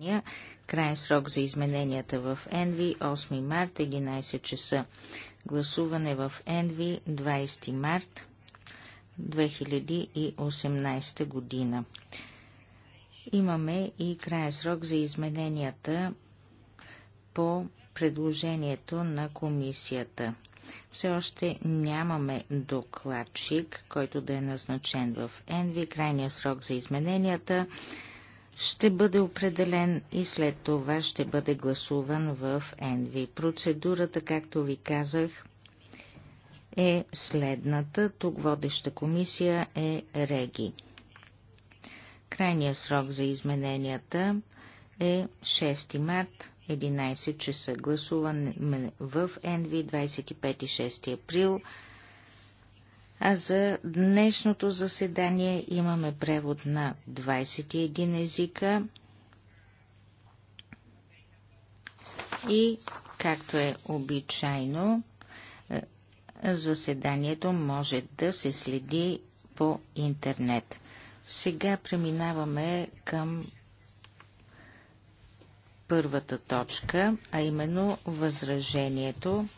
изменения. Крайен срок за измененията в Енви 8 март 11 часа. Гласуване в Енви 20 март 2018 година. Имаме и крайен срок за измененията по предложението на комисията. Все още нямаме докладчик, който да е назначен в Енви. Крайният срок за измененията ще бъде определен и след това ще бъде гласуван в НВ. Процедурата, както ви казах, е следната. Тук водеща комисия е РЕГИ. Крайният срок за измененията е 6 март 11 часа. Гласуване в ЕНВИ 25 и 6 април а за днешното заседание имаме превод на 21 езика. И, както е обичайно, е, заседанието може да се следи по интернет. Сега преминаваме към първата точка, а именно възражението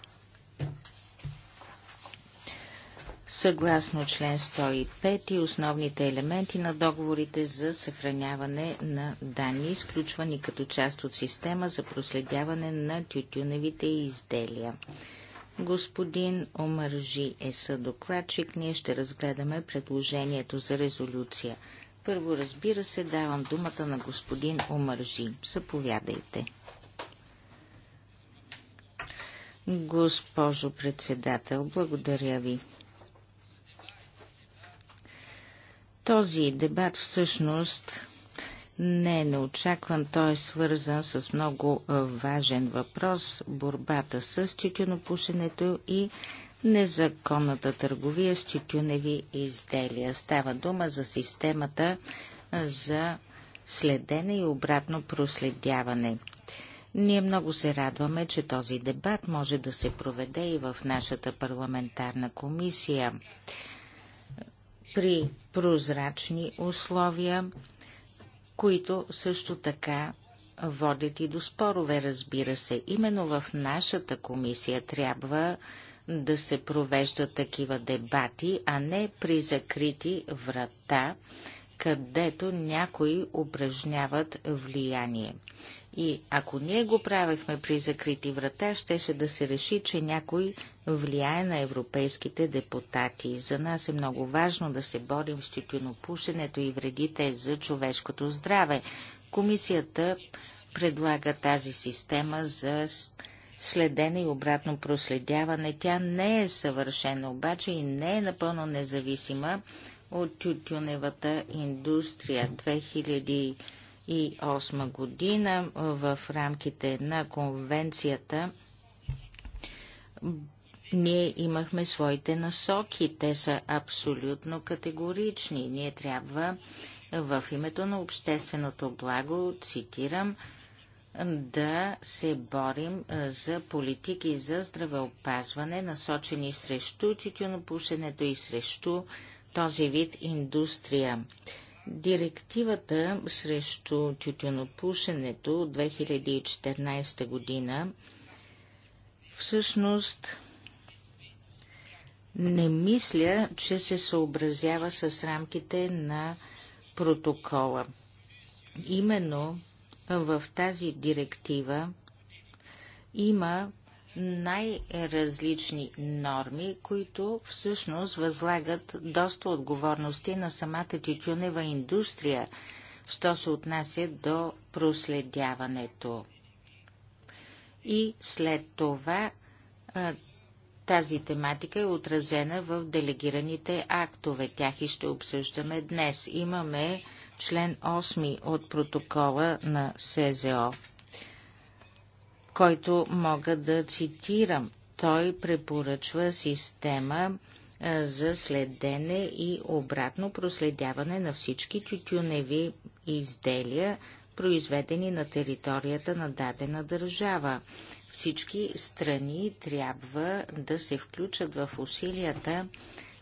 съгласно член 105 и основните елементи на договорите за съхраняване на данни, изключвани като част от система за проследяване на тютюневите изделия. Господин Омържи е съдокладчик. Ние ще разгледаме предложението за резолюция. Първо, разбира се, давам думата на господин Омържи. Заповядайте. Госпожо председател, благодаря ви. Този дебат всъщност не е неочакван, той е свързан с много важен въпрос – борбата с тютюнопушенето и незаконната търговия с тютюневи изделия. Става дума за системата за следене и обратно проследяване. Ние много се радваме, че този дебат може да се проведе и в нашата парламентарна комисия. При прозрачни условия, които също така водят и до спорове, разбира се. Именно в нашата комисия трябва да се провеждат такива дебати, а не при закрити врата, където някои упражняват влияние. И ако ние го правехме при закрити врата, щеше да се реши, че някой влияе на европейските депутати. За нас е много важно да се борим с тютюнопушенето и вредите за човешкото здраве. Комисията предлага тази система за следене и обратно проследяване. Тя не е съвършена обаче и не е напълно независима от тютюневата индустрия. 2008 година в рамките на конвенцията ние имахме своите насоки. Те са абсолютно категорични. Ние трябва в името на общественото благо, цитирам, да се борим за политики за здравеопазване, насочени срещу тютюнопушенето и срещу този вид индустрия. Директивата срещу тютюнопушенето от 2014 година всъщност не мисля, че се съобразява с рамките на протокола. Именно в тази директива има най-различни норми, които всъщност възлагат доста отговорности на самата тютюнева индустрия, що се отнася до проследяването. И след това тази тематика е отразена в делегираните актове. Тях и ще обсъждаме днес. Имаме член 8 от протокола на СЗО който мога да цитирам. Той препоръчва система за следене и обратно проследяване на всички тютюневи изделия, произведени на територията на дадена държава. Всички страни трябва да се включат в усилията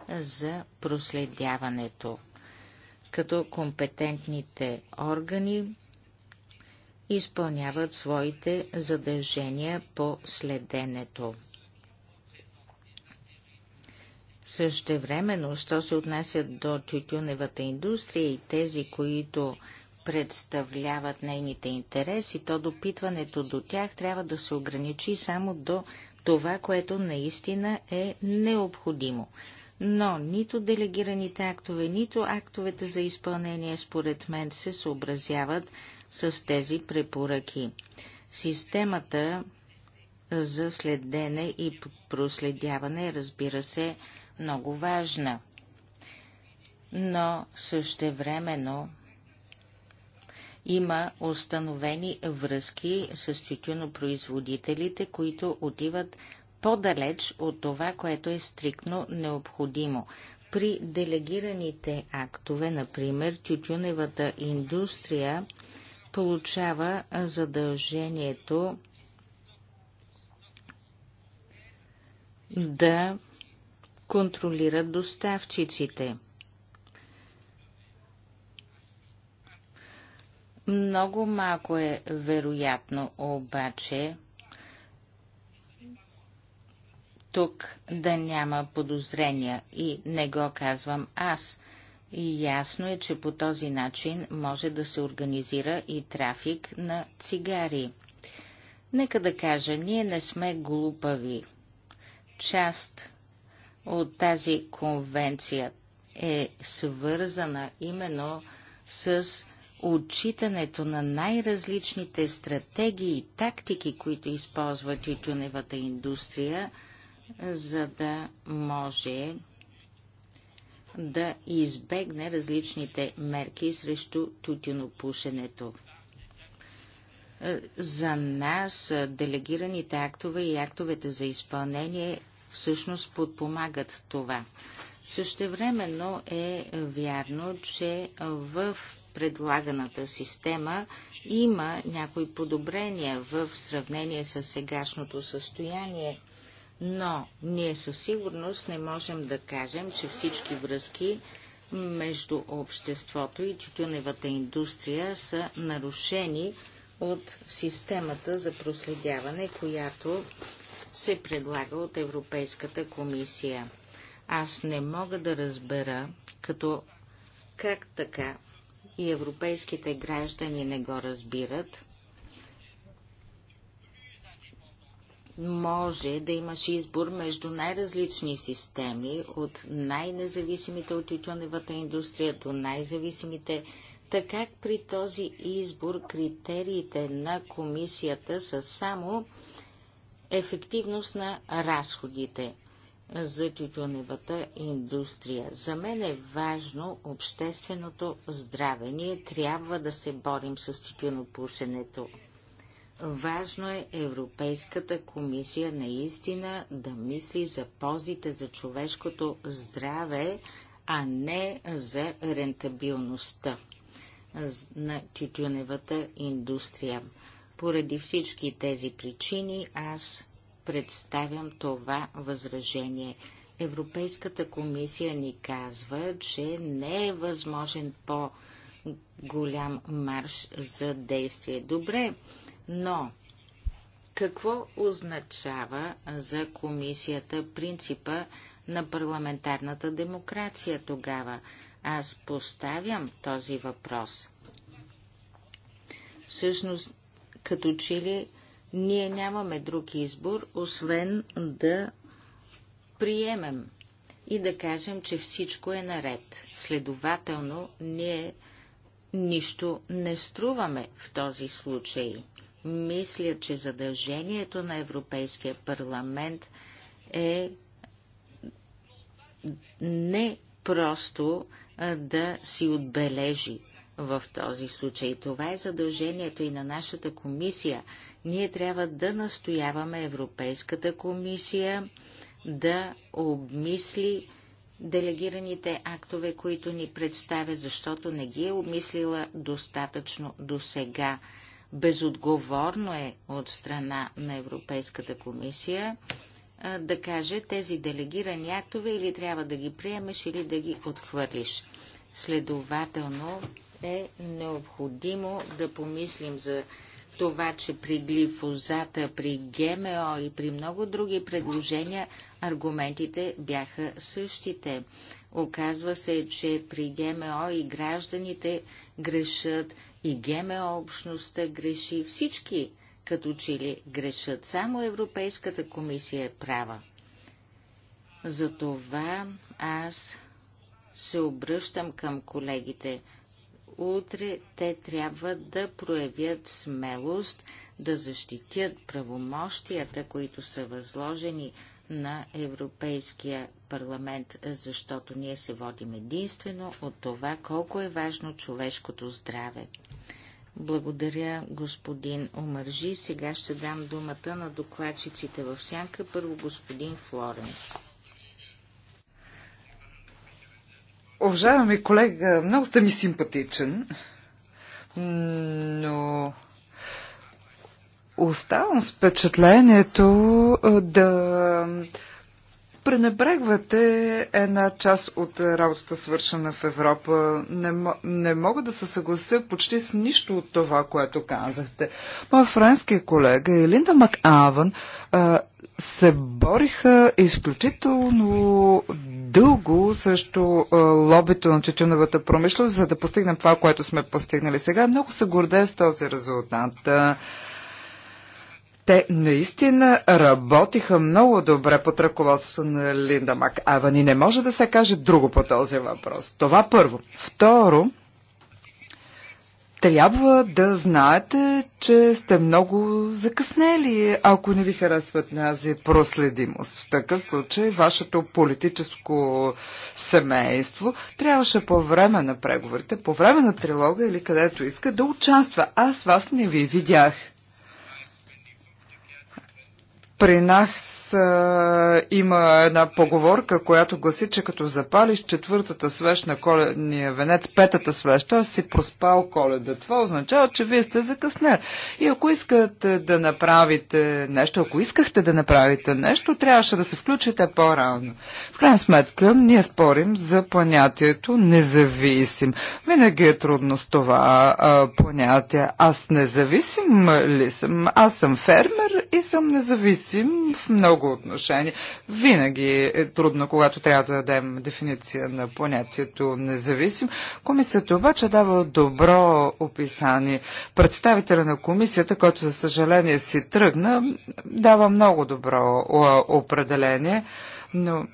за проследяването, като компетентните органи изпълняват своите задължения по следенето. Същевременно, що се отнася до тютюневата индустрия и тези, които представляват нейните интереси, то допитването до тях трябва да се ограничи само до това, което наистина е необходимо но нито делегираните актове, нито актовете за изпълнение, според мен, се съобразяват с тези препоръки. Системата за следене и проследяване, разбира се, много важна. Но същевременно има установени връзки с тютюнопроизводителите, които отиват по-далеч от това, което е стриктно необходимо. При делегираните актове, например, тютюневата индустрия получава задължението да контролира доставчиците. Много малко е вероятно обаче тук да няма подозрения и не го казвам аз. И ясно е, че по този начин може да се организира и трафик на цигари. Нека да кажа, ние не сме глупави. Част от тази конвенция е свързана именно с отчитането на най-различните стратегии и тактики, които използват тютюневата индустрия – за да може да избегне различните мерки срещу тютюнопушенето. За нас делегираните актове и актовете за изпълнение всъщност подпомагат това. Същевременно е вярно, че в предлаганата система има някои подобрения в сравнение с сегашното състояние но ние със сигурност не можем да кажем, че всички връзки между обществото и тютюневата индустрия са нарушени от системата за проследяване, която се предлага от Европейската комисия. Аз не мога да разбера, като как така и европейските граждани не го разбират, може да имаш избор между най-различни системи, от най-независимите от тютюневата индустрия до най-зависимите, така при този избор критериите на комисията са само ефективност на разходите за тютюневата индустрия. За мен е важно общественото здраве. Ние трябва да се борим с тютюнопушенето. Важно е Европейската комисия наистина да мисли за ползите за човешкото здраве, а не за рентабилността на тютюневата индустрия. Поради всички тези причини аз представям това възражение. Европейската комисия ни казва, че не е възможен по-голям марш за действие. Добре, но какво означава за комисията принципа на парламентарната демокрация тогава? Аз поставям този въпрос. Всъщност, като че ли ние нямаме друг избор, освен да приемем и да кажем, че всичко е наред. Следователно, ние нищо не струваме в този случай. Мисля, че задължението на Европейския парламент е не просто да си отбележи в този случай. Това е задължението и на нашата комисия. Ние трябва да настояваме Европейската комисия да обмисли делегираните актове, които ни представя, защото не ги е обмислила достатъчно до сега. Безотговорно е от страна на Европейската комисия да каже тези делегирани актове или трябва да ги приемеш или да ги отхвърлиш. Следователно е необходимо да помислим за това, че при глифозата, при ГМО и при много други предложения аргументите бяха същите. Оказва се, че при ГМО и гражданите грешат и ГМО общността греши, всички като че ли грешат. Само Европейската комисия е права. Затова аз се обръщам към колегите. Утре те трябва да проявят смелост, да защитят правомощията, които са възложени на Европейския парламент, защото ние се водим единствено от това колко е важно човешкото здраве. Благодаря, господин Омържи. Сега ще дам думата на докладчиците в сянка. Първо господин Флоренс. Уважаеми колега, много сте ми симпатичен, но Оставам с впечатлението да пренебрегвате една част от работата свършена в Европа. Не, не мога да се съглася почти с нищо от това, което казахте. Моя френски колега и Линда Макавън а, се бориха изключително дълго срещу а, лобито на тютюновата промишленост, за да постигнем това, което сме постигнали сега. Много се гордея с този резултат. А, те наистина работиха много добре под ръководството на Линда Мак Авани. Не може да се каже друго по този въпрос. Това първо. Второ, трябва да знаете, че сте много закъснели, ако не ви харесват тази проследимост. В такъв случай, вашето политическо семейство трябваше по време на преговорите, по време на трилога или където иска да участва. Аз вас не ви видях. При нас а, има една поговорка, която гласи, че като запалиш четвъртата свещ на коледния венец, петата свещ, той си проспал коледа. Това означава, че вие сте закъснели. И ако искате да направите нещо, ако искахте да направите нещо, трябваше да се включите по-рано. В крайна сметка, ние спорим за понятието независим. Винаги е трудно с това а, понятие. Аз независим ли съм? Аз съм фермер и съм независим в много много отношения. Винаги е трудно, когато трябва да дадем дефиниция на понятието независим. Комисията обаче дава добро описание. Представителя на комисията, който за съжаление си тръгна, дава много добро определение, но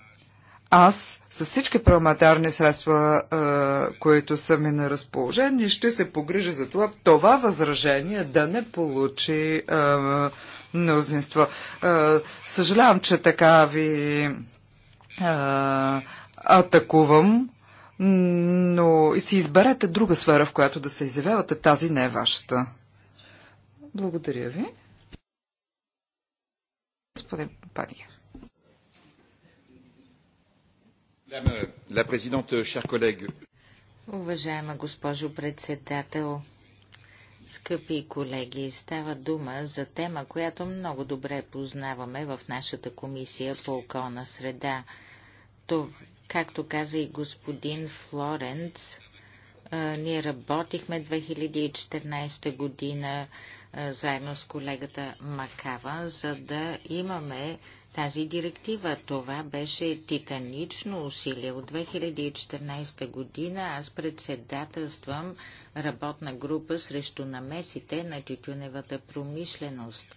аз с всички парламентарни средства, които са ми на разположение, ще се погрижа за това, това възражение да не получи а, мнозинство. Съжалявам, че така ви атакувам, но си изберете друга сфера, в която да се изявявате. Тази не е вашата. Благодаря ви. Господин Падия. Уважаема госпожо председател, Скъпи колеги, става дума за тема, която много добре познаваме в нашата комисия по околна среда. То, както каза и господин Флоренц, ние работихме 2014 година заедно с колегата Макава, за да имаме тази директива. Това беше титанично усилие. От 2014 година аз председателствам работна група срещу намесите на тютюневата промишленост.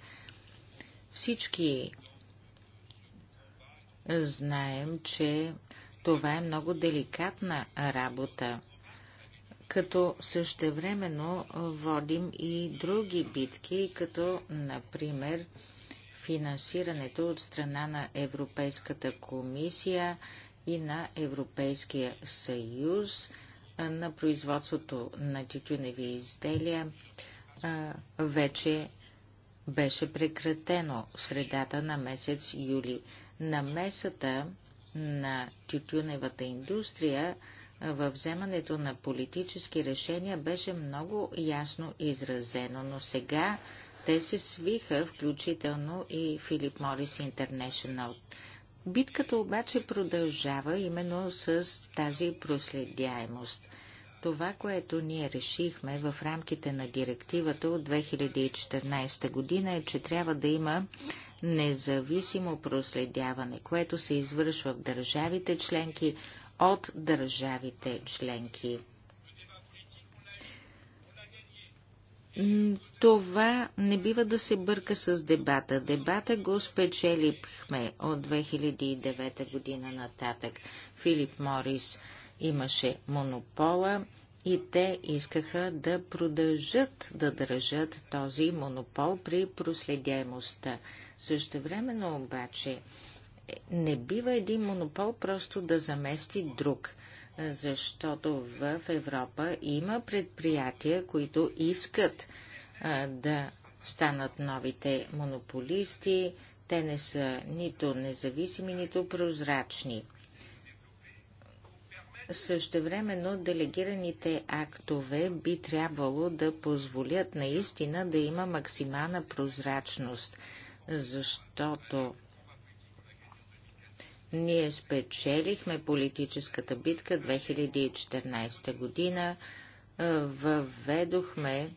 Всички знаем, че това е много деликатна работа като същевременно водим и други битки, като например финансирането от страна на Европейската комисия и на Европейския съюз на производството на тютюневи изделия вече беше прекратено в средата на месец юли. Намесата на тютюневата индустрия във вземането на политически решения беше много ясно изразено, но сега те се свиха, включително и Филип Морис Интернешнъл. Битката обаче продължава именно с тази проследяемост. Това, което ние решихме в рамките на директивата от 2014 година е, че трябва да има независимо проследяване, което се извършва в държавите членки от държавите членки. Това не бива да се бърка с дебата. Дебата го спечелихме от 2009 година нататък. Филип Морис имаше монопола и те искаха да продължат да държат този монопол при проследяемостта. времено обаче е, не бива един монопол просто да замести друг – защото в Европа има предприятия, които искат а, да станат новите монополисти. Те не са нито независими, нито прозрачни. Същевременно делегираните актове би трябвало да позволят наистина да има максимална прозрачност, защото ние спечелихме политическата битка 2014 година, въведохме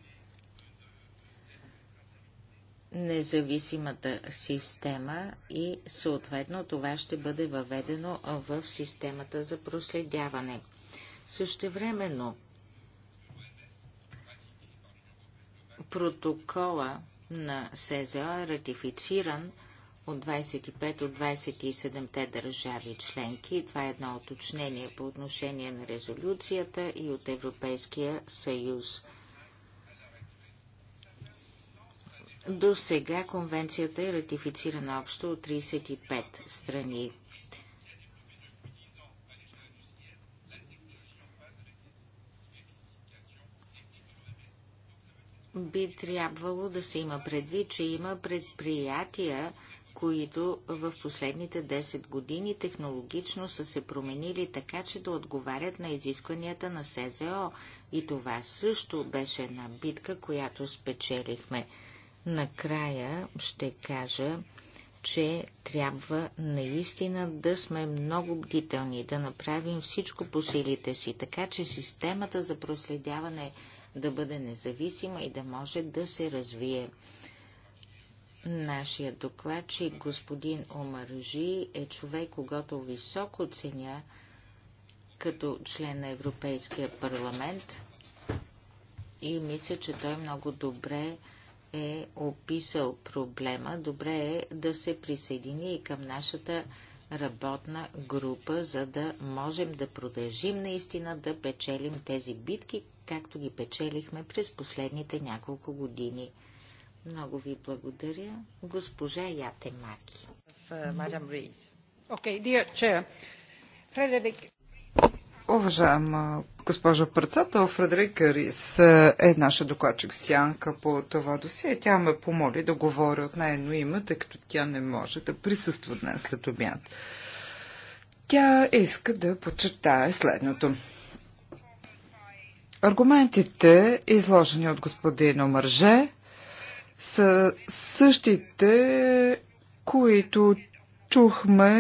независимата система и съответно това ще бъде въведено в системата за проследяване. Същевременно протокола на СЗО е ратифициран от 25 от 27-те държави членки. Това е едно уточнение по отношение на резолюцията и от Европейския съюз. До сега конвенцията е ратифицирана общо от 35 страни. Би трябвало да се има предвид, че има предприятия, които в последните 10 години технологично са се променили така, че да отговарят на изискванията на СЗО. И това също беше една битка, която спечелихме. Накрая ще кажа, че трябва наистина да сме много бдителни, да направим всичко по силите си, така че системата за проследяване да бъде независима и да може да се развие. Нашия докладчик, господин Омаржи, е човек, когато високо ценя като член на Европейския парламент и мисля, че той много добре е описал проблема. Добре е да се присъедини и към нашата работна група, за да можем да продължим наистина да печелим тези битки, както ги печелихме през последните няколко години. Много ви благодаря. Госпожа Яте Маки. Окей, Фредерик. Уважаема госпожо председател, Фредерика Рис е, е наша докладчик Сянка по това досие. Тя ме помоли да говоря от нейно име, тъй като тя не може да присъства днес след обяд. Тя иска да подчертае следното. Аргументите, изложени от господин Омърже, са същите, които чухме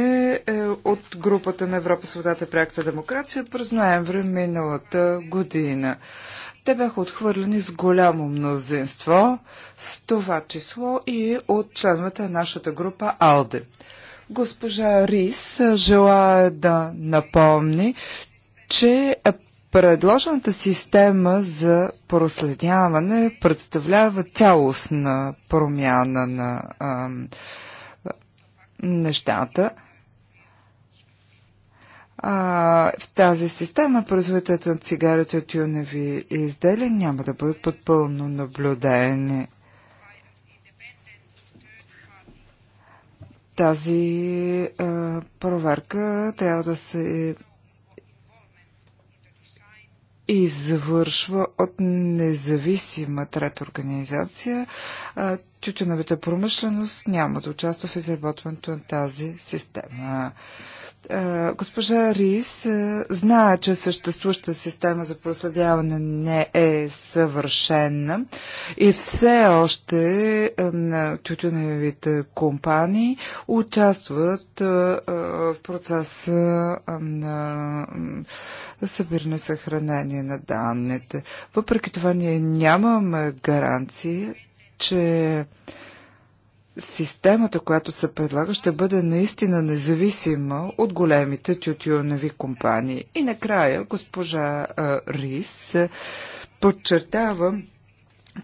е, от групата на Европа Свободата проекта демокрация през ноември миналата година. Те бяха отхвърлени с голямо мнозинство, в това число и от членовете на нашата група АЛДЕ. Госпожа Рис желая да напомни, че Предложената система за проследяване представлява цялостна промяна на а, нещата. А, в тази система производителите на цигарите от юневи изделия няма да бъдат подпълно наблюдени. Тази а, проверка трябва да се извършва от независима трета организация. Тютюновата промишленост няма да участва в изработването на тази система. Госпожа Рис знае, че съществуваща система за проследяване не е съвършена и все още на тютюневите компании участват в процеса на събиране съхранение на данните. Въпреки това ние нямаме гаранции, че системата, която се предлага, ще бъде наистина независима от големите тютюнови компании. И накрая госпожа Рис подчертава,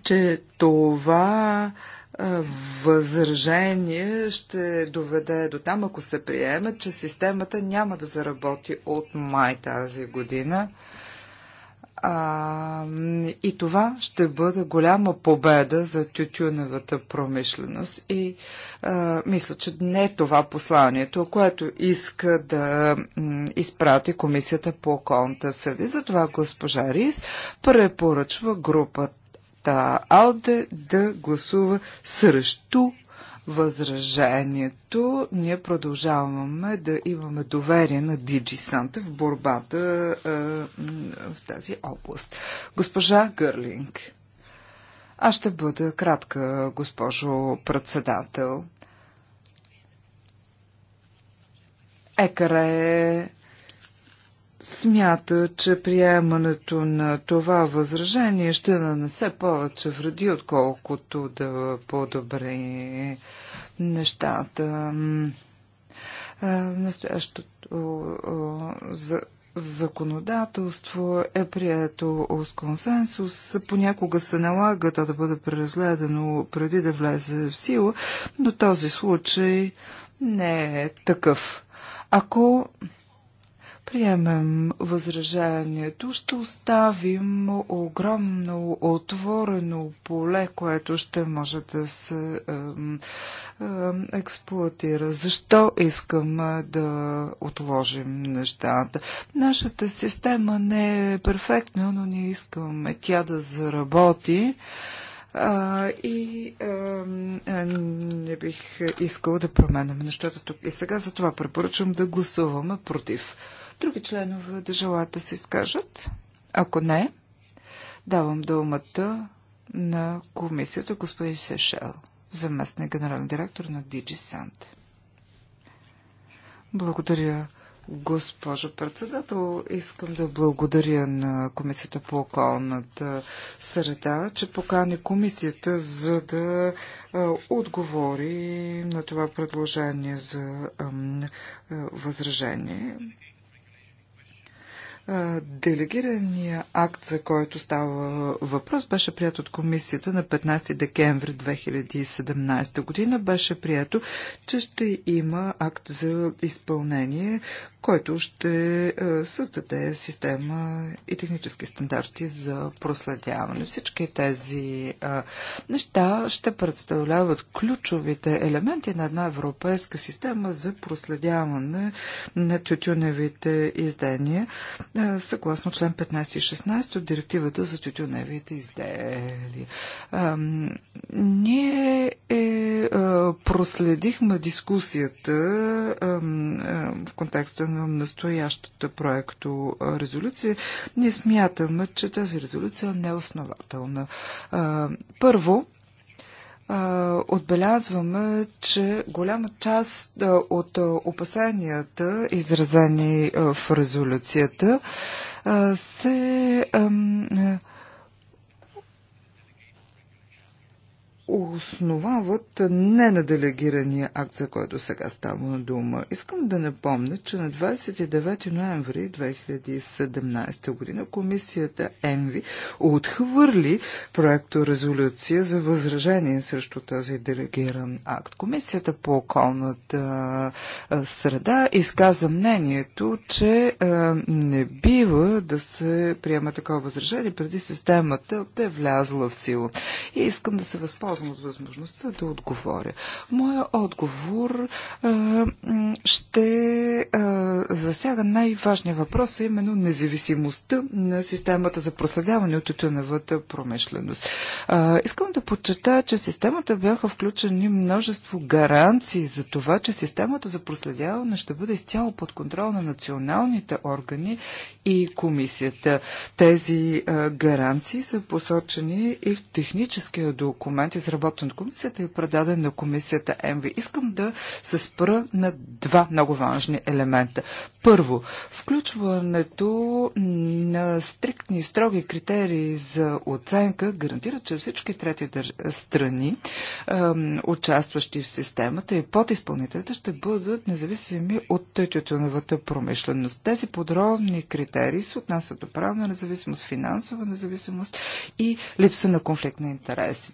че това възражение ще доведе до там, ако се приеме, че системата няма да заработи от май тази година. А, и това ще бъде голяма победа за тютюневата промишленост. И а, мисля, че не е това посланието, което иска да изпрати Комисията по околната съди. Затова госпожа Рис препоръчва групата Алде да гласува срещу възражението, ние продължаваме да имаме доверие на Диджи Санте в борбата в тази област. Госпожа Гърлинг. Аз ще бъда кратка, госпожо председател. Екаре смята, че приемането на това възражение ще нанесе повече вреди, отколкото да подобри нещата. Е, настоящото за законодателство е прието с консенсус. Понякога се налага то да бъде преразгледано преди да влезе в сила, но този случай не е такъв. Ако приемем възражението, ще оставим огромно отворено поле, което ще може да се експлуатира. Защо искам е, да отложим нещата? Нашата система не е перфектна, но ние искаме тя да заработи. А, и а, е, не бих искал да променяме нещата тук и сега, затова препоръчвам да гласуваме против. Други членове да желаят да се изкажат? Ако не, давам думата на комисията господин Сешел, заместник генерален директор на Диджи Санте. Благодаря, госпожо председател. Искам да благодаря на Комисията по околната среда, че покани комисията за да а, отговори на това предложение за а, а, възражение. Делегирания акт, за който става въпрос, беше прият от комисията на 15 декември 2017 година. Беше прието, че ще има акт за изпълнение, който ще е, създаде система и технически стандарти за проследяване. Всички тези е, неща ще представляват ключовите елементи на една европейска система за проследяване на тютюневите издания, е, съгласно член 15 и 16 от директивата за тютюневите изделия. Ние проследихме дискусията в контекста на настоящата проекто резолюция, ние смятаме, че тази резолюция не е основателна. Първо, отбелязваме, че голяма част от опасенията, изразени в резолюцията, се основават не на делегирания акт, за който сега става на дума. Искам да напомня, че на 29 ноември 2017 година комисията ЕМВИ отхвърли проекто резолюция за възражение срещу този делегиран акт. Комисията по околната среда изказа мнението, че не бива да се приема такова възражение преди системата да е влязла в сила. И искам да се възползвам възползвам от възможността да отговоря. Моя отговор а, ще а, засяга най-важния въпрос, а именно независимостта на системата за проследяване от тютюневата промишленост. А, искам да подчертая, че в системата бяха включени множество гаранции за това, че системата за проследяване ще бъде изцяло под контрол на националните органи и комисията. Тези а, гаранции са посочени и в техническия документ, изработен от комисията и предаден на комисията МВИ. Искам да се спра на два много важни елемента. Първо, включването на стриктни и строги критерии за оценка гарантира, че всички трети държ... страни, участващи в системата и подизпълнителите, ще бъдат независими от тютюновата промишленост. Тези подробни критерии се отнасят до правна независимост, финансова независимост и липса на конфликт на интереси.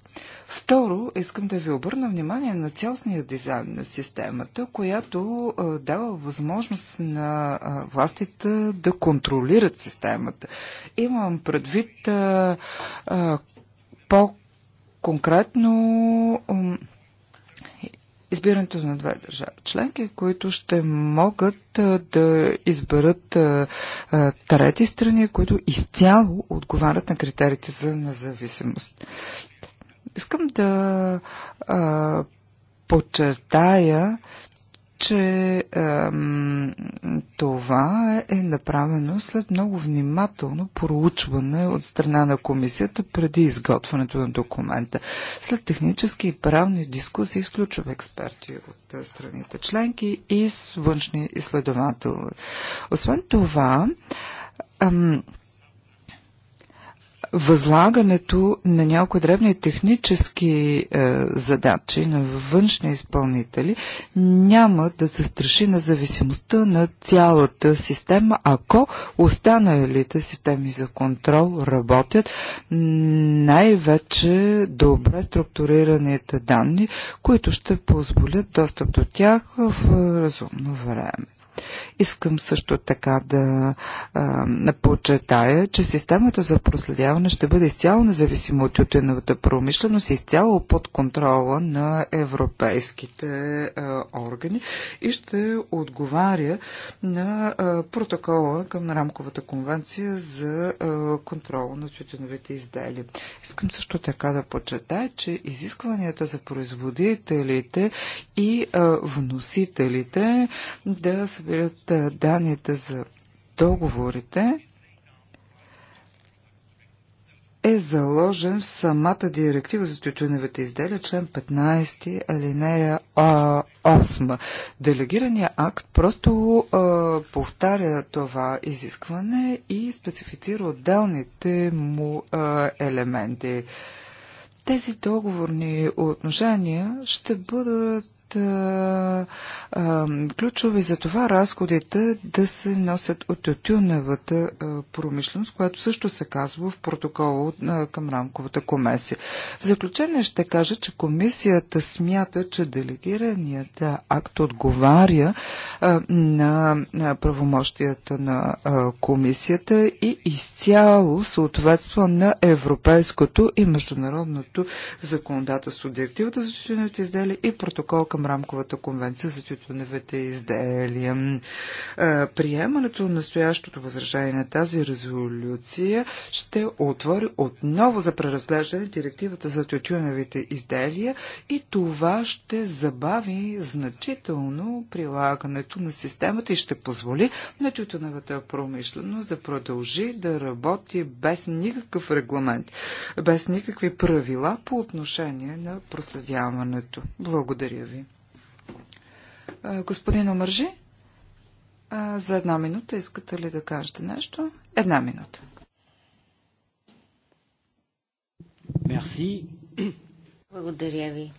Второ, искам да ви обърна внимание на цялостния дизайн на системата, която а, дава възможност на а, властите да контролират системата. Имам предвид а, а, по-конкретно избирането на две държави членки, които ще могат а, да изберат а, а, трети страни, които изцяло отговарят на критериите за независимост. Искам да а, подчертая, че а, това е направено след много внимателно проучване от страна на комисията преди изготвянето на документа. След технически и правни дискусии изключва експерти от страните членки и с външни изследователи. Освен това, ам, възлагането на някои дребни технически е, задачи на външни изпълнители няма да се страши на зависимостта на цялата система, ако останалите системи за контрол работят най-вече добре структурираните данни, които ще позволят достъп до тях в е, разумно време. Искам също така да а, подчертая, че системата за проследяване ще бъде изцяло независима от ютеновата промишленост, изцяло под контрола на европейските а, органи и ще отговаря на а, протокола към рамковата конвенция за а, контрол на тютюновите изделия. Искам също така да подчертая, че изискванията за производителите и а, вносителите да се събират данните за договорите, е заложен в самата директива за тютюневите изделия, член 15, алинея 8. Делегирания акт просто а, повтаря това изискване и специфицира отделните му а, елементи. Тези договорни отношения ще бъдат а, е, а, е, ключови за това разходите да се носят от тютюневата е, промишленост, което също се казва в протокола към рамковата комисия. В заключение ще кажа, че комисията смята, че делегираният акт отговаря а, на, на правомощията на а, комисията и изцяло съответства на европейското и международното законодателство, директивата за тютюневите изделия и протокол към към рамковата конвенция за тютюневите изделия. Е, приемането на настоящото възражение на тази резолюция ще отвори отново за преразглеждане директивата за тютюневите изделия и това ще забави значително прилагането на системата и ще позволи на тютюневата промишленост да продължи да работи без никакъв регламент, без никакви правила по отношение на проследяването. Благодаря ви. Господин Омържи, за една минута искате ли да кажете нещо? Една минута. Мерси. Благодаря ви.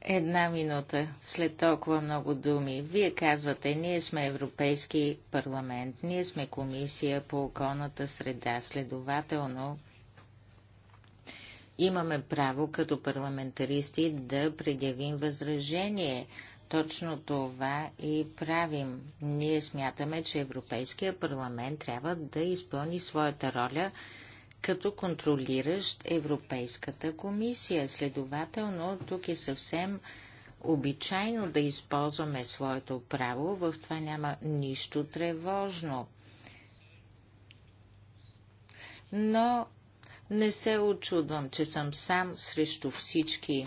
Една минута след толкова много думи. Вие казвате, ние сме Европейски парламент, ние сме комисия по околната среда, следователно имаме право като парламентаристи да предявим възражение. Точно това и правим. Ние смятаме, че Европейския парламент трябва да изпълни своята роля като контролиращ Европейската комисия. Следователно, тук е съвсем обичайно да използваме своето право, в това няма нищо тревожно. Но не се очудвам, че съм сам срещу всички.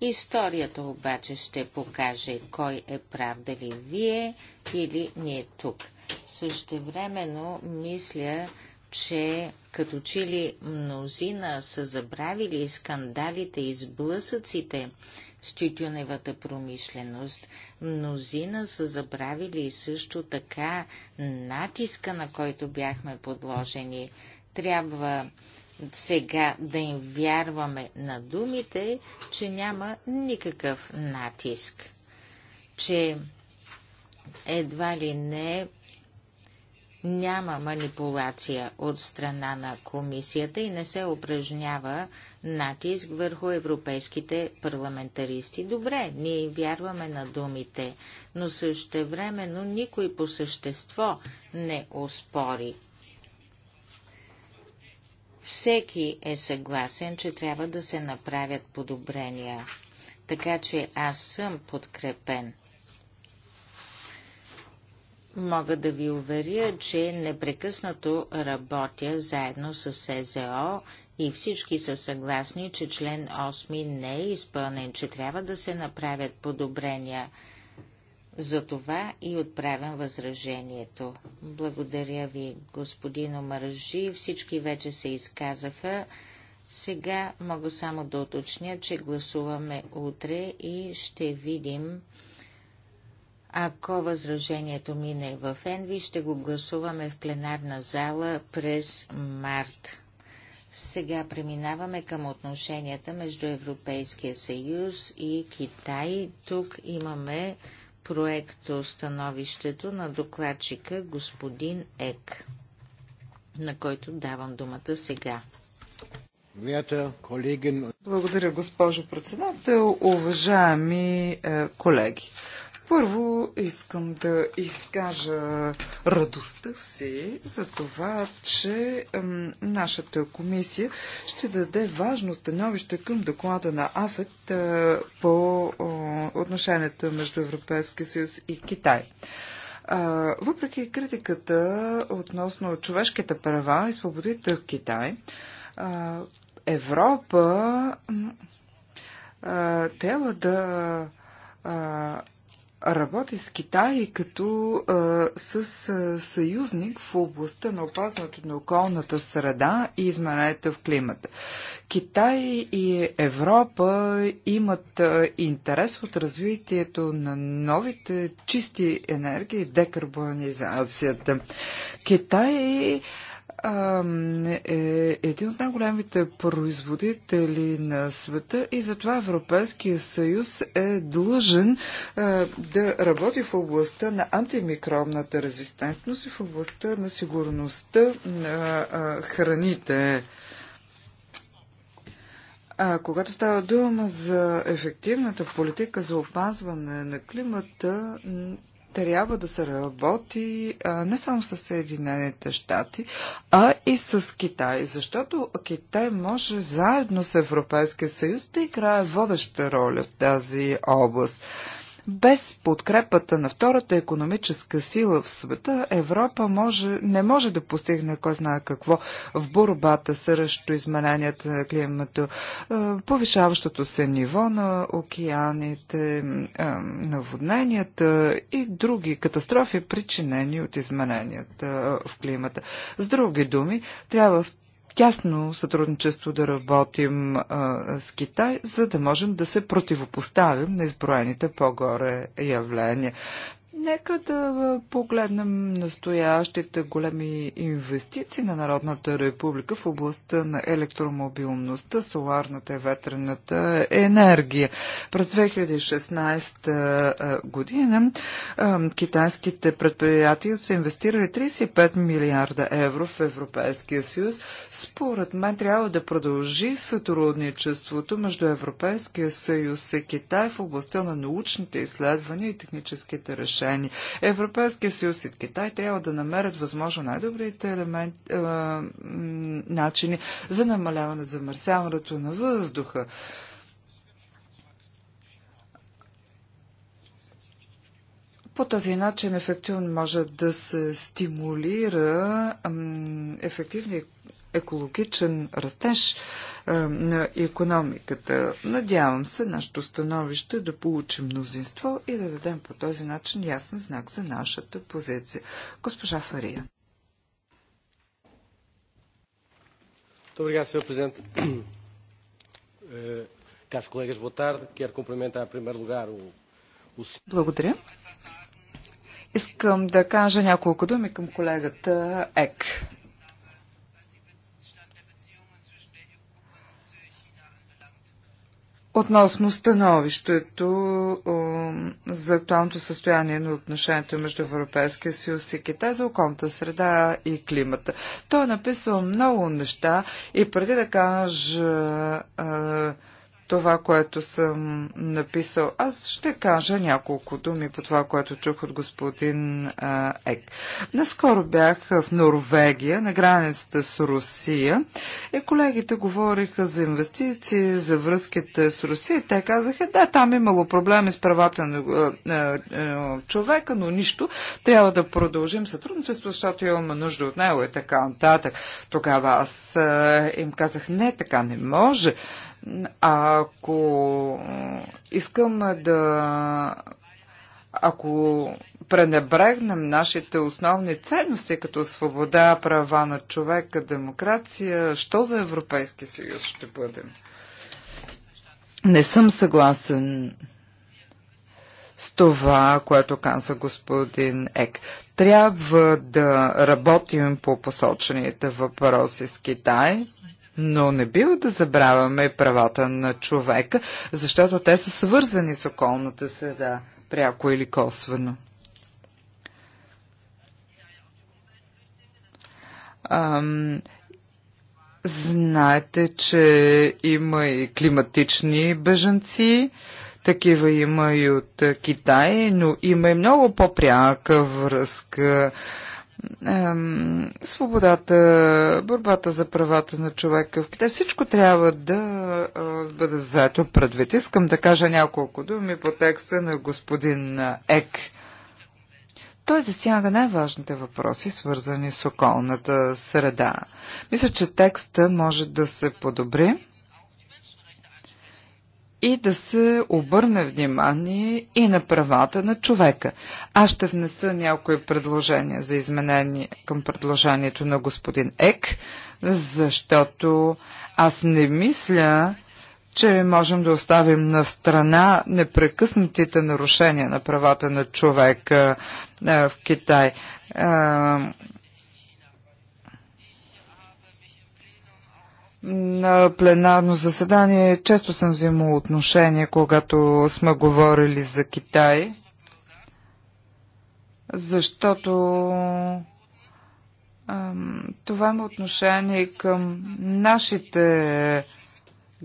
Историята обаче ще покаже кой е прав, дали вие или ние тук. Същевременно мисля, че като че ли мнозина са забравили скандалите и сблъсъците с тютюневата промишленост, мнозина са забравили също така натиска, на който бяхме подложени. Трябва сега да им вярваме на думите, че няма никакъв натиск, че едва ли не няма манипулация от страна на комисията и не се упражнява натиск върху европейските парламентаристи. Добре, ние вярваме на думите, но същевременно никой по същество не оспори всеки е съгласен, че трябва да се направят подобрения, така че аз съм подкрепен. Мога да ви уверя, че непрекъснато работя заедно с СЗО и всички са съгласни, че член 8 не е изпълнен, че трябва да се направят подобрения – затова и отправям възражението. Благодаря ви, господин Омаржи. Всички вече се изказаха. Сега мога само да уточня, че гласуваме утре и ще видим, ако възражението мине в Енви, ще го гласуваме в пленарна зала през март. Сега преминаваме към отношенията между Европейския съюз и Китай. Тук имаме проекто становището на докладчика господин Ек, на който давам думата сега. Благодаря, госпожо председател. Уважаеми е, колеги, първо искам да изкажа радостта си за това, че нашата комисия ще даде важно становище към доклада на АФЕТ е, по отношенията между Европейския съюз и Китай. А, е, въпреки критиката относно човешките права и свободите в Китай, а, е, Европа а, трябва да работи с Китай като а, с а, съюзник в областта на опазването на околната среда и измененията в климата. Китай и Европа имат а, интерес от развитието на новите чисти енергии, декарбонизацията. Китай е един от най-големите производители на света и затова Европейския съюз е длъжен е, да работи в областта на антимикробната резистентност и в областта на сигурността на храните. А, когато става дума за ефективната политика за опазване на климата, трябва да се работи а, не само с Съединените щати, а и с Китай, защото Китай може заедно с Европейския съюз да играе водеща роля в тази област. А, без подкрепата на втората економическа сила в света, Европа може, не може да постигне кой знае какво в борбата срещу измененията на климата, е, повишаващото се ниво на океаните, е, наводненията и други катастрофи, причинени от измененията е, в климата. С други думи, трябва в тясно сътрудничество да работим а, с Китай, за да можем да се противопоставим на изброените по-горе явления. Нека да погледнем настоящите големи инвестиции на Народната република в областта на електромобилността, соларната и ветрената енергия. През 2016 година китайските предприятия са инвестирали 35 милиарда евро в Европейския съюз. Според мен трябва да продължи сътрудничеството между Европейския съюз и Китай в областта на научните изследвания и техническите решения решени. Европейския съюз и Китай трябва да намерят възможно най-добрите елемент, е, начини за намаляване замърсяването на въздуха. По този начин ефективно може да се стимулира ефективни екологичен растеж е, на економиката. Надявам се нашето становище да получи мнозинство и да дадем по този начин ясен знак за нашата позиция. Госпожа Фария. Obrigado, Sr. Presidente. Eh, caros colegas, boa tarde. Quero cumprimentar, em primeiro lugar, o, o... Благодаря. Искам да кажа няколко думи към колегата Ек. Относно становището за актуалното състояние на отношението между Европейския съюз и Китай за околната среда и климата. Той е написал много неща и преди да кажа това, което съм написал. Аз ще кажа няколко думи по това, което чух от господин а, Ек. Наскоро бях в Норвегия, на границата с Русия, и колегите говориха за инвестиции, за връзките с Русия. Те казаха, да, там имало проблеми с правата на а, а, човека, но нищо. Трябва да продължим сътрудничество, защото имаме нужда от него и така нататък. Тогава аз а, им казах, не, така не може ако искам да ако пренебрегнем нашите основни ценности, като свобода, права на човека, демокрация, що за Европейски съюз ще бъдем? Не съм съгласен с това, което каза господин Ек. Трябва да работим по посочените въпроси с Китай, но не бива да забравяме правата на човека, защото те са свързани с околната среда, пряко или косвено. Ам, знаете, че има и климатични бежанци, такива има и от Китай, но има и много по-пряка връзка свободата, борбата за правата на човека в Китай, всичко трябва да бъде взето предвид. Искам да кажа няколко думи по текста на господин Ек. Той засяга най-важните въпроси, свързани с околната среда. Мисля, че текста може да се подобри и да се обърне внимание и на правата на човека. Аз ще внеса някои предложения за изменение към предложението на господин Ек, защото аз не мисля, че можем да оставим на страна непрекъснатите нарушения на правата на човека в Китай. на пленарно заседание често съм взимал отношение, когато сме говорили за Китай, защото това има отношение към нашите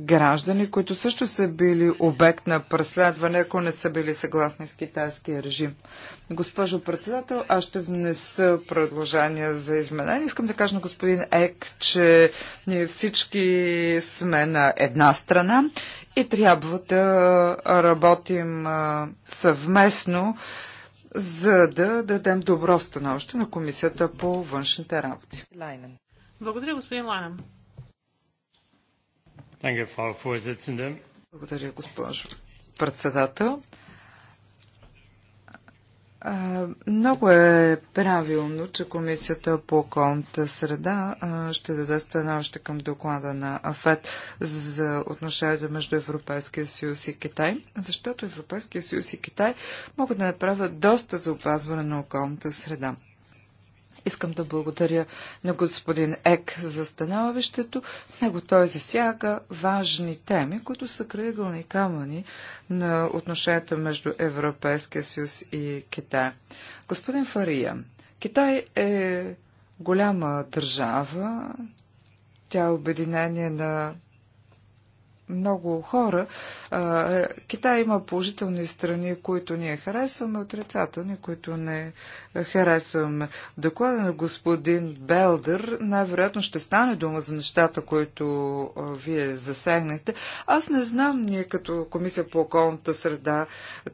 граждани, които също са били обект на преследване, ако не са били съгласни с китайския режим. Госпожо председател, аз ще внеса предложения за изменение. Искам да кажа на господин Ек, че ние всички сме на една страна и трябва да работим съвместно, за да дадем добро становище на Комисията по външните работи. Благодаря, господин Лайнен. Благодаря, госпожо председател. Много е правилно, че Комисията по околната среда ще даде становище към доклада на АФЕД за отношението между Европейския съюз и Китай, защото Европейския съюз и Китай могат да направят доста за опазване на околната среда. Искам да благодаря на господин Ек за становището. В него той засяга важни теми, които са кръгълни камъни на отношението между Европейския съюз и Китай. Господин Фария, Китай е голяма държава, тя е обединение на много хора. Китай има положителни страни, които ние харесваме, отрицателни, които не харесваме. В доклада на господин Белдър най-вероятно ще стане дума за нещата, които вие засегнахте. Аз не знам, ние като Комисия по околната среда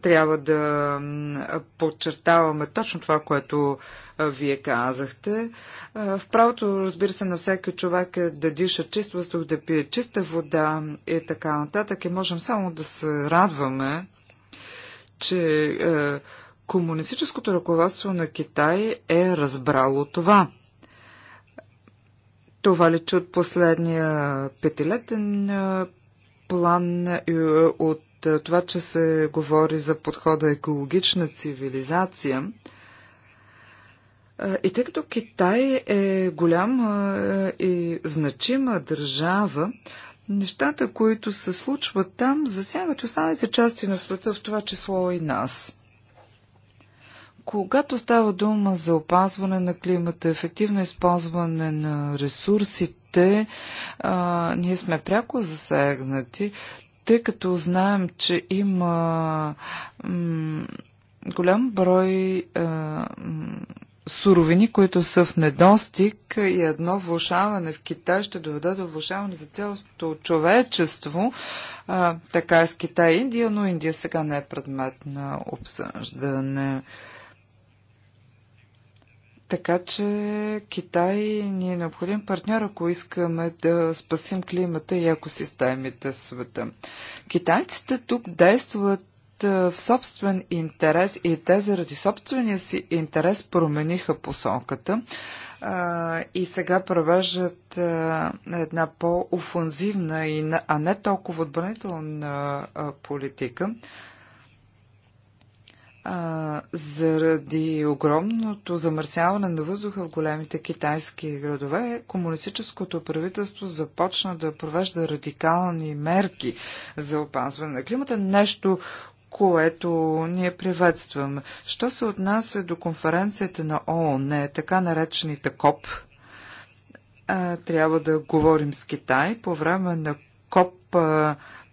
трябва да подчертаваме точно това, което вие казахте. В правото, разбира се, на всеки човек е да диша чист въздух, да пие чиста вода и така нататък. И можем само да се радваме, че е, комунистическото ръководство на Китай е разбрало това. Това лечи от последния петилетен план и от това, че се говори за подхода екологична цивилизация – и тъй като Китай е голяма и значима държава, нещата, които се случват там, засягат останалите части на света, в това число и нас. Когато става дума за опазване на климата, ефективно използване на ресурсите, а, ние сме пряко засегнати, тъй като знаем, че има голям брой а, суровини, които са в недостиг и едно влушаване в Китай ще доведе до влушаване за цялото човечество. А, така е с Китай и Индия, но Индия сега не е предмет на обсъждане. Така че Китай ни е необходим партньор, ако искаме да спасим климата и екосистемите в света. Китайците тук действат е, в собствен интерес и те заради собствения си интерес промениха посоката а, е, и сега провеждат е, една по-офанзивна, а не толкова отбранителна политика. А, заради огромното замърсяване на въздуха в големите китайски градове, комунистическото правителство започна да провежда радикални мерки за опазване на климата, нещо, което ние приветстваме. Що се отнася до конференцията на ООН, така наречените КОП, трябва да говорим с Китай. По време на КОП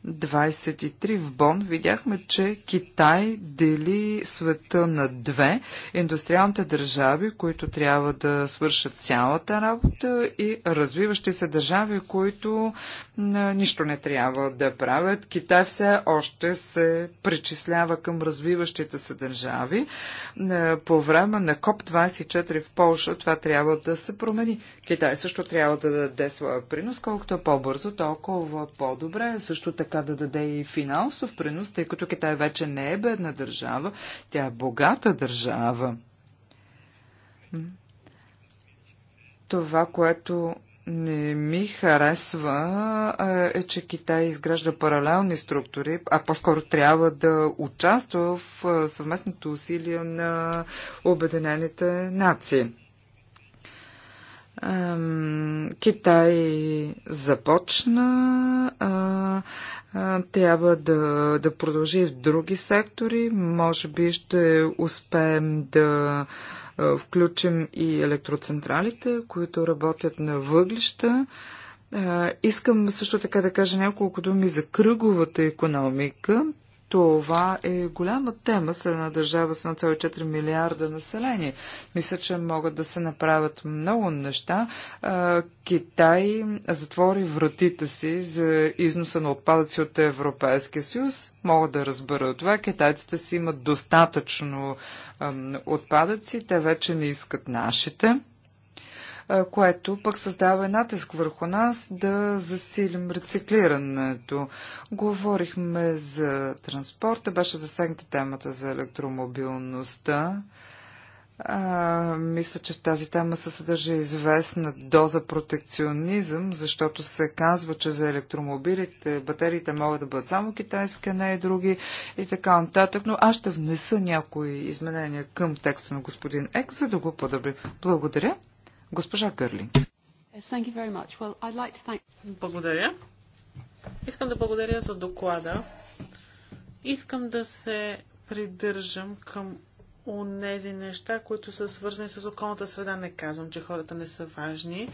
23 в Бон видяхме, че Китай дели света на две индустриалните държави, които трябва да свършат цялата работа и развиващи се държави, които нищо не трябва да правят. Китай все още се причислява към развиващите се държави. По време на КОП-24 в Польша това трябва да се промени. Китай също трябва да даде своя принос, колкото по-бързо, толкова по-добре. Също така така да даде и финансов принос, тъй като Китай вече не е бедна държава, тя е богата държава. Това, което не ми харесва е, че Китай изгражда паралелни структури, а по-скоро трябва да участва в съвместното усилие на Обединените нации. Китай започна трябва да, да продължи в други сектори. Може би ще успеем да включим и електроцентралите, които работят на въглища. Искам също така да кажа няколко думи за кръговата економика. Това е голяма тема за една държава с 1,4 милиарда население. Мисля, че могат да се направят много неща. Китай затвори вратите си за износа на отпадъци от Европейския съюз. Мога да разбера това. Китайците си имат достатъчно отпадъци. Те вече не искат нашите което пък създава натиск върху нас да засилим рециклирането. Говорихме за транспорта, беше засегната темата за електромобилността. А, мисля, че в тази тема се съдържа известна доза протекционизъм, защото се казва, че за електромобилите батериите могат да бъдат само китайски, а не и други и така нататък. Но аз ще внеса някои изменения към текста на господин Ек, за да го подобрим. Благодаря. Госпожа Кърли. Благодаря. Искам да благодаря за доклада. Искам да се придържам към онези неща, които са свързани с околната среда. Не казвам, че хората не са важни,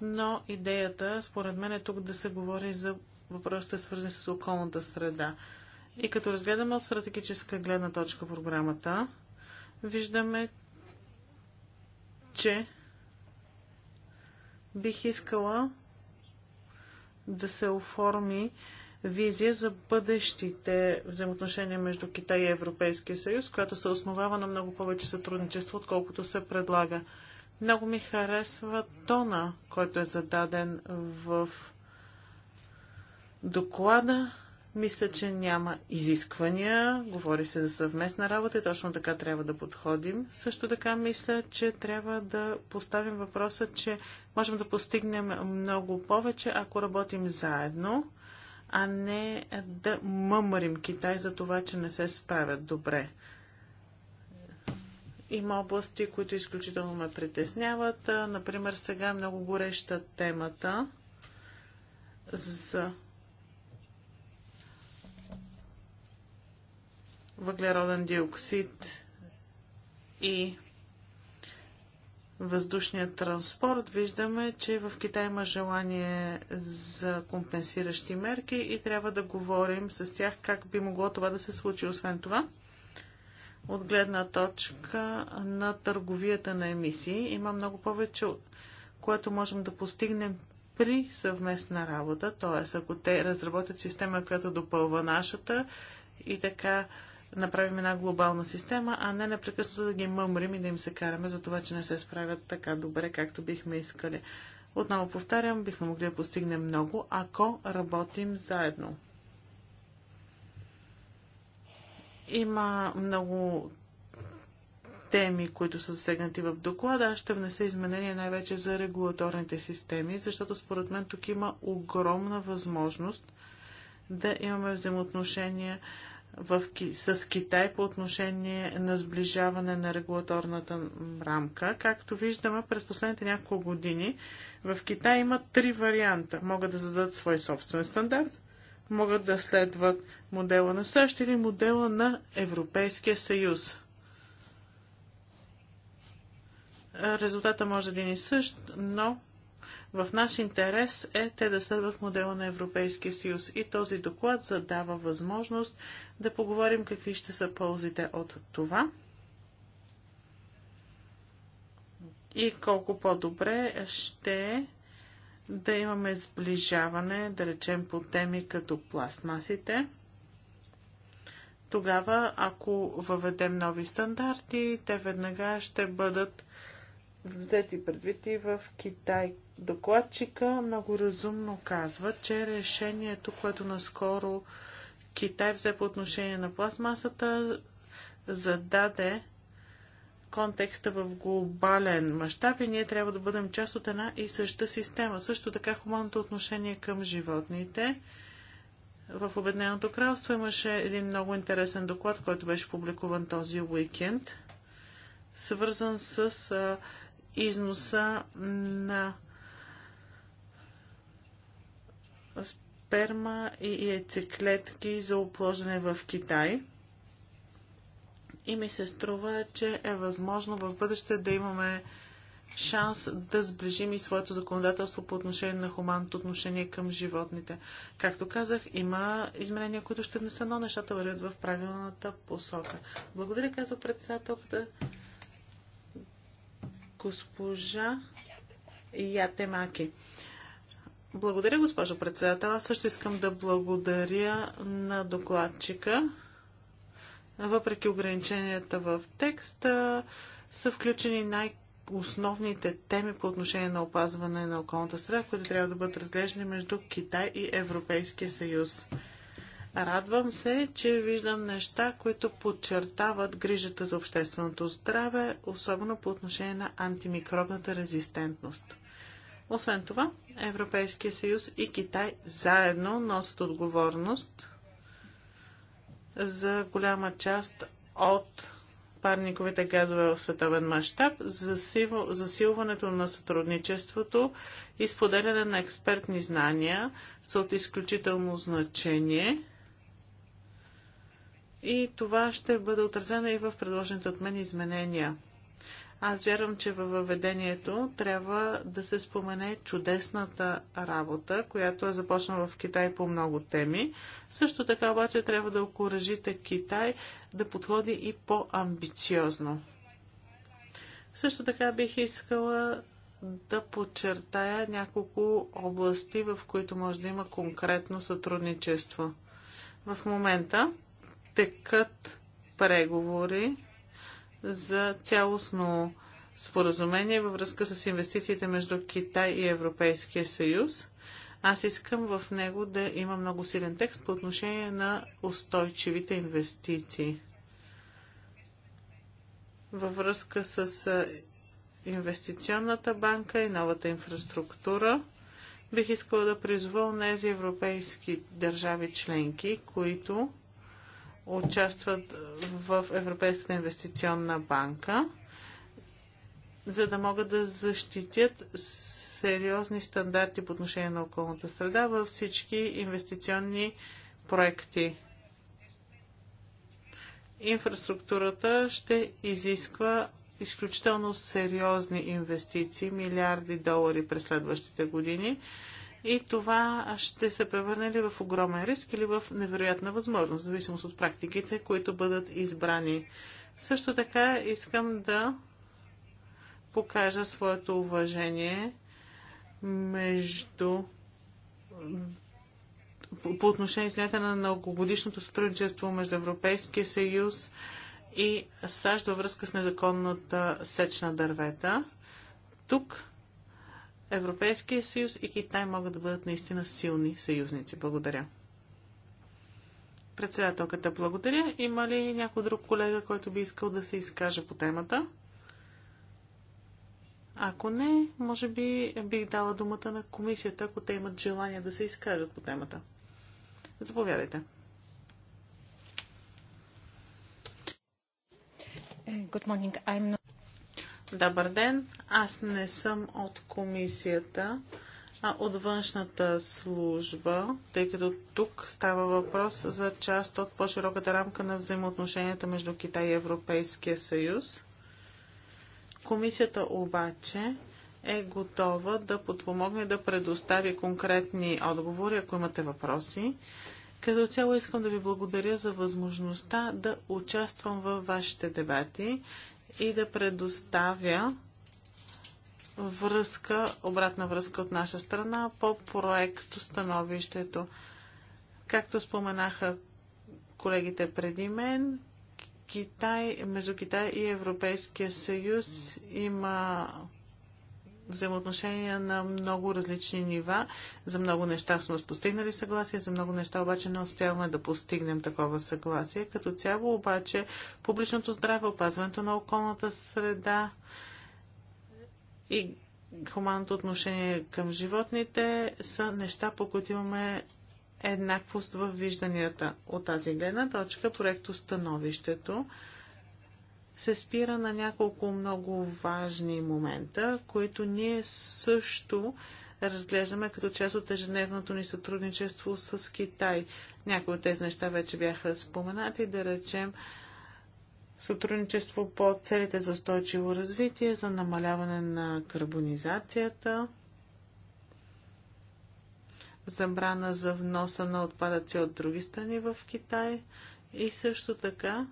но идеята, според мен, е тук да се говори за въпросите, свързани с околната среда. И като разгледаме от стратегическа гледна точка програмата, виждаме, че Бих искала да се оформи визия за бъдещите взаимоотношения между Китай и Европейския съюз, която се основава на много повече сътрудничество, отколкото се предлага. Много ми харесва тона, който е зададен в доклада. Мисля, че няма изисквания, говори се за съвместна работа и точно така трябва да подходим. Също така мисля, че трябва да поставим въпроса, че можем да постигнем много повече, ако работим заедно, а не да мъмрим Китай за това, че не се справят добре. Има области, които изключително ме притесняват. Например, сега е много гореща темата за въглероден диоксид и въздушния транспорт, виждаме, че в Китай има желание за компенсиращи мерки и трябва да говорим с тях как би могло това да се случи. Освен това, от гледна точка на търговията на емисии, има много повече, което можем да постигнем при съвместна работа, т.е. ако те разработят система, която допълва нашата и така направим една глобална система, а не непрекъснато да ги мъмрим и да им се караме за това, че не се справят така добре, както бихме искали. Отново повтарям, бихме могли да постигнем много, ако работим заедно. Има много теми, които са засегнати в доклада. Аз ще внеса изменения най-вече за регулаторните системи, защото според мен тук има огромна възможност да имаме взаимоотношения в, с Китай по отношение на сближаване на регулаторната рамка. Както виждаме, през последните няколко години в Китай има три варианта. Могат да зададат свой собствен стандарт, могат да следват модела на САЩ или модела на Европейския съюз. Резултата може да ни е същ, но в наш интерес е те да следват модела на Европейския съюз и този доклад задава възможност да поговорим какви ще са ползите от това и колко по-добре ще е да имаме сближаване, да речем, по теми като пластмасите. Тогава, ако въведем нови стандарти, те веднага ще бъдат взети предвид и в Китай, Докладчика много разумно казва, че решението, което наскоро Китай взе по отношение на пластмасата, зададе контекста в глобален мащаб и ние трябва да бъдем част от една и съща система. Също така хуманното отношение към животните. В Обедненото кралство имаше един много интересен доклад, който беше публикуван този уикенд, свързан с а, износа на сперма и яйцеклетки за оплождане в Китай. И ми се струва, че е възможно в бъдеще да имаме шанс да сближим и своето законодателство по отношение на хуманното отношение към животните. Както казах, има изменения, които ще внеса, но нещата вървят в правилната посока. Благодаря, казва председателката госпожа Ятемаки. Благодаря, госпожо председател. Аз също искам да благодаря на докладчика. Въпреки ограниченията в текста, са включени най- основните теми по отношение на опазване на околната среда, които трябва да бъдат разглеждани между Китай и Европейския съюз. Радвам се, че виждам неща, които подчертават грижата за общественото здраве, особено по отношение на антимикробната резистентност. Освен това, Европейския съюз и Китай заедно носят отговорност за голяма част от парниковите газове в световен мащаб, засилването на сътрудничеството и споделяне на експертни знания са от изключително значение. И това ще бъде отразено и в предложените от мен изменения. Аз вярвам, че във въведението трябва да се спомене чудесната работа, която е започнала в Китай по много теми. Също така обаче трябва да окоръжите Китай да подходи и по-амбициозно. Също така бих искала да подчертая няколко области, в които може да има конкретно сътрудничество. В момента текат преговори за цялостно споразумение във връзка с инвестициите между Китай и Европейския съюз. Аз искам в него да има много силен текст по отношение на устойчивите инвестиции. Във връзка с инвестиционната банка и новата инфраструктура, бих искала да призова тези европейски държави членки, които участват в Европейската инвестиционна банка, за да могат да защитят сериозни стандарти по отношение на околната среда във всички инвестиционни проекти. Инфраструктурата ще изисква изключително сериозни инвестиции, милиарди долари през следващите години и това ще се превърне ли в огромен риск или в невероятна възможност, в зависимост от практиките, които бъдат избрани. Също така искам да покажа своето уважение между по отношение смята на многогодишното сътрудничество между Европейския съюз и САЩ във връзка с незаконната сеч на дървета. Тук Европейския съюз и Китай могат да бъдат наистина силни съюзници. Благодаря. Председателката, благодаря. Има ли някой друг колега, който би искал да се изкаже по темата? Ако не, може би бих дала думата на комисията, ако те имат желание да се изкажат по темата. Заповядайте. Е, good morning. I'm Добър ден! Аз не съм от комисията, а от външната служба, тъй като тук става въпрос за част от по-широката рамка на взаимоотношенията между Китай и Европейския съюз. Комисията обаче е готова да подпомогне да предостави конкретни отговори, ако имате въпроси. Като цяло искам да ви благодаря за възможността да участвам във вашите дебати и да предоставя връзка, обратна връзка от наша страна по проекто становището. Както споменаха колегите преди мен, Китай, между Китай и Европейския съюз има взаимоотношения на много различни нива. За много неща сме постигнали съгласие, за много неща обаче не успяваме да постигнем такова съгласие. Като цяло обаче публичното здраве, опазването на околната среда и хуманното отношение към животните са неща, по които имаме еднаквост в вижданията. От тази гледна точка проекто становището се спира на няколко много важни момента, които ние също разглеждаме като част от ежедневното ни сътрудничество с Китай. Някои от тези неща вече бяха споменати, да речем сътрудничество по целите за устойчиво развитие, за намаляване на карбонизацията, забрана за вноса на отпадъци от други страни в Китай и също така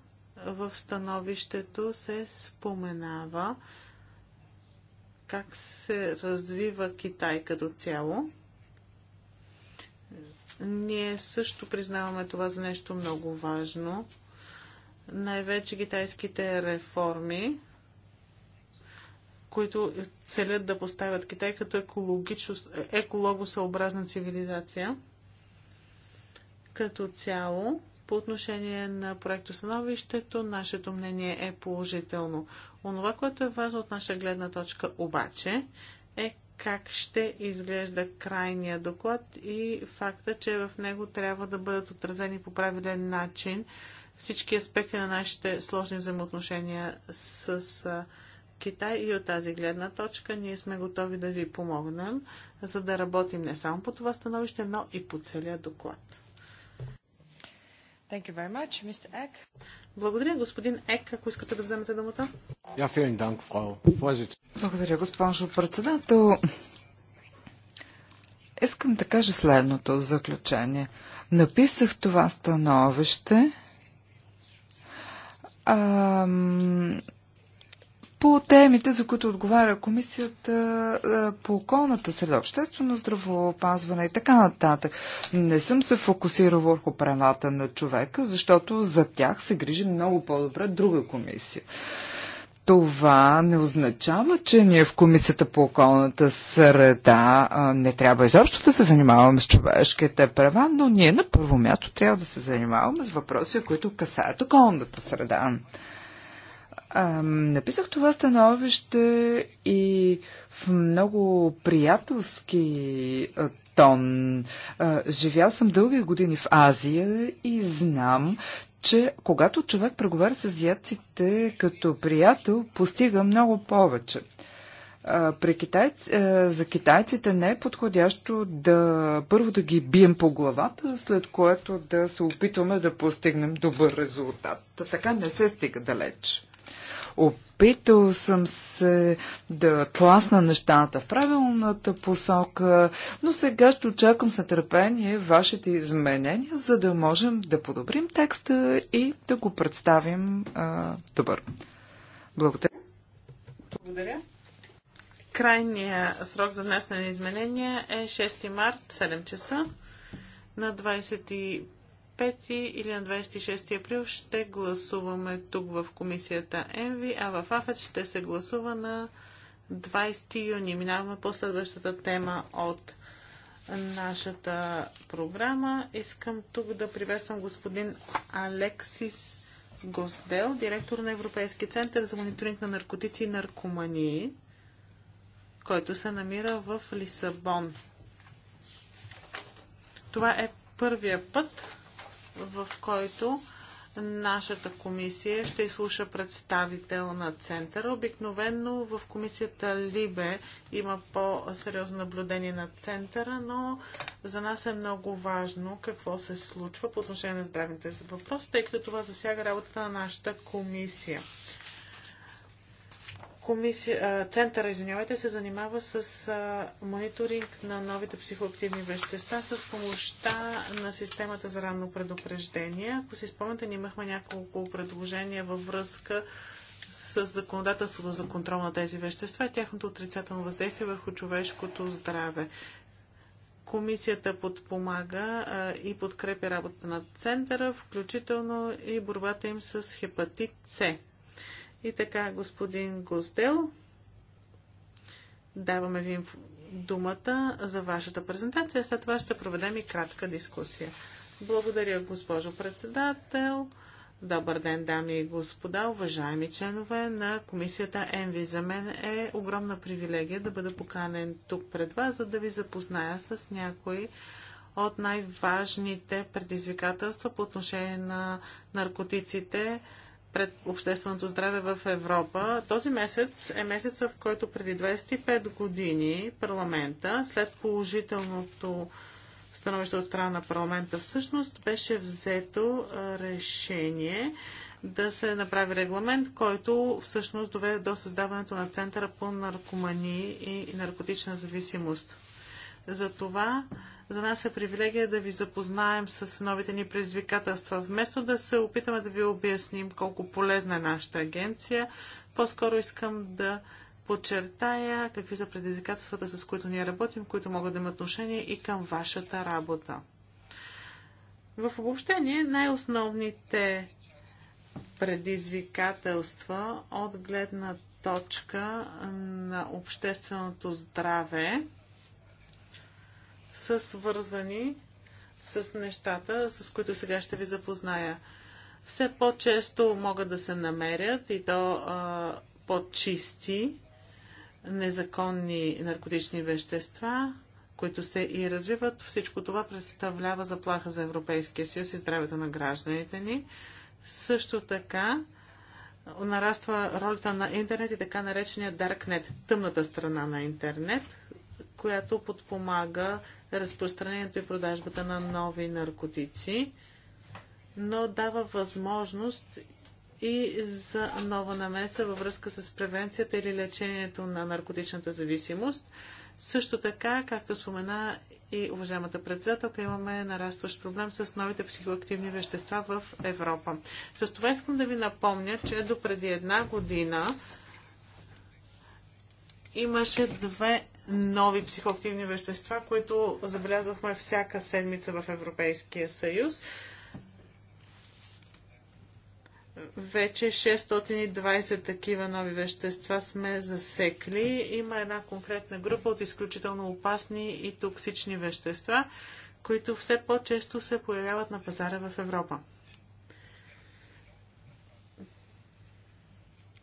в становището се споменава как се развива Китай като цяло. Ние също признаваме това за нещо много важно. Най-вече китайските реформи, които целят да поставят Китай като екологосъобразна цивилизация. Като цяло, по отношение на проектостановището, нашето мнение е положително. Онова, което е важно от наша гледна точка обаче, е как ще изглежда крайния доклад и факта, че в него трябва да бъдат отразени по правилен начин всички аспекти на нашите сложни взаимоотношения с Китай и от тази гледна точка ние сме готови да ви помогнем, за да работим не само по това становище, но и по целия доклад. Thank you very much, Mr. Eck. Благодаря, господин Ек, ако искате да вземете думата. Ja, vielen Dank, Frau Благодаря, госпожо председател. Искам да кажа следното в заключение. Написах това становище. Ам по темите, за които отговаря комисията по околната среда, обществено здравоопазване и така нататък. Не съм се фокусирал върху правата на човека, защото за тях се грижи много по-добре друга комисия. Това не означава, че ние в Комисията по околната среда не трябва изобщо да се занимаваме с човешките права, но ние на първо място трябва да се занимаваме с въпроси, които касаят околната среда написах това становище и в много приятелски тон. Живял съм дълги години в Азия и знам, че когато човек преговаря с азиатците като приятел, постига много повече. При китайц, за китайците не е подходящо да първо да ги бием по главата, след което да се опитваме да постигнем добър резултат. Така не се стига далеч. Опитал съм се да тласна нещата в правилната посока, но сега ще очаквам с нетърпение вашите изменения, за да можем да подобрим текста и да го представим а, добър. Благодаря. Благодаря. Крайният срок за внасяне на изменения е 6 март, 7 часа. На 25 или на 26 април ще гласуваме тук в комисията ЕНВИ, а в АФЕД ще се гласува на 20 юни. Минаваме по следващата тема от нашата програма. Искам тук да приветствам господин Алексис Госдел, директор на Европейски център за мониторинг на наркотици и наркомании, който се намира в Лисабон. Това е първия път, в който нашата комисия ще изслуша представител на центъра. Обикновено в комисията Либе има по-сериозно наблюдение на центъра, но за нас е много важно какво се случва по отношение на здравните въпроси, тъй като това засяга работата на нашата комисия комисия, центъра, извинявайте, се занимава с мониторинг на новите психоактивни вещества с помощта на системата за ранно предупреждение. Ако си спомняте, ние имахме няколко предложения във връзка с законодателството за контрол на тези вещества и тяхното отрицателно въздействие върху човешкото здраве. Комисията подпомага а, и подкрепя работата на центъра, включително и борбата им с хепатит С. И така, господин Гостел, даваме ви думата за вашата презентация. След това ще проведем и кратка дискусия. Благодаря, госпожо председател. Добър ден, дами и господа, уважаеми членове на комисията ЕНВИ. За мен е огромна привилегия да бъда поканен тук пред вас, за да ви запозная с някои от най-важните предизвикателства по отношение на наркотиците пред общественото здраве в Европа. Този месец е месеца, в който преди 25 години парламента, след положителното становище от страна на парламента, всъщност беше взето решение да се направи регламент, който всъщност доведе до създаването на Центъра по наркомании и наркотична зависимост. За това за нас е привилегия да ви запознаем с новите ни предизвикателства. Вместо да се опитаме да ви обясним колко полезна е нашата агенция, по-скоро искам да подчертая какви са предизвикателствата, с които ние работим, които могат да имат отношение и към вашата работа. В обобщение най-основните предизвикателства от гледна точка на общественото здраве са свързани с нещата, с които сега ще ви запозная. Все по-често могат да се намерят и то по-чисти незаконни наркотични вещества, които се и развиват. Всичко това представлява заплаха за Европейския съюз и здравето на гражданите ни. Също така нараства ролята на интернет и така наречения Darknet, тъмната страна на интернет, която подпомага разпространението и продажбата на нови наркотици, но дава възможност и за нова намеса във връзка с превенцията или лечението на наркотичната зависимост. Също така, както спомена и уважаемата председателка, имаме нарастващ проблем с новите психоактивни вещества в Европа. С това искам да ви напомня, че до преди една година имаше две нови психоактивни вещества, които забелязвахме всяка седмица в Европейския съюз. Вече 620 такива нови вещества сме засекли. Има една конкретна група от изключително опасни и токсични вещества, които все по-често се появяват на пазара в Европа.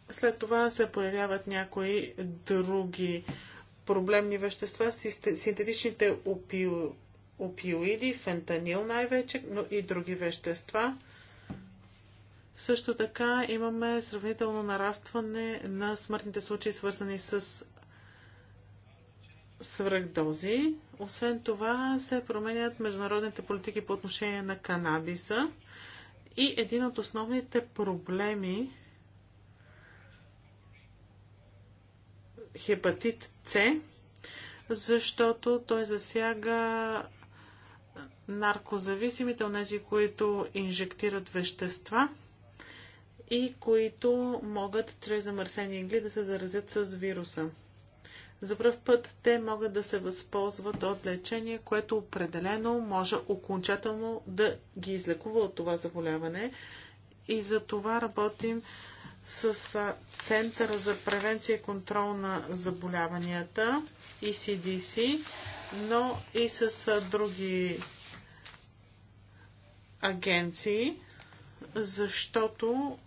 След това се появяват някои други проблемни вещества, синтетичните опио, опиоиди, фентанил най-вече, но и други вещества. Също така имаме сравнително нарастване на смъртните случаи, свързани с свръхдози. Освен това се променят международните политики по отношение на канабиса. И един от основните проблеми хепатит С, защото той засяга наркозависимите, онези, които инжектират вещества и които могат чрез замърсени игли да се заразят с вируса. За пръв път те могат да се възползват от лечение, което определено може окончателно да ги излекува от това заболяване. И за това работим с Центъра за превенция и контрол на заболяванията, ECDC, но и с други агенции, защото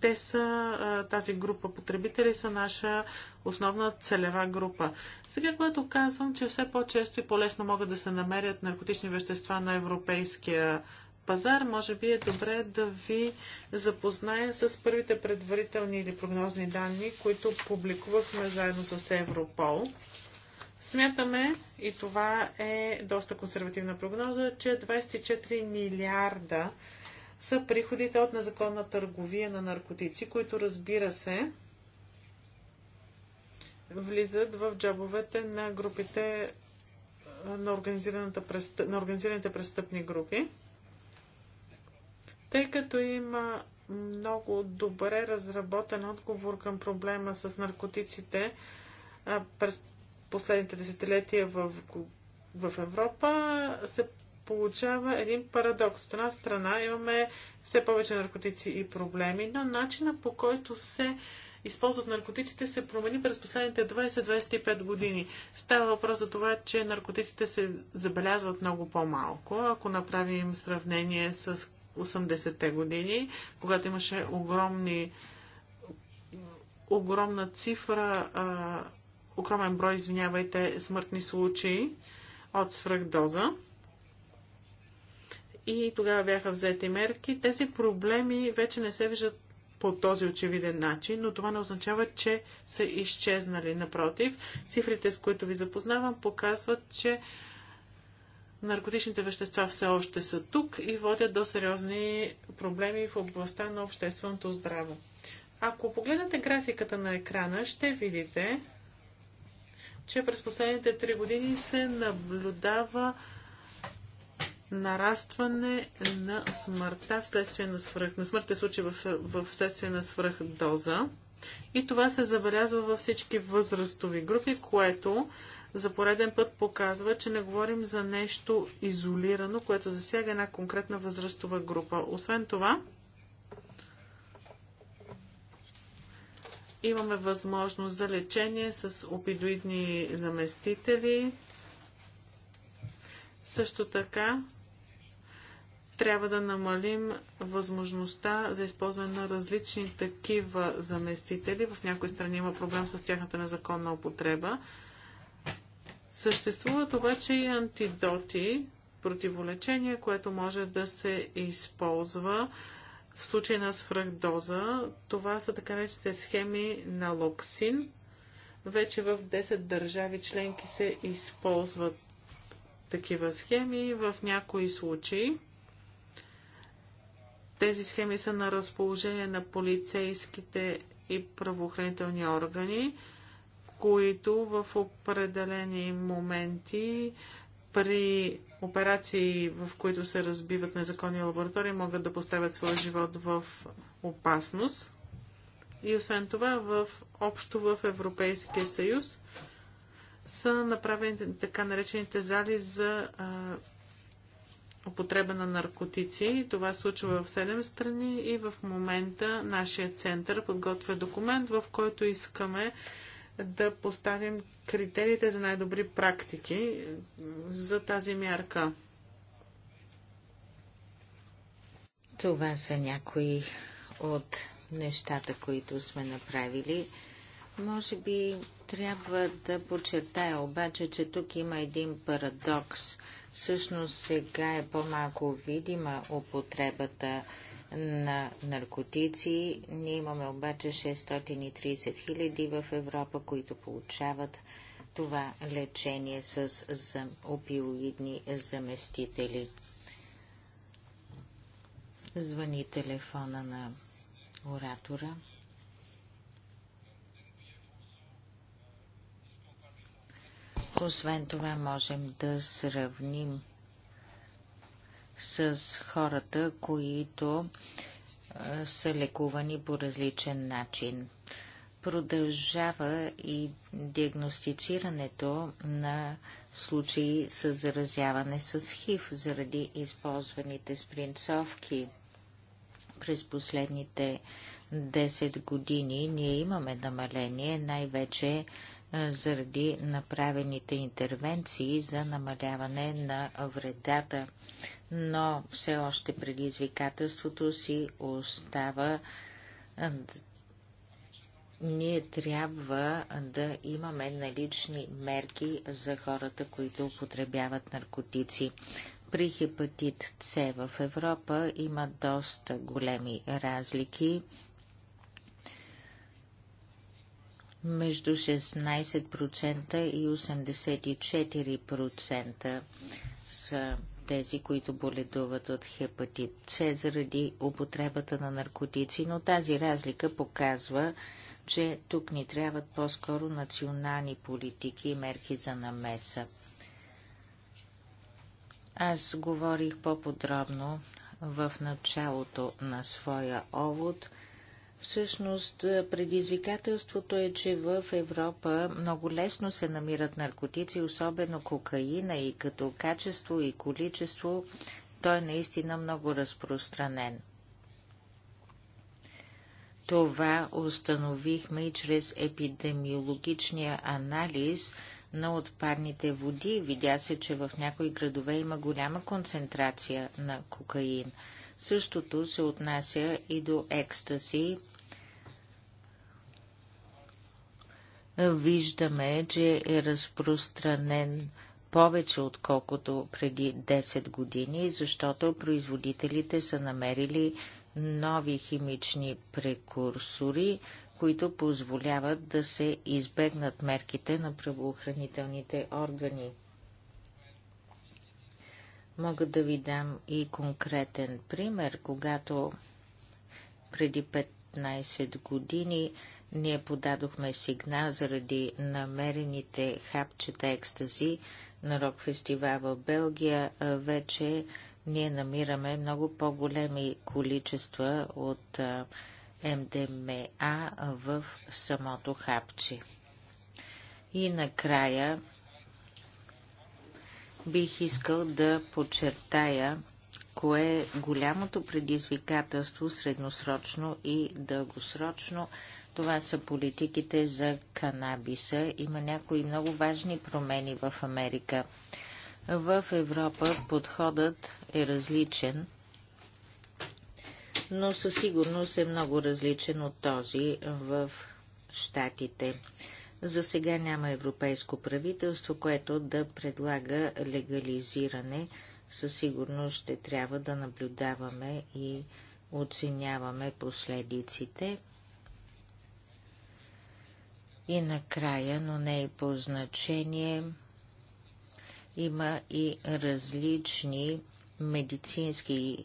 те са, тази група потребители са наша основна целева група. Сега, което казвам, че все по-често и по-лесно могат да се намерят наркотични вещества на европейския пазар, може би е добре да ви запознае с първите предварителни или прогнозни данни, които публикувахме заедно с Европол. Смятаме, и това е доста консервативна прогноза, че 24 милиарда са приходите от незаконна търговия на наркотици, които разбира се влизат в джобовете на групите на, на организираните престъпни групи. Тъй като има много добре разработен отговор към проблема с наркотиците през последните десетилетия в, в Европа, се получава един парадокс. От една страна имаме все повече наркотици и проблеми, но начина по който се използват наркотиците се промени през последните 20-25 години. Става въпрос за това, че наркотиците се забелязват много по-малко. Ако направим сравнение с 80-те години, когато имаше огромни огромна цифра, а, огромен брой, извинявайте, смъртни случаи от свръхдоза. И тогава бяха взети мерки. Тези проблеми вече не се виждат по този очевиден начин, но това не означава, че са изчезнали. Напротив, цифрите, с които ви запознавам, показват, че наркотичните вещества все още са тук и водят до сериозни проблеми в областта на общественото здраве. Ако погледнете графиката на екрана, ще видите, че през последните три години се наблюдава нарастване на смъртта вследствие на свръх. На смъртните случаи в, в следствие на свръхдоза. И това се забелязва във всички възрастови групи, което за пореден път показва, че не говорим за нещо изолирано, което засяга една конкретна възрастова група. Освен това, имаме възможност за лечение с опидоидни заместители. Също така, трябва да намалим възможността за използване на различни такива заместители. В някои страни има проблем с тяхната незаконна употреба. Съществуват обаче и антидоти, противолечение, което може да се използва в случай на свръхдоза. Това са така речете схеми на локсин. Вече в 10 държави членки се използват такива схеми. В някои случаи тези схеми са на разположение на полицейските и правоохранителни органи които в определени моменти при операции, в които се разбиват незаконни лаборатории, могат да поставят своя живот в опасност. И освен това, в, общо в Европейския съюз са направени така наречените зали за а, употреба на наркотици. Това се случва в 7 страни и в момента нашия център подготвя документ, в който искаме да поставим критериите за най-добри практики за тази мярка. Това са някои от нещата, които сме направили. Може би трябва да подчертая обаче, че тук има един парадокс. Всъщност сега е по-малко видима употребата на наркотици. Ние имаме обаче 630 хиляди в Европа, които получават това лечение с опиоидни заместители. Звъни телефона на оратора. Освен това можем да сравним с хората, които са лекувани по различен начин. Продължава и диагностицирането на случаи с заразяване с ХИВ заради използваните спринцовки. През последните 10 години ние имаме намаление най-вече заради направените интервенции за намаляване на вредата. Но все още предизвикателството си остава ние трябва да имаме налични мерки за хората, които употребяват наркотици. При хепатит С в Европа има доста големи разлики. между 16% и 84% са тези, които боледуват от хепатит С заради употребата на наркотици, но тази разлика показва, че тук ни трябват по-скоро национални политики и мерки за намеса. Аз говорих по-подробно в началото на своя овод – Всъщност е, предизвикателството е, че в Европа много лесно се намират наркотици, особено кокаина и като качество и количество той е наистина много разпространен. Това установихме и чрез епидемиологичния анализ на отпадните води. Видя се, че в някои градове има голяма концентрация на кокаин. Същото се отнася и до екстаси, виждаме, че е разпространен повече отколкото преди 10 години, защото производителите са намерили нови химични прекурсори, които позволяват да се избегнат мерките на правоохранителните органи. Мога да ви дам и конкретен пример, когато преди 15 години ние подадохме сигнал заради намерените хапчета екстази на рок фестивал в Белгия. Вече ние намираме много по-големи количества от МДМА в самото хапче. И накрая бих искал да подчертая кое е голямото предизвикателство средносрочно и дългосрочно – това са политиките за канабиса. Има някои много важни промени в Америка. В Европа подходът е различен, но със сигурност е много различен от този в Штатите. За сега няма европейско правителство, което да предлага легализиране. Със сигурност ще трябва да наблюдаваме и оценяваме последиците. И накрая, но не и е по значение, има и различни медицински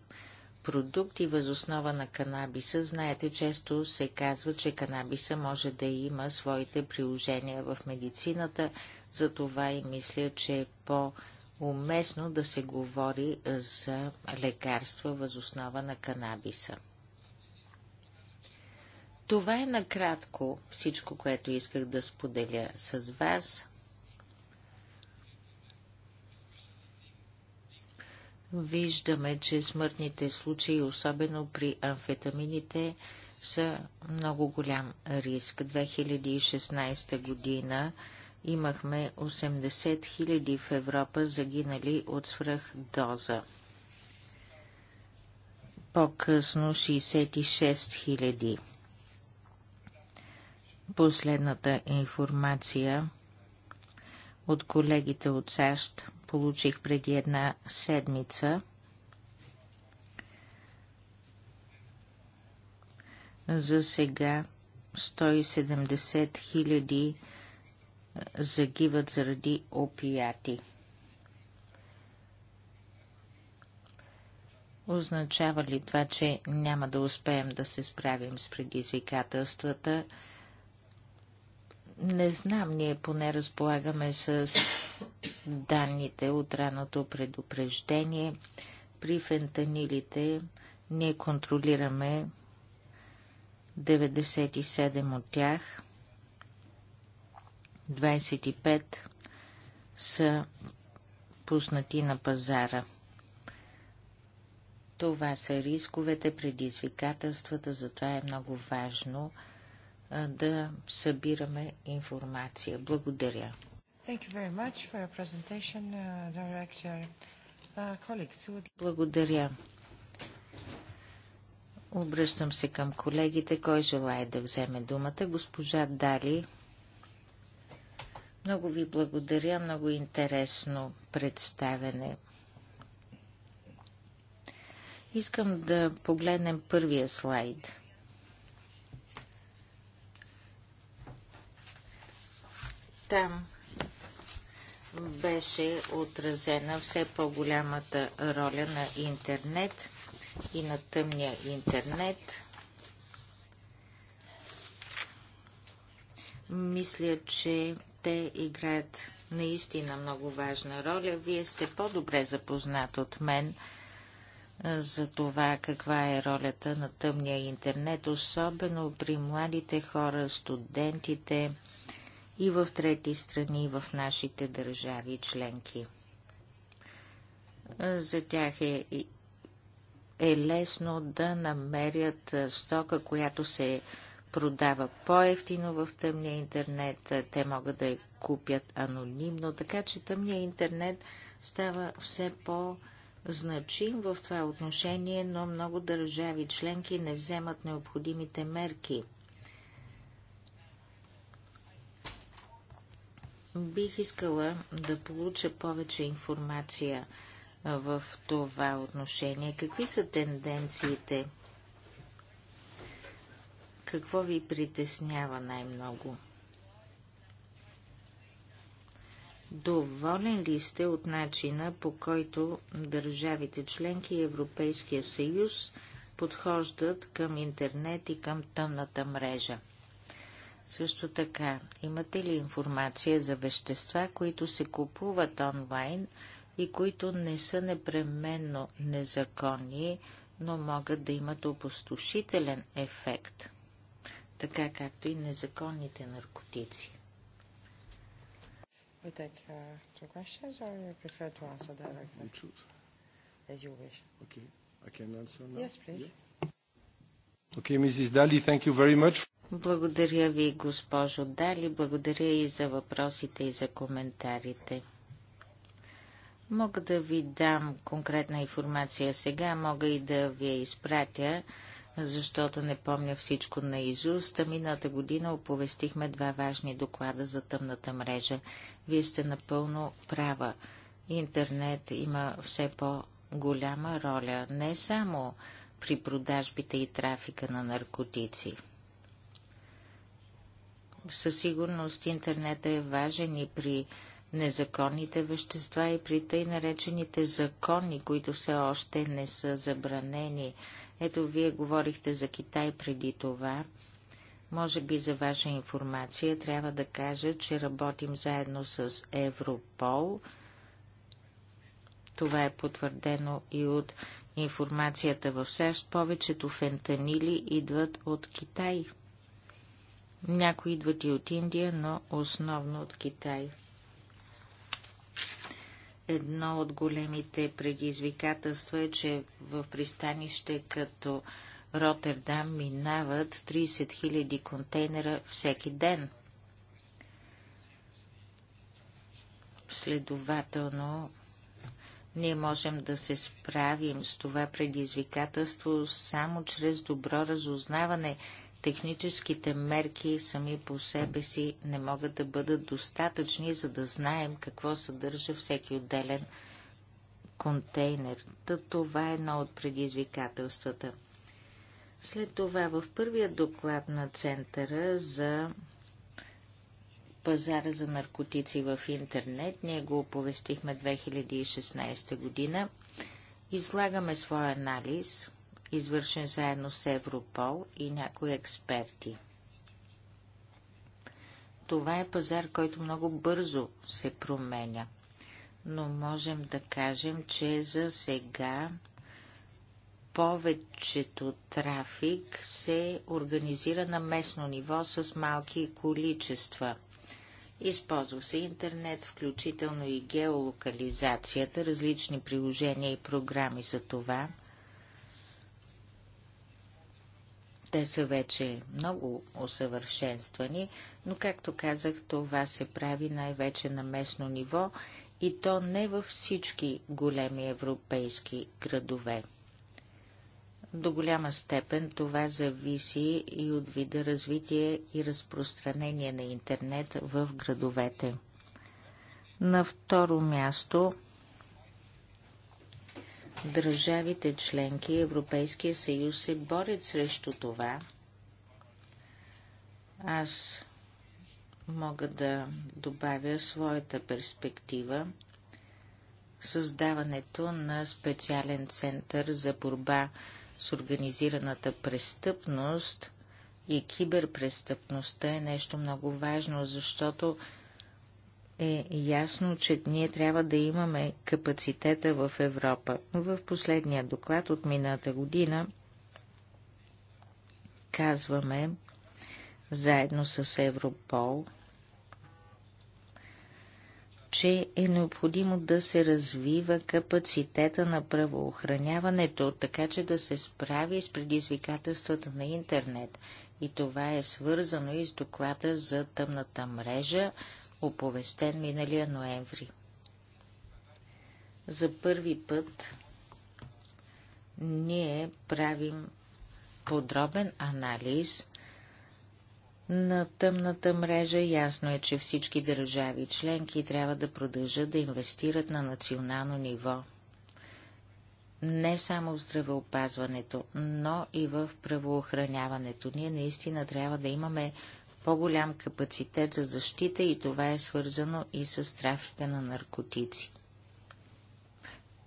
продукти възоснова на канабиса. Знаете, често се казва, че канабиса може да има своите приложения в медицината, затова и мисля, че е по-уместно да се говори за лекарства възоснова на канабиса. Това е накратко всичко, което исках да споделя с вас. Виждаме, че смъртните случаи, особено при амфетамините, са много голям риск. 2016 година имахме 80 000 в Европа загинали от свръхдоза. По-късно 66 000. Последната информация от колегите от САЩ получих преди една седмица. За сега 170 хиляди загиват заради опияти. Означава ли това, че няма да успеем да се справим с предизвикателствата? Не знам, ние поне разполагаме с данните от раното предупреждение. При фентанилите ние контролираме 97 от тях. 25 са пуснати на пазара. Това са рисковете, предизвикателствата, затова е много важно – да събираме информация. Благодаря. Uh, uh, благодаря. Обръщам се към колегите. Кой желая да вземе думата? Госпожа Дали. Много ви благодаря. Много интересно представене. Искам да погледнем първия слайд – Там беше отразена все по-голямата роля на интернет и на тъмния интернет. Мисля, че те играят наистина много важна роля. Вие сте по-добре запознат от мен за това каква е ролята на тъмния интернет, особено при младите хора, студентите – и в трети страни, и в нашите държави членки. За тях е, е лесно да намерят стока, която се продава по-ефтино в тъмния интернет. Те могат да я купят анонимно, така че тъмния интернет става все по- значим в това отношение, но много държави членки не вземат необходимите мерки – Бих искала да получа повече информация в това отношение. Какви са тенденциите? Какво ви притеснява най-много? Доволен ли сте от начина, по който държавите членки и Европейския съюз подхождат към интернет и към тъмната мрежа? Също така, имате ли информация за вещества, които се купуват онлайн и които не са непременно незаконни, но могат да имат опустошителен ефект, така както и незаконните наркотици? We take uh, two questions, or you prefer to answer directly? You choose. As you wish. Okay, I can answer now. Yes, please. Yeah. Okay, Mrs. Daly, thank you very much. Благодаря ви, госпожо Дали. Благодаря и за въпросите и за коментарите. Мога да ви дам конкретна информация сега, мога и да ви я изпратя, защото не помня всичко на изуст. Мината година оповестихме два важни доклада за тъмната мрежа. Вие сте напълно права. Интернет има все по-голяма роля не само при продажбите и трафика на наркотици. Със сигурност интернета е важен и при незаконните вещества и при тъй наречените закони, които все още не са забранени. Ето, вие говорихте за Китай преди това. Може би за ваша информация трябва да кажа, че работим заедно с Европол. Това е потвърдено и от информацията в САЩ. Повечето фентанили идват от Китай. Някои идват и от Индия, но основно от Китай. Едно от големите предизвикателства е, че в пристанище като Ротердам минават 30 000 контейнера всеки ден. Следователно, ние можем да се справим с това предизвикателство само чрез добро разузнаване – техническите мерки сами по себе си не могат да бъдат достатъчни, за да знаем какво съдържа всеки отделен контейнер. Та това е едно от предизвикателствата. След това в първия доклад на Центъра за пазара за наркотици в интернет, ние го оповестихме 2016 година, излагаме своя анализ – извършен заедно с Европол и някои експерти. Това е пазар, който много бързо се променя, но можем да кажем, че за сега повечето трафик се организира на местно ниво с малки количества. Използва се интернет, включително и геолокализацията, различни приложения и програми за това – Те са вече много усъвършенствани, но както казах, това се прави най-вече на местно ниво и то не във всички големи европейски градове. До голяма степен това зависи и от вида развитие и разпространение на интернет в градовете. На второ място Държавите членки и Европейския съюз се борят срещу това. Аз мога да добавя своята перспектива. Създаването на специален център за борба с организираната престъпност и киберпрестъпността е нещо много важно, защото е ясно, че ние трябва да имаме капацитета в Европа. В последния доклад от мината година казваме, заедно с Европол, че е необходимо да се развива капацитета на правоохраняването, така че да се справи с предизвикателствата на интернет. И това е свързано и с доклада за тъмната мрежа, оповестен миналия ноември. За първи път ние правим подробен анализ на тъмната мрежа. Ясно е, че всички държави членки трябва да продължат да инвестират на национално ниво. Не само в здравеопазването, но и в правоохраняването. Ние наистина трябва да имаме по-голям капацитет за защита и това е свързано и с трафика на наркотици.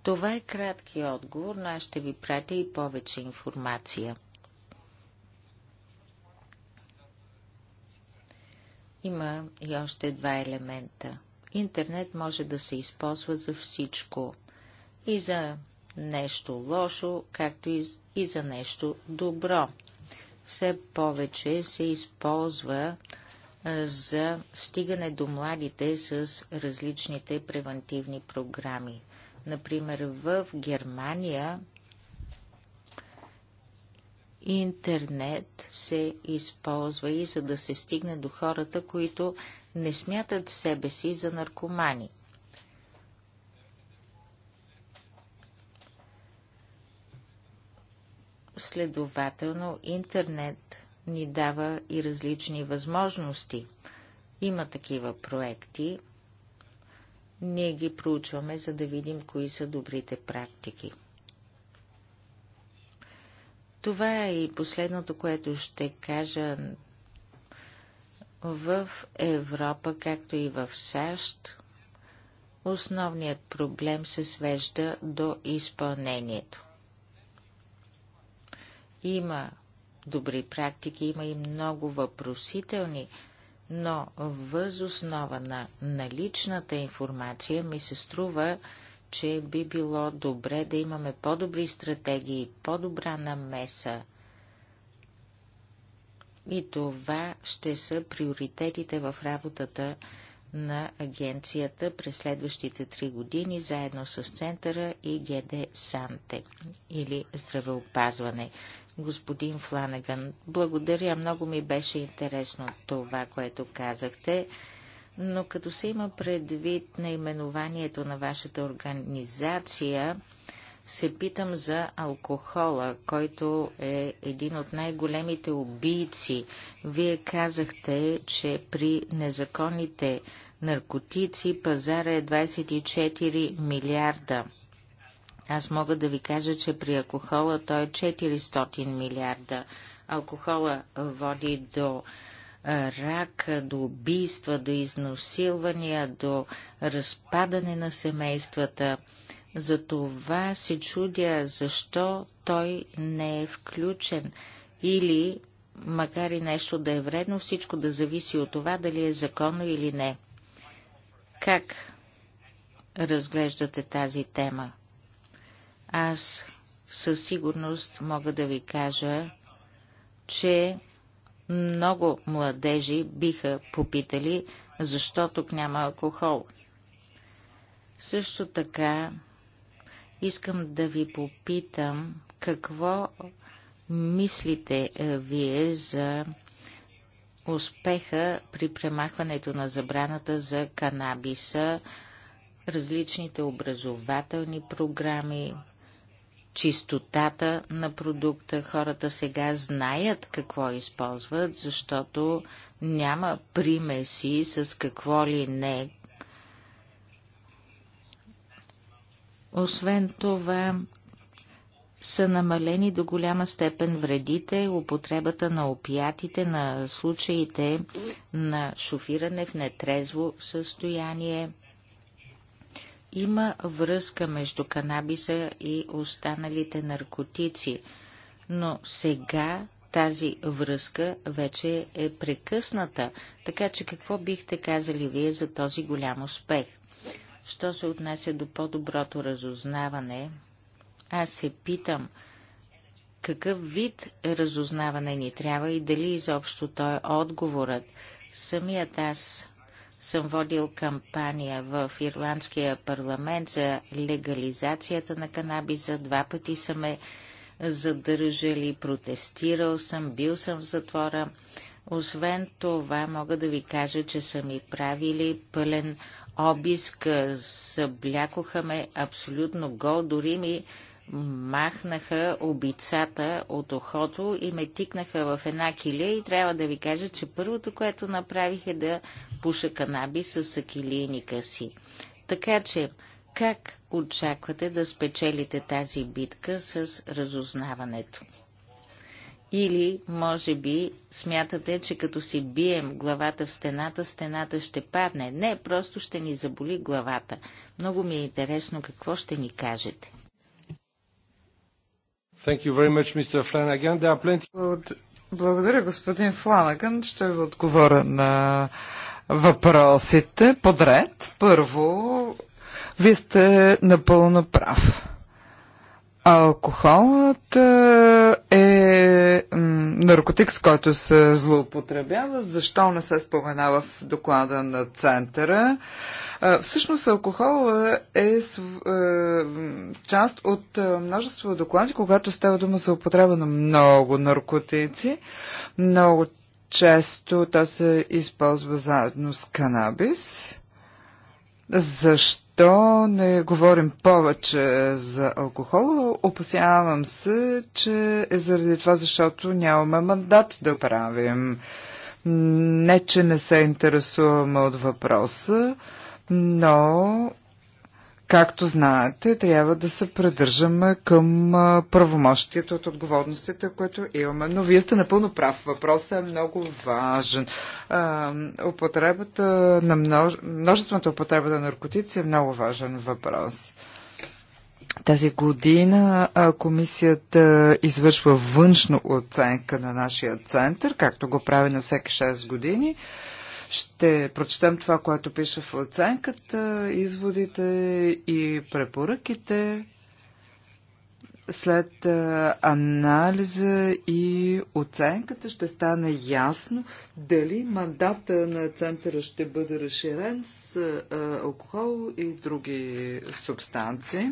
Това е кратки отговор, но аз ще ви пратя и повече информация. Има и още два елемента. Интернет може да се използва за всичко. И за нещо лошо, както и за нещо добро все повече се използва за стигане до младите с различните превентивни програми. Например, в Германия интернет се използва и за да се стигне до хората, които не смятат себе си за наркомани. Следователно, интернет ни дава и различни възможности. Има такива проекти. Ние ги проучваме, за да видим кои са добрите практики. Това е и последното, което ще кажа в Европа, както и в САЩ. Основният проблем се свежда до изпълнението. Има добри практики, има и много въпросителни, но въз основа на наличната информация ми се струва, че би било добре да имаме по-добри стратегии, по-добра намеса. И това ще са приоритетите в работата на агенцията през следващите три години, заедно с Центъра и ГД Санте или здравеопазване господин Фланаган. Благодаря, много ми беше интересно това, което казахте, но като се има предвид наименованието на вашата организация, се питам за алкохола, който е един от най-големите убийци. Вие казахте, че при незаконните наркотици пазара е 24 милиарда аз мога да ви кажа, че при алкохола той е 400 милиарда. Алкохола води до рак, до убийства, до изнасилвания, до разпадане на семействата. За това се чудя, защо той не е включен. Или, макар и нещо да е вредно, всичко да зависи от това, дали е законно или не. Как разглеждате тази тема? Аз със сигурност мога да ви кажа, че много младежи биха попитали, защо тук няма алкохол. Също така искам да ви попитам, какво мислите е, вие за успеха при премахването на забраната за канабиса, различните образователни програми, чистотата на продукта. Хората сега знаят какво използват, защото няма примеси с какво ли не. Освен това, са намалени до голяма степен вредите, употребата на опиятите, на случаите на шофиране в нетрезво състояние – има връзка между канабиса и останалите наркотици, но сега тази връзка вече е прекъсната. Така че какво бихте казали вие за този голям успех? Що се отнася до по-доброто разузнаване, аз се питам какъв вид разузнаване ни трябва и дали изобщо той е отговорът. Самият аз съм водил кампания в Ирландския парламент за легализацията на канабиса. Два пъти са ме задържали, протестирал съм, бил съм в затвора. Освен това, мога да ви кажа, че са ми правили пълен обиск, съблякоха ме абсолютно гол, дори ми махнаха обицата от охото и ме тикнаха в една килия и трябва да ви кажа, че първото, което направих е да пуша канаби с килийника си. Така че, как очаквате да спечелите тази битка с разузнаването? Или, може би, смятате, че като си бием главата в стената, стената ще падне. Не, просто ще ни заболи главата. Много ми е интересно какво ще ни кажете. Thank you very much, Mr. Flanagan. There are plenty... Благодаря, господин Фланаган. Ще ви отговоря на въпросите подред. Първо, вие сте напълно прав. Алкохолът е, е наркотик, с който се злоупотребява. Защо не се споменава в доклада на центъра? Е, всъщност алкохолът е, е част от множество доклади, когато става дума за употреба на много наркотици. Много често то се използва заедно с канабис. Защо не говорим повече за алкохол? Опасявам се, че е заради това, защото нямаме мандат да правим. Не, че не се интересуваме от въпроса, но Както знаете, трябва да се придържаме към правомощията от отговорностите, които имаме. Но вие сте напълно прав. Въпросът е много важен. Употребата на множ... множествената употреба на наркотици е много важен въпрос. Тази година комисията извършва външна оценка на нашия център, както го прави на всеки 6 години. Ще прочетем това, което пише в оценката, изводите и препоръките след анализа и оценката ще стане ясно дали мандата на центъра ще бъде разширен с алкохол и други субстанции.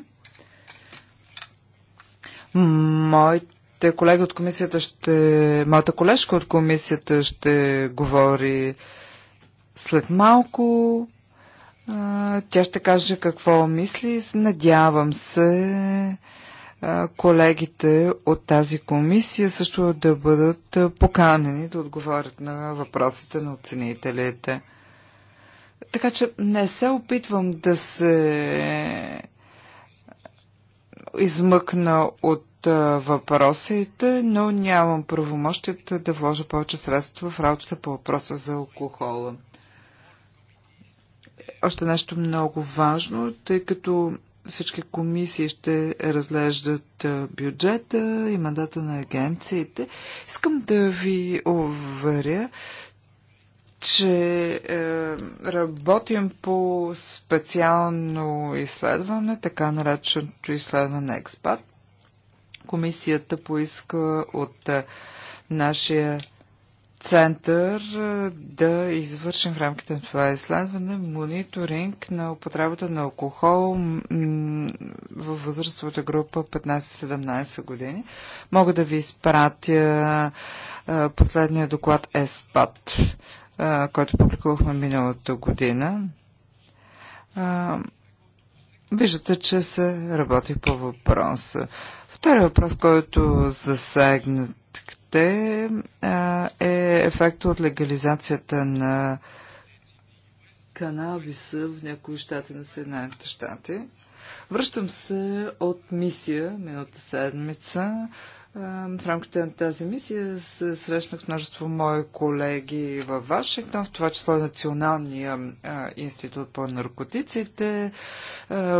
Моите колеги от комисията ще, моята колежка от комисията ще говори след малко а, тя ще каже какво мисли. Надявам се а, колегите от тази комисия също да бъдат поканени да отговорят на въпросите на оценителите. Така че не се опитвам да се измъкна от въпросите, но нямам правомощията да вложа повече средства в работата по въпроса за алкохола. Още нещо много важно, тъй като всички комисии ще разглеждат бюджета и мандата на агенциите. Искам да ви уверя, че е, работим по специално изследване, така нареченото изследване Експат. Комисията поиска от е, нашия център да извършим в рамките на това изследване мониторинг на употребата на алкохол във възрастовата група 15-17 години. Мога да ви изпратя последния доклад ЕСПАТ, който публикувахме миналата година. Виждате, че се работи по въпроса. Втори въпрос, който засегнат те е ефект от легализацията на канабиса в някои щати на Съединените щати. Връщам се от мисия миналата седмица. В рамките на тази мисия се срещнах с множество мои колеги във Вашингтон, в това число Националния институт по наркотиците.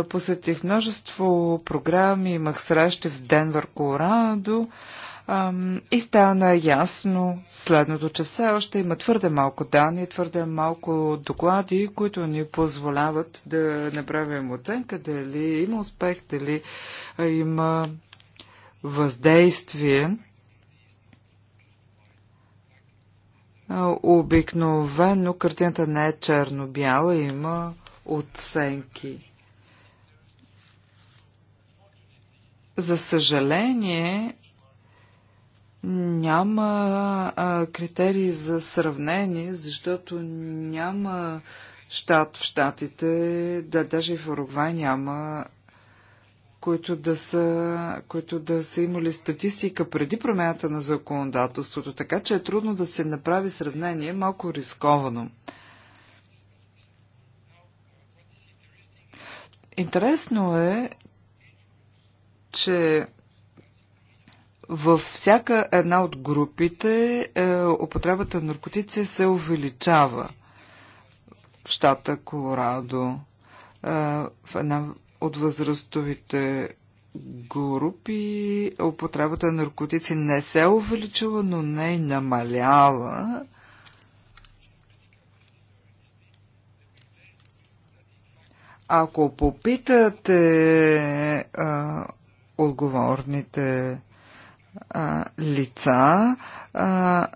Посетих множество програми, имах срещи в Денвър, Колорадо. И стана ясно следното, че все още има твърде малко данни, твърде малко доклади, които ни позволяват да направим оценка дали има успех, дали има въздействие. Обикновено картината не е черно-бяла, има оценки. За съжаление, няма а, критерии за сравнение, защото няма щат в щатите, да, даже и в Уругвай няма, които да, са, които да са имали статистика преди промената на законодателството, така че е трудно да се направи сравнение, малко рисковано. Интересно е, че във всяка една от групите е, употребата на наркотици се увеличава в щата Колорадо. Е, в една от възрастовите групи употребата на наркотици не се е увеличила, но не е намаляла. Ако попитате а, е, отговорните а, лица. А,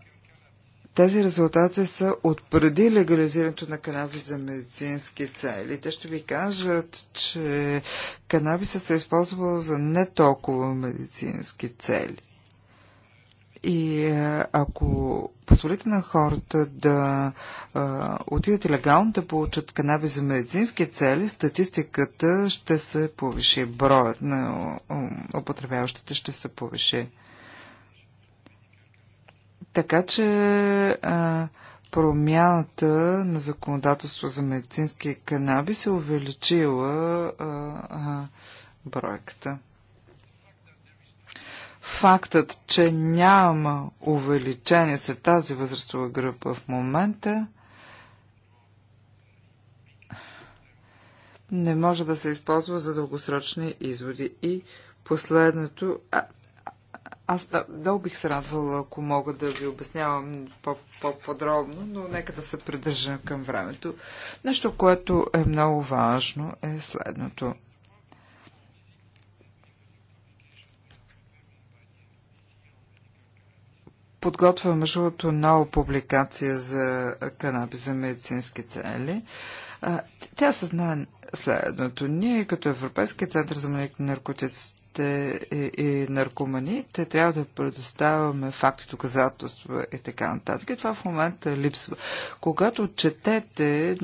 тези резултати са от преди легализирането на канабис за медицински цели. Те ще ви кажат, че канабисът се е използвал за не толкова медицински цели. И е, ако позволите на хората да а, е, отидат легално да получат канабис за медицински цели, статистиката ще се повиши, броят на е, употребяващите ще се повиши. Така че а, промяната на законодателство за медицинския канабис е увеличила а, а, бройката. Фактът, че няма увеличение след тази възрастова група в момента, не може да се използва за дългосрочни изводи. И последното, а, аз да, много бих се радвала, ако мога да ви обяснявам по-подробно, -по но нека да се придържам към времето. Нещо, което е много важно, е следното. Подготвя мъжовото нова публикация за канаби за медицински цели. Тя се знае следното. Ние като Европейския център за наркотици наркотиците и, е, и е наркоманите, трябва да предоставяме факти, доказателства и така нататък. И това в момента липсва. Когато четете е,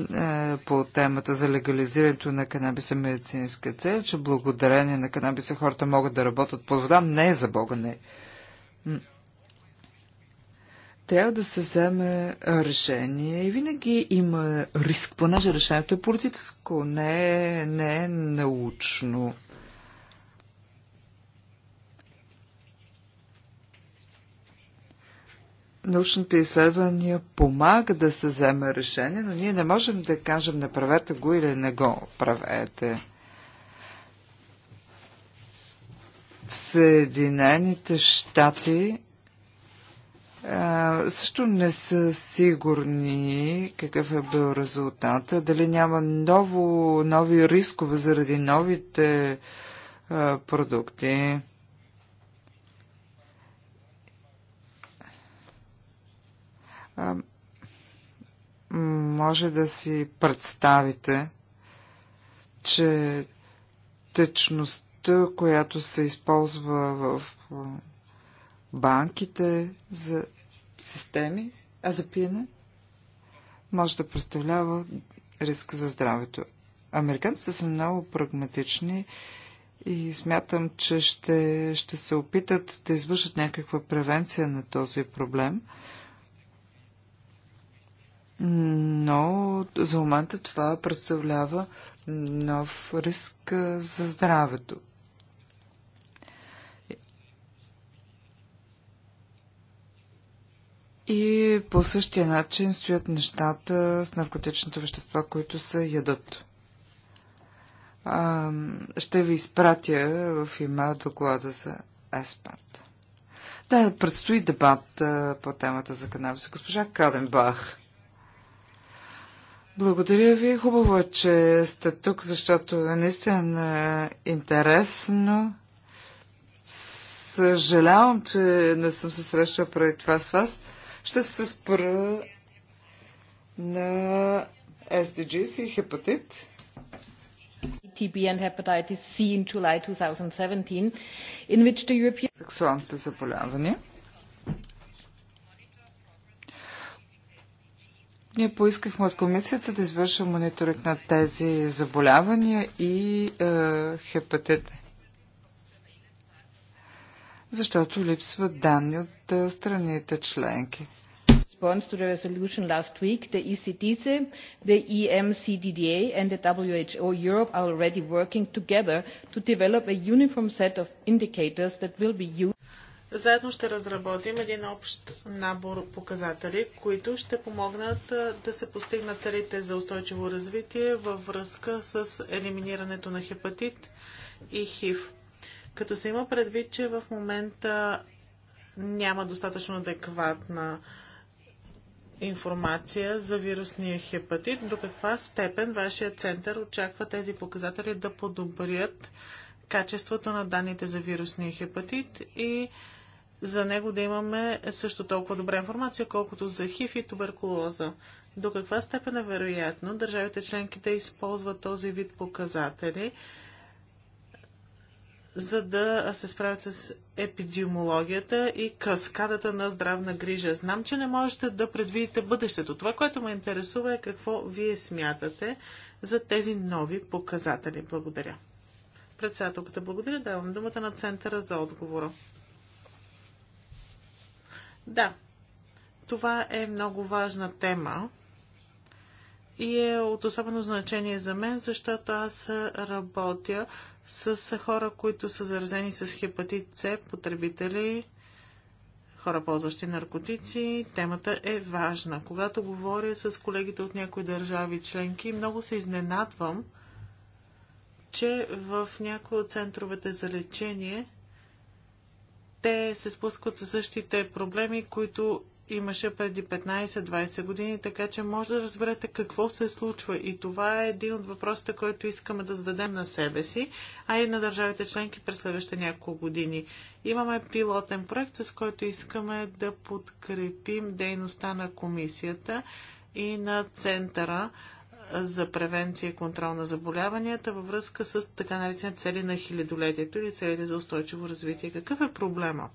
по темата за легализирането на канабиса медицинска цел, че благодарение на канабиса хората могат да работят под вода, не е за Бога, не. Трябва да се вземе решение и винаги има риск, понеже решението е политическо, не е, не е научно. научните изследвания помага да се вземе решение, но ние не можем да кажем направете го или не го правете. В Съединените щати също не са сигурни какъв е бил резултата, дали няма ново, нови рискове заради новите а, продукти. може да си представите, че течността, която се използва в банките за системи, а за пиене, може да представлява риск за здравето. Американците са много прагматични и смятам, че ще, ще се опитат да извършат някаква превенция на този проблем но за момента това представлява нов риск за здравето. И по същия начин стоят нещата с наркотичните вещества, които се ядат. ще ви изпратя в има доклада за ЕСПАД. Да, предстои дебат по темата за канабис. Госпожа Каденбах. Благодаря ви. Хубаво е, че сте тук, защото е наистина интересно. Съжалявам, че не съм се срещала преди това с вас. Ще се спра на SDGs и хепатит. TB and hepatitis C in July 2017, in which the European... Сексуалните заболявания. Ние поискахме от комисията да извърши мониторинг на тези заболявания и е, хепатит. Защото липсват данни от е, страните членки. Response to the resolution last week, the ECDC, the EMCDDA and the WHO Europe are already working together to develop a uniform set of indicators that will be used заедно ще разработим един общ набор показатели, които ще помогнат да се постигнат целите за устойчиво развитие във връзка с елиминирането на хепатит и ХИВ. Като се има предвид, че в момента няма достатъчно адекватна информация за вирусния хепатит, до каква степен вашия център очаква тези показатели да подобрят качеството на данните за вирусния хепатит и за него да имаме също толкова добра информация, колкото за хив и туберкулоза. До каква степен е вероятно държавите членки да използват този вид показатели, за да се справят с епидемиологията и каскадата на здравна грижа. Знам, че не можете да предвидите бъдещето. Това, което ме интересува е какво вие смятате за тези нови показатели. Благодаря. Председателката, благодаря. Давам думата на Центъра за отговора. Да, това е много важна тема и е от особено значение за мен, защото аз работя с хора, които са заразени с хепатит С, потребители, хора ползващи наркотици. Темата е важна. Когато говоря с колегите от някои държави членки, много се изненадвам, че в някои от центровете за лечение – те се спускат със същите проблеми, които имаше преди 15-20 години, така че може да разберете какво се случва. И това е един от въпросите, който искаме да зададем на себе си, а и на държавите членки през следващите няколко години. Имаме пилотен проект, с който искаме да подкрепим дейността на комисията и на центъра за превенция и контрол на заболяванията във връзка с така наречените цели на хилядолетието или целите за устойчиво развитие. Какъв е проблема?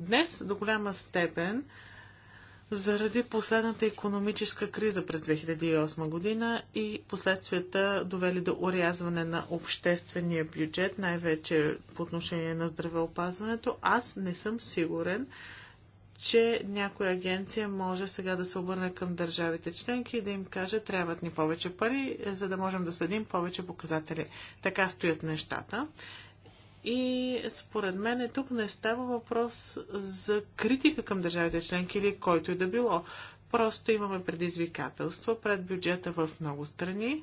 Днес до голяма степен заради последната економическа криза през 2008 година и последствията довели до урязване на обществения бюджет, най-вече по отношение на здравеопазването, аз не съм сигурен, че някоя агенция може сега да се обърне към държавите членки и да им каже, трябват ни повече пари, за да можем да следим повече показатели. Така стоят нещата. И според мен е тук не става въпрос за критика към държавите членки или който и да било. Просто имаме предизвикателства пред бюджета в много страни,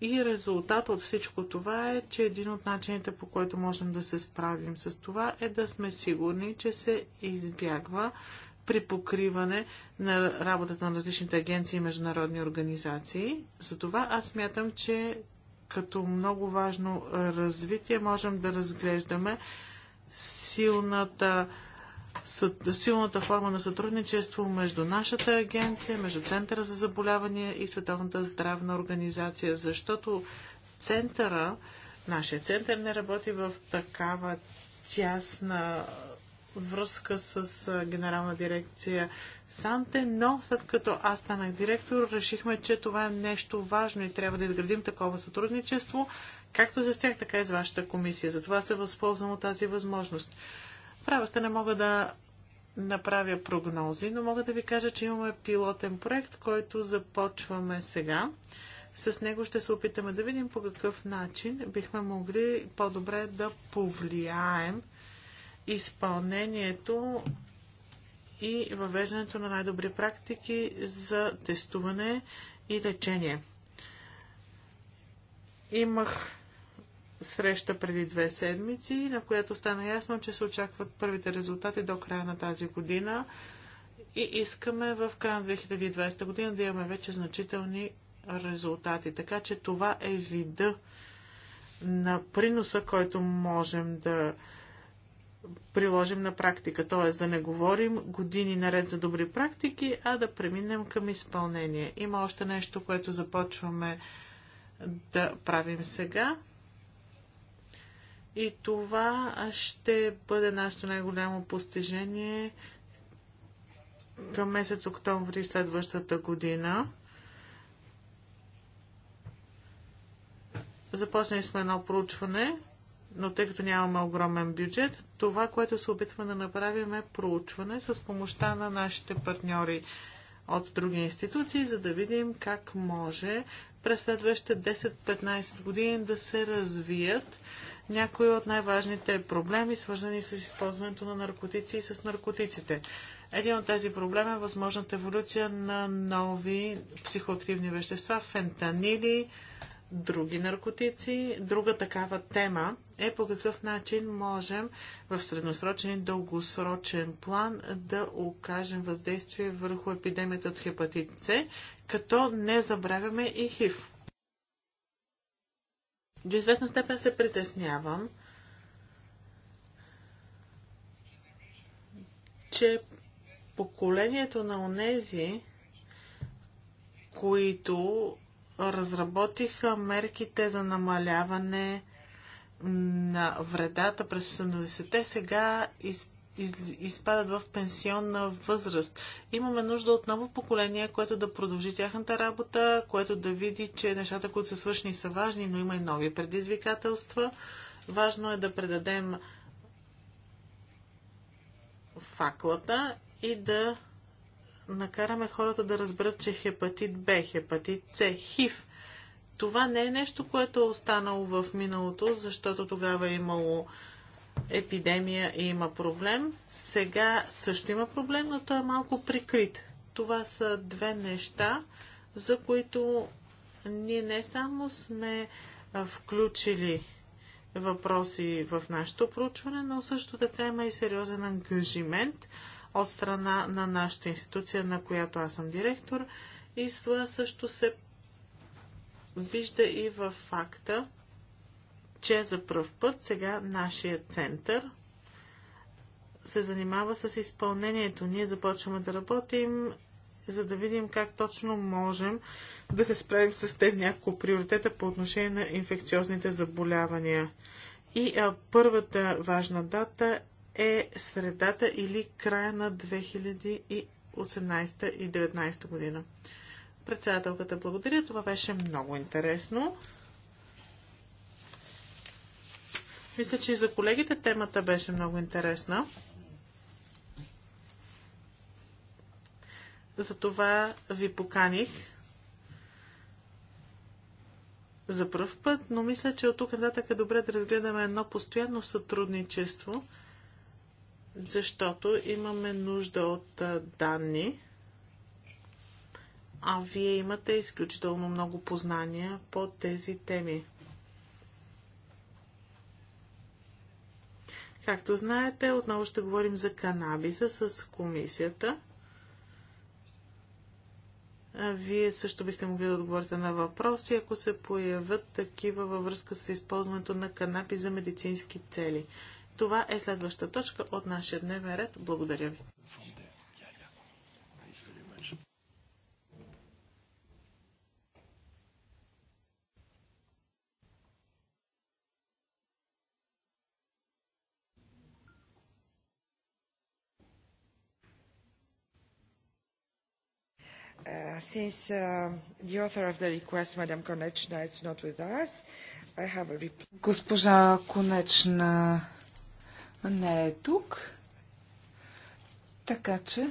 и резултат от всичко това е, че един от начините по който можем да се справим с това е да сме сигурни, че се избягва при покриване на работата на различните агенции и международни организации. Затова аз смятам, че като много важно развитие можем да разглеждаме силната силната форма на сътрудничество между нашата агенция, между Центъра за заболявания и Световната здравна организация, защото центъра, нашия център не работи в такава тясна връзка с генерална дирекция Санте, но след като аз станах директор, решихме, че това е нещо важно и трябва да изградим такова сътрудничество, както с тях, така и с вашата комисия. Затова се възползвам от тази възможност. Права сте, не мога да направя прогнози, но мога да ви кажа, че имаме пилотен проект, който започваме сега. С него ще се опитаме да видим по какъв начин бихме могли по-добре да повлияем изпълнението и въвеждането на най-добри практики за тестуване и лечение. Имах среща преди две седмици, на която стана ясно, че се очакват първите резултати до края на тази година и искаме в края на 2020 година да имаме вече значителни резултати. Така че това е вида на приноса, който можем да приложим на практика. Т.е. да не говорим години наред за добри практики, а да преминем към изпълнение. Има още нещо, което започваме да правим сега. И това ще бъде нашето най-голямо постижение към месец октомври следващата година. Започнали сме едно проучване, но тъй като нямаме огромен бюджет, това, което се опитваме да направим е проучване с помощта на нашите партньори от други институции, за да видим как може през следващите 10-15 години да се развият някои от най-важните проблеми, свързани с използването на наркотици и с наркотиците. Един от тези проблеми е възможната еволюция на нови психоактивни вещества, фентанили, други наркотици. Друга такава тема е по какъв начин можем в средносрочен и дългосрочен план да окажем въздействие върху епидемията от хепатит С, като не забравяме и ХИВ. До известна степен се притеснявам, че поколението на онези, които разработиха мерките за намаляване на вредата през 70-те, сега изпитват из, изпадат в пенсионна възраст. Имаме нужда от ново поколение, което да продължи тяхната работа, което да види, че нещата, които са свършени, са важни, но има и нови предизвикателства. Важно е да предадем факлата и да накараме хората да разберат, че хепатит Б, хепатит С, ХИВ. Това не е нещо, което е останало в миналото, защото тогава е имало епидемия има проблем. Сега също има проблем, но той е малко прикрит. Това са две неща, за които ние не само сме включили въпроси в нашето проучване, но също така има и сериозен ангажимент от страна на нашата институция, на която аз съм директор. И това също се вижда и във факта, че за пръв път сега нашия център се занимава с изпълнението. Ние започваме да работим, за да видим как точно можем да се справим с тези няколко приоритета по отношение на инфекциозните заболявания. И а, първата важна дата е средата или края на 2018 и 2019 година. Председателката, благодаря. Това беше много интересно. Мисля, че и за колегите темата беше много интересна. Затова ви поканих за пръв път, но мисля, че от тук нататък е добре да разгледаме едно постоянно сътрудничество, защото имаме нужда от данни, а вие имате изключително много познания по тези теми. Както знаете, отново ще говорим за канабиса с комисията. вие също бихте могли да отговорите на въпроси, ако се появят такива във връзка с използването на канапи за медицински цели. Това е следваща точка от нашия дневен ред. Благодаря ви. Uh, since uh, the author of the request, Madame Konechna, is not with us, I have a reply. Госпожа Конечна не е тук, така че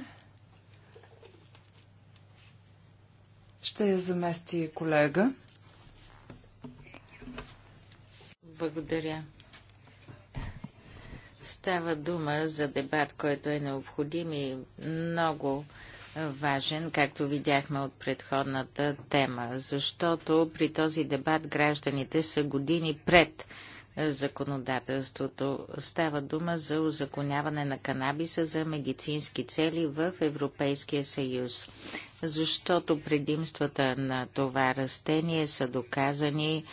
ще я замести колега. Благодаря. Става дума за дебат, който е необходим и много важен, както видяхме от предходната тема, защото при този дебат гражданите са години пред е, законодателството. Става дума за узаконяване на канабиса за медицински цели в Европейския съюз, защото предимствата на това растение са доказани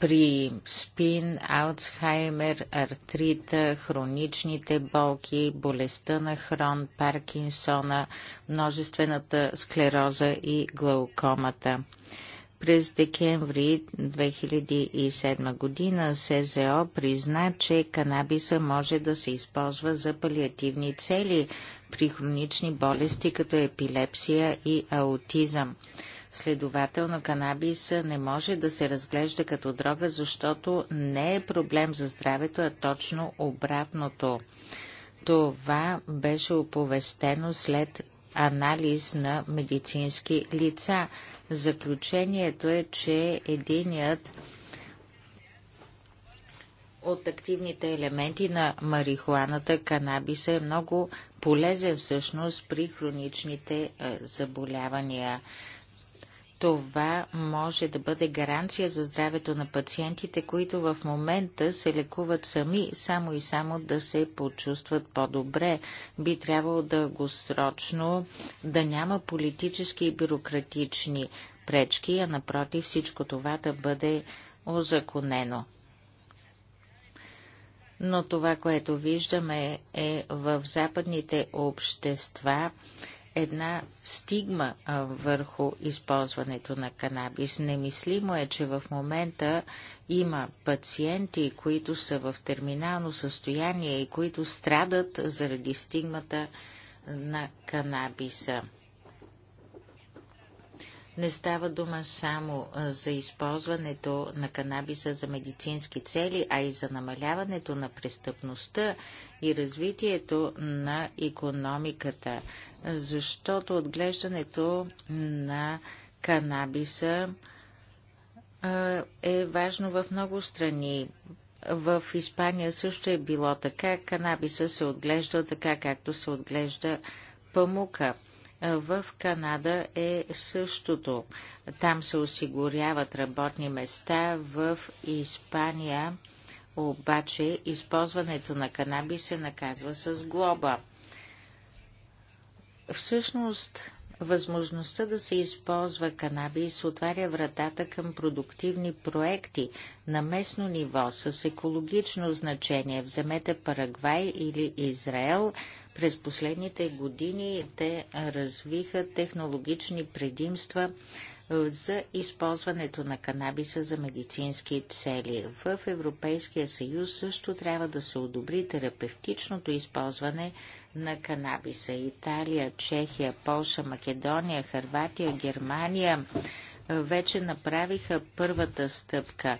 при спин, Алцхаймер, артрита, хроничните болки, болестта на Хрон, Паркинсона, множествената склероза и глаукомата. През декември 2007 година СЗО призна, че канабиса може да се използва за палиативни цели при хронични болести като епилепсия и аутизъм. Следователно, канабис не може да се разглежда като дрога, защото не е проблем за здравето, а точно обратното. Това беше оповестено след анализ на медицински лица. Заключението е, че единият от активните елементи на марихуаната, канабиса е много полезен всъщност при хроничните е, заболявания това може да бъде гаранция за здравето на пациентите, които в момента се лекуват сами, само и само да се почувстват по-добре. Би трябвало дългосрочно да няма политически и бюрократични пречки, а напротив всичко това да бъде озаконено. Но това, което виждаме е в западните общества, една стигма върху използването на канабис. Немислимо е, че в момента има пациенти, които са в терминално състояние и които страдат заради стигмата на канабиса. Не става дума само за използването на канабиса за медицински цели, а и за намаляването на престъпността и развитието на економиката, защото отглеждането на канабиса е важно в много страни. В Испания също е било така. Канабиса се отглежда така, както се отглежда памука. В Канада е същото. Там се осигуряват работни места. В Испания обаче използването на канаби се наказва с глоба. Всъщност, възможността да се използва канабис отваря вратата към продуктивни проекти на местно ниво с екологично значение. Вземете Парагвай или Израел, през последните години те развиха технологични предимства за използването на канабиса за медицински цели. В Европейския съюз също трябва да се одобри терапевтичното използване на канабиса. Италия, Чехия, Полша, Македония, Харватия, Германия, вече направиха първата стъпка.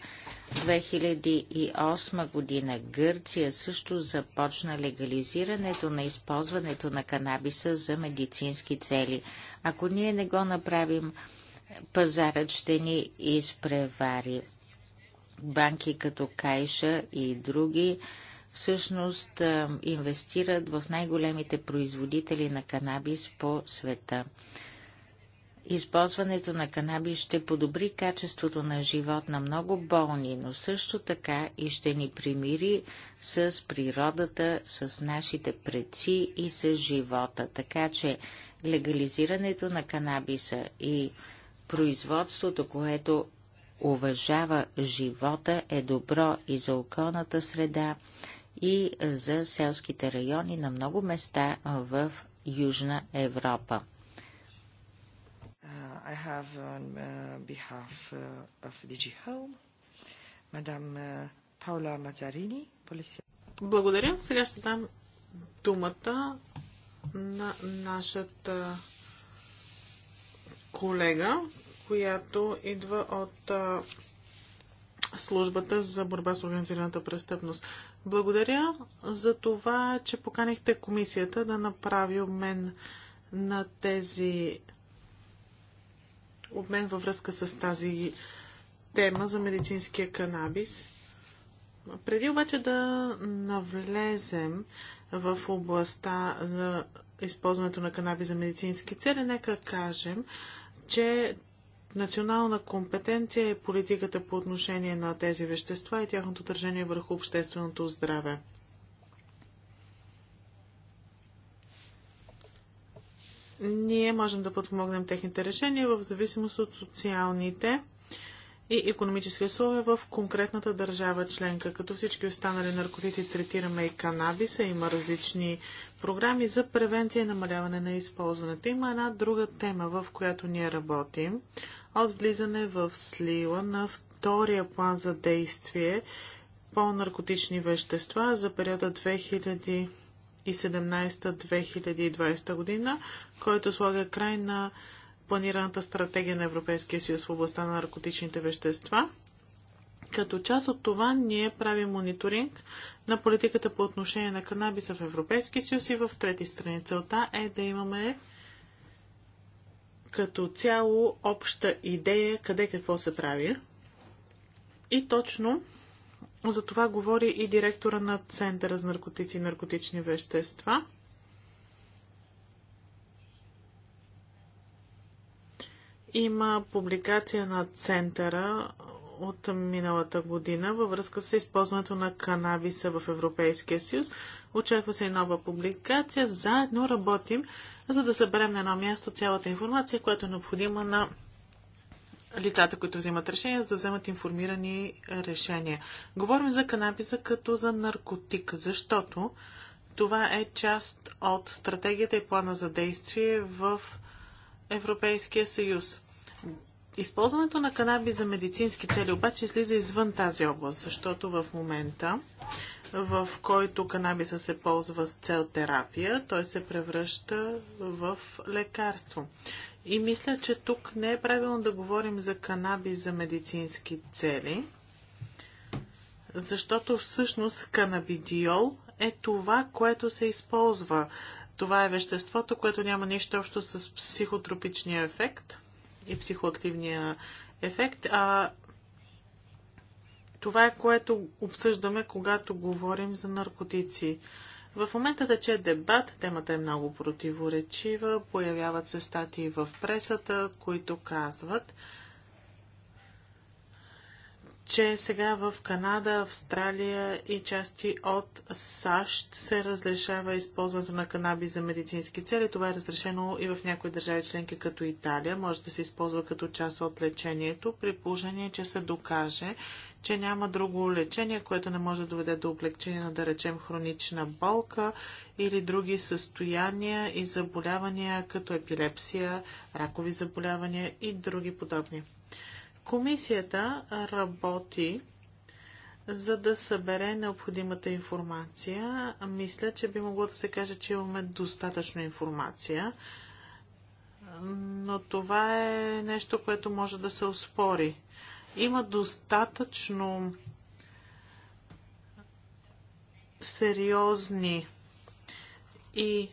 2008 година Гърция също започна легализирането на използването на канабиса за медицински цели. Ако ние не го направим, пазарът ще ни изпревари. Банки като Кайша и други всъщност инвестират в най-големите производители на канабис по света. Използването на канаби ще подобри качеството на живот на много болни, но също така и ще ни примири с природата, с нашите предци и с живота. Така че легализирането на канабиса и производството, което уважава живота, е добро и за околната среда, и за селските райони на много места в Южна Европа. I have on uh, behalf uh, of DG Home, Madame uh, Paola Mazzarini, Policia. Благодаря. Сега ще дам думата на нашата колега, която идва от службата за борба с организираната престъпност. Благодаря за това, че поканихте комисията да направи обмен на тези мен във връзка с тази тема за медицинския канабис. Преди обаче да навлезем в областта за използването на канабис за медицински цели, нека кажем, че национална компетенция е политиката по отношение на тези вещества и тяхното държение върху общественото здраве. ние можем да подпомогнем техните решения в зависимост от социалните и економически условия в конкретната държава членка. Като всички останали наркотици третираме и канабиса, има различни програми за превенция и намаляване на използването. Има една друга тема, в която ние работим. От влизане в слила на втория план за действие по наркотични вещества за периода 2000 2017-2020 година, който слага край на планираната стратегия на Европейския съюз в областта на наркотичните вещества. Като част от това ние правим мониторинг на политиката по отношение на канабиса в Европейския съюз и в трети страни. Целта е да имаме като цяло обща идея къде какво се прави. И точно за това говори и директора на Центъра за наркотици и наркотични вещества. Има публикация на Центъра от миналата година във връзка с използването на канабиса в Европейския съюз. Очаква се и нова публикация. Заедно работим, за да съберем на едно място цялата информация, която е необходима на лицата, които взимат решения, за да вземат информирани решения. Говорим за канабиса като за наркотик, защото това е част от стратегията и плана за действие в Европейския съюз. Използването на канаби за медицински цели обаче излиза извън тази област, защото в момента, в който канабиса се ползва с цел терапия, той се превръща в лекарство. И мисля, че тук не е правилно да говорим за канабис за медицински цели, защото всъщност канабидиол е това, което се използва. Това е веществото, което няма нищо общо с психотропичния ефект – и психоактивния ефект, а това е което обсъждаме, когато говорим за наркотици. В момента тече дебат, темата е много противоречива, появяват се статии в пресата, които казват, че сега в Канада, Австралия и части от САЩ се разрешава използването на канаби за медицински цели. Това е разрешено и в някои държави членки, като Италия. Може да се използва като част от лечението, при положение, че се докаже, че няма друго лечение, което не може да доведе до облегчение на, да речем, хронична болка или други състояния и заболявания, като епилепсия, ракови заболявания и други подобни. Комисията работи за да събере необходимата информация. Мисля, че би могло да се каже, че имаме достатъчно информация, но това е нещо, което може да се оспори. Има достатъчно сериозни и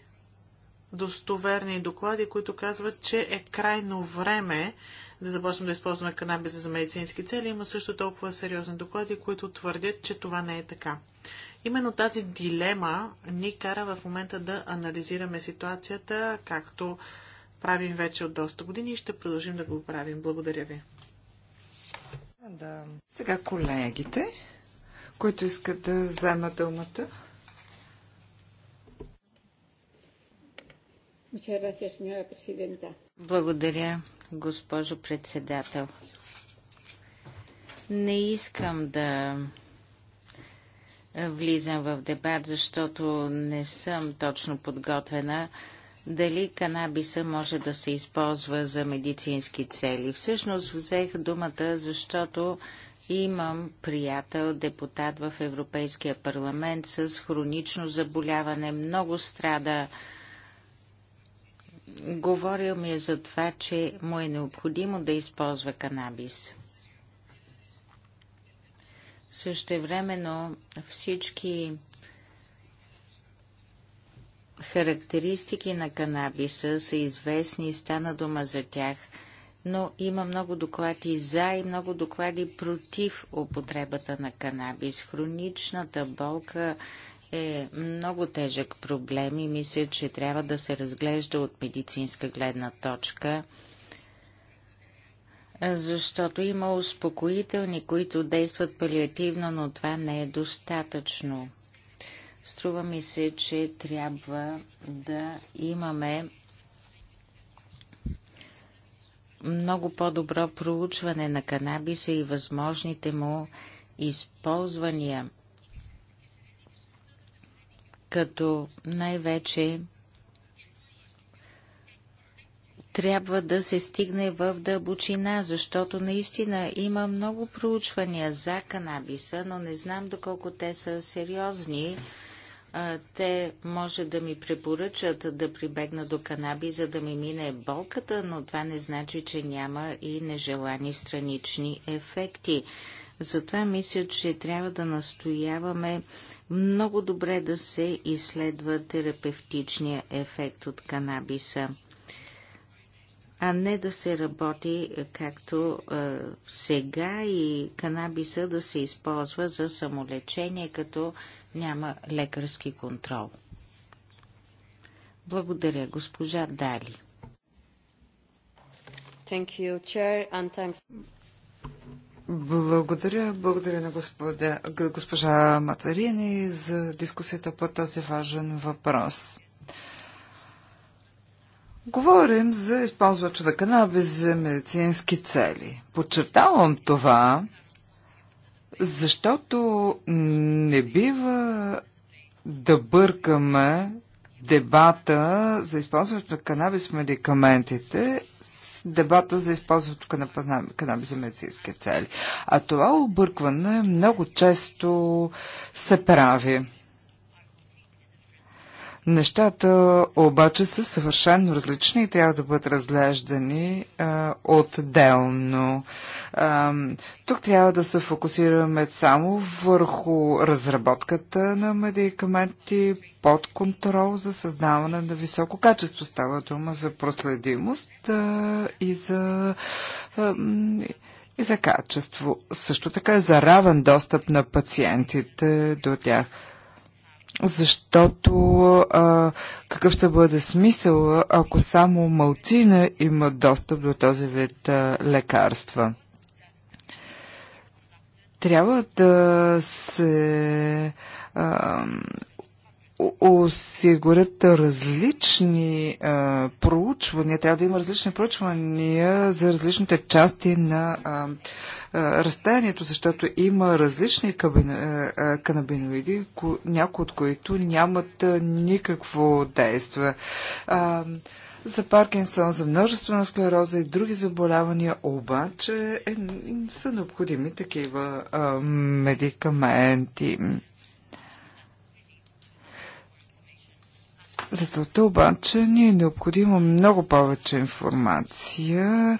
достоверни доклади, които казват, че е крайно време да започнем да използваме канабиса за медицински цели. Има също толкова сериозни доклади, които твърдят, че това не е така. Именно тази дилема ни кара в момента да анализираме ситуацията, както правим вече от доста години и ще продължим да го правим. Благодаря ви. Да. Сега колегите, които искат да вземат думата. Благодаря, госпожо председател. Не искам да влизам в дебат, защото не съм точно подготвена дали канабиса може да се използва за медицински цели. Всъщност взех думата, защото имам приятел, депутат в Европейския парламент с хронично заболяване. Много страда Говорил ми е за това, че му е необходимо да използва канабис. Същевременно всички характеристики на канабиса са известни и стана дума за тях, но има много доклади за и много доклади против употребата на канабис. Хроничната болка е много тежък проблем и мисля, че трябва да се разглежда от медицинска гледна точка, защото има успокоителни, които действат палиативно, но това не е достатъчно. Струва ми се, че трябва да имаме много по-добро проучване на канабиса и възможните му използвания – като най-вече трябва да се стигне в дълбочина, защото наистина има много проучвания за канабиса, но не знам доколко те са сериозни. Те може да ми препоръчат да прибегна до канаби, за да ми мине болката, но това не значи, че няма и нежелани странични ефекти. Затова мисля, че трябва да настояваме много добре е да се изследва терапевтичния ефект от канабиса, а не да се работи е, както е, сега и канабиса да се използва за самолечение, като няма лекарски контрол. Благодаря, госпожа Дали. You, Chair, благодаря. Благодаря на господа, госпожа Матарини за дискусията по този важен въпрос. Говорим за използването на канабис за медицински цели. Подчертавам това, защото не бива да бъркаме дебата за използването на канабис в медикаментите дебата за използването на канаби за медицински цели. А това объркване много често се прави. Нещата обаче са съвършенно различни и трябва да бъдат разглеждани а, отделно. А, тук трябва да се фокусираме само върху разработката на медикаменти под контрол за създаване на високо качество. Става дума за проследимост а, и за. А, и за качество. Също така е за равен достъп на пациентите до тях защото а, какъв ще бъде смисъл, ако само малцина има достъп до този вид а, лекарства? Трябва да се а, осигурят различни а, проучвания, трябва да има различни проучвания за различните части на а, а, растението, защото има различни канабиноиди, ко, някои от които нямат а, никакво действие. А, за Паркинсон, за множествена склероза и други заболявания обаче е, са необходими такива а, медикаменти. За целта обаче ни е необходимо много повече информация.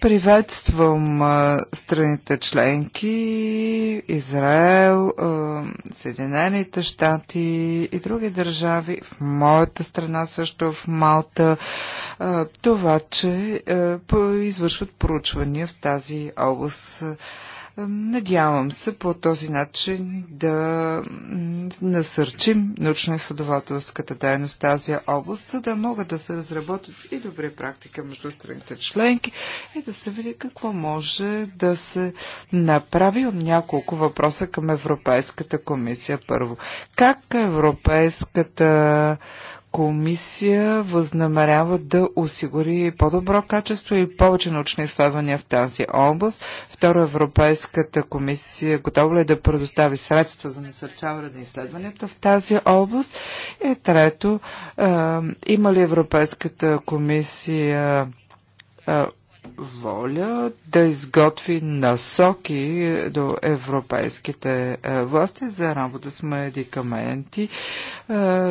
Приветствам страните членки, Израел, Съединените щати и други държави, в моята страна също, в Малта, това, че извършват проучвания в тази област. Надявам се по този начин да насърчим научно-изследователската дейност в тази област, за да могат да се разработят и добри практики между страните членки и да се види какво може да се направи. от няколко въпроса към Европейската комисия първо. Как Европейската комисия възнамерява да осигури по-добро качество и повече научни изследвания в тази област. Второ, Европейската комисия готова ли е да предостави средства за насърчаване на изследванията в тази област? И трето, има ли Европейската комисия воля да изготви насоки до европейските е, власти за работа с медикаменти, е,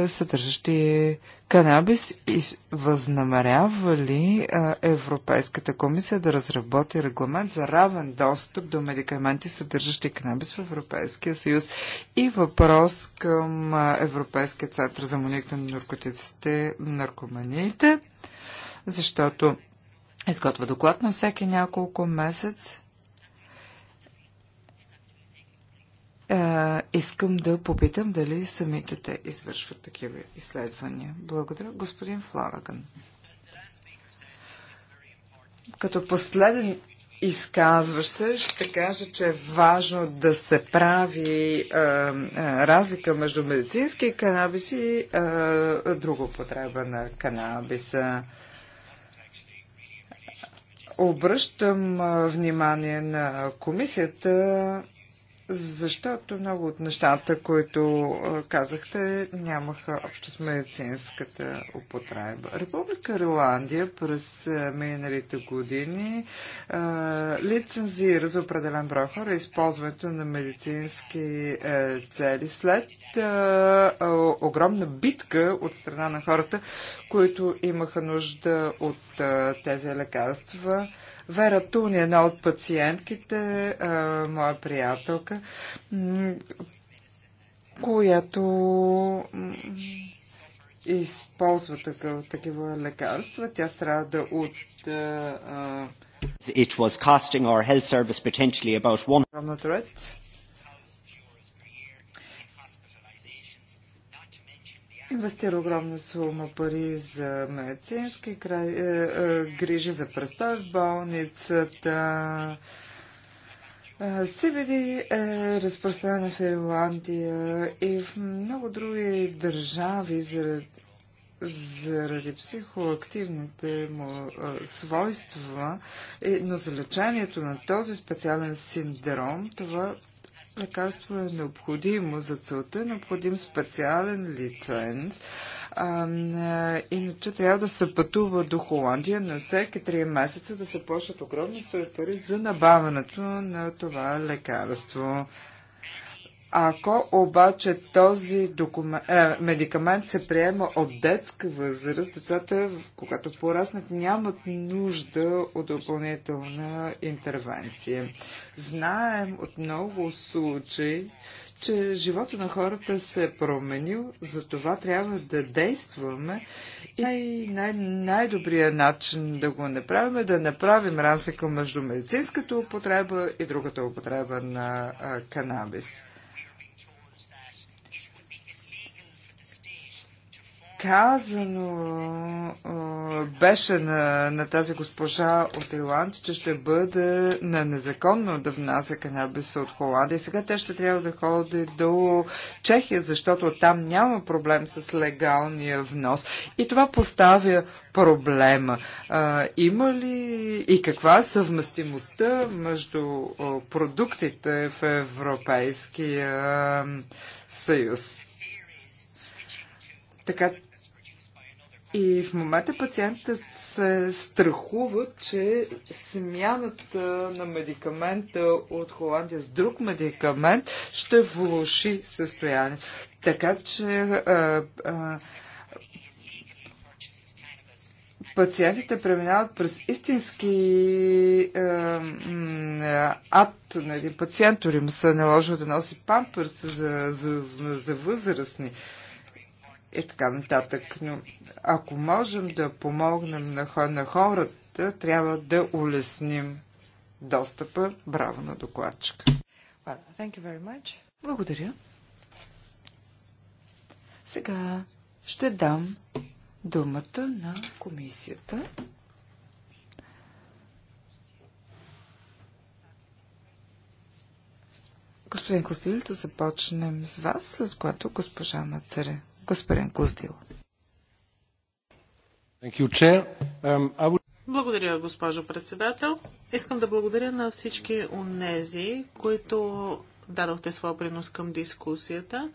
съдържащи канабис и възнамерява ли е, Европейската комисия да разработи регламент за равен достъп до медикаменти, съдържащи канабис в Европейския съюз? И въпрос към Европейския център за моник на наркотиците, наркоманиите, защото изготвя доклад на всеки няколко месец. Е, искам да попитам дали самите те извършват такива изследвания. Благодаря, господин Флаган. Като последен изказващ се, ще кажа, че е важно да се прави е, е разлика между медицински канабис и е, друга употреба на канабиса. Обръщам внимание на комисията защото много от нещата, които казахте, нямаха общо с медицинската употреба. Република Ирландия през миналите години лицензира за определен брой хора използването на медицински цели след огромна битка от страна на хората, които имаха нужда от тези лекарства. Вера Тун е една от пациентките, а, моя приятелка, която използва такъв, такива лекарства. Тя страда от а, It was costing our health service potentially about one. инвестира огромна сума пари за медицински край, е, е, грижи за престой в болницата. CBD е, е разпространена в Ирландия и в много други държави заради, заради психоактивните му е, свойства, но за лечението на този специален синдром това лекарство е необходимо за целта, е необходим специален лиценз. А, иначе трябва да се пътува до Холандия на всеки 3 месеца да се плащат огромни суми пари за набавянето на това лекарство. Ако обаче този документ, е, медикамент се приема от детска възраст, децата, когато пораснат, нямат нужда от допълнителна интервенция. Знаем от много случаи, че живота на хората се е променил, затова трябва да действаме и най- най- най-добрият начин да го направим е да направим разлика между медицинската употреба и другата употреба на а, канабис. казано беше на, на тази госпожа от Ирланд, че ще бъде на незаконно да внася канабиса от Холандия. Сега те ще трябва да ходят до Чехия, защото там няма проблем с легалния внос. И това поставя проблема. А, има ли и каква е съвместимостта между продуктите в Европейския съюз? Така и в момента пациентите се страхуват, че смяната на медикамента от Холандия с друг медикамент ще влуши състояние. Така че пациентите преминават през истински е, ад на един пациент, му се наложи да носи памперс за, за, за възрастни. Е, и така нататък. Но ако можем да помогнем на хората, трябва да улесним достъпа. Браво на докладчика. Благодаря. Сега ще дам думата на комисията. Господин Костилите, започнем с вас, след което госпожа Мацаре господин um, Благодаря, госпожо председател. Искам да благодаря на всички онези, които дадохте своя принос към дискусията.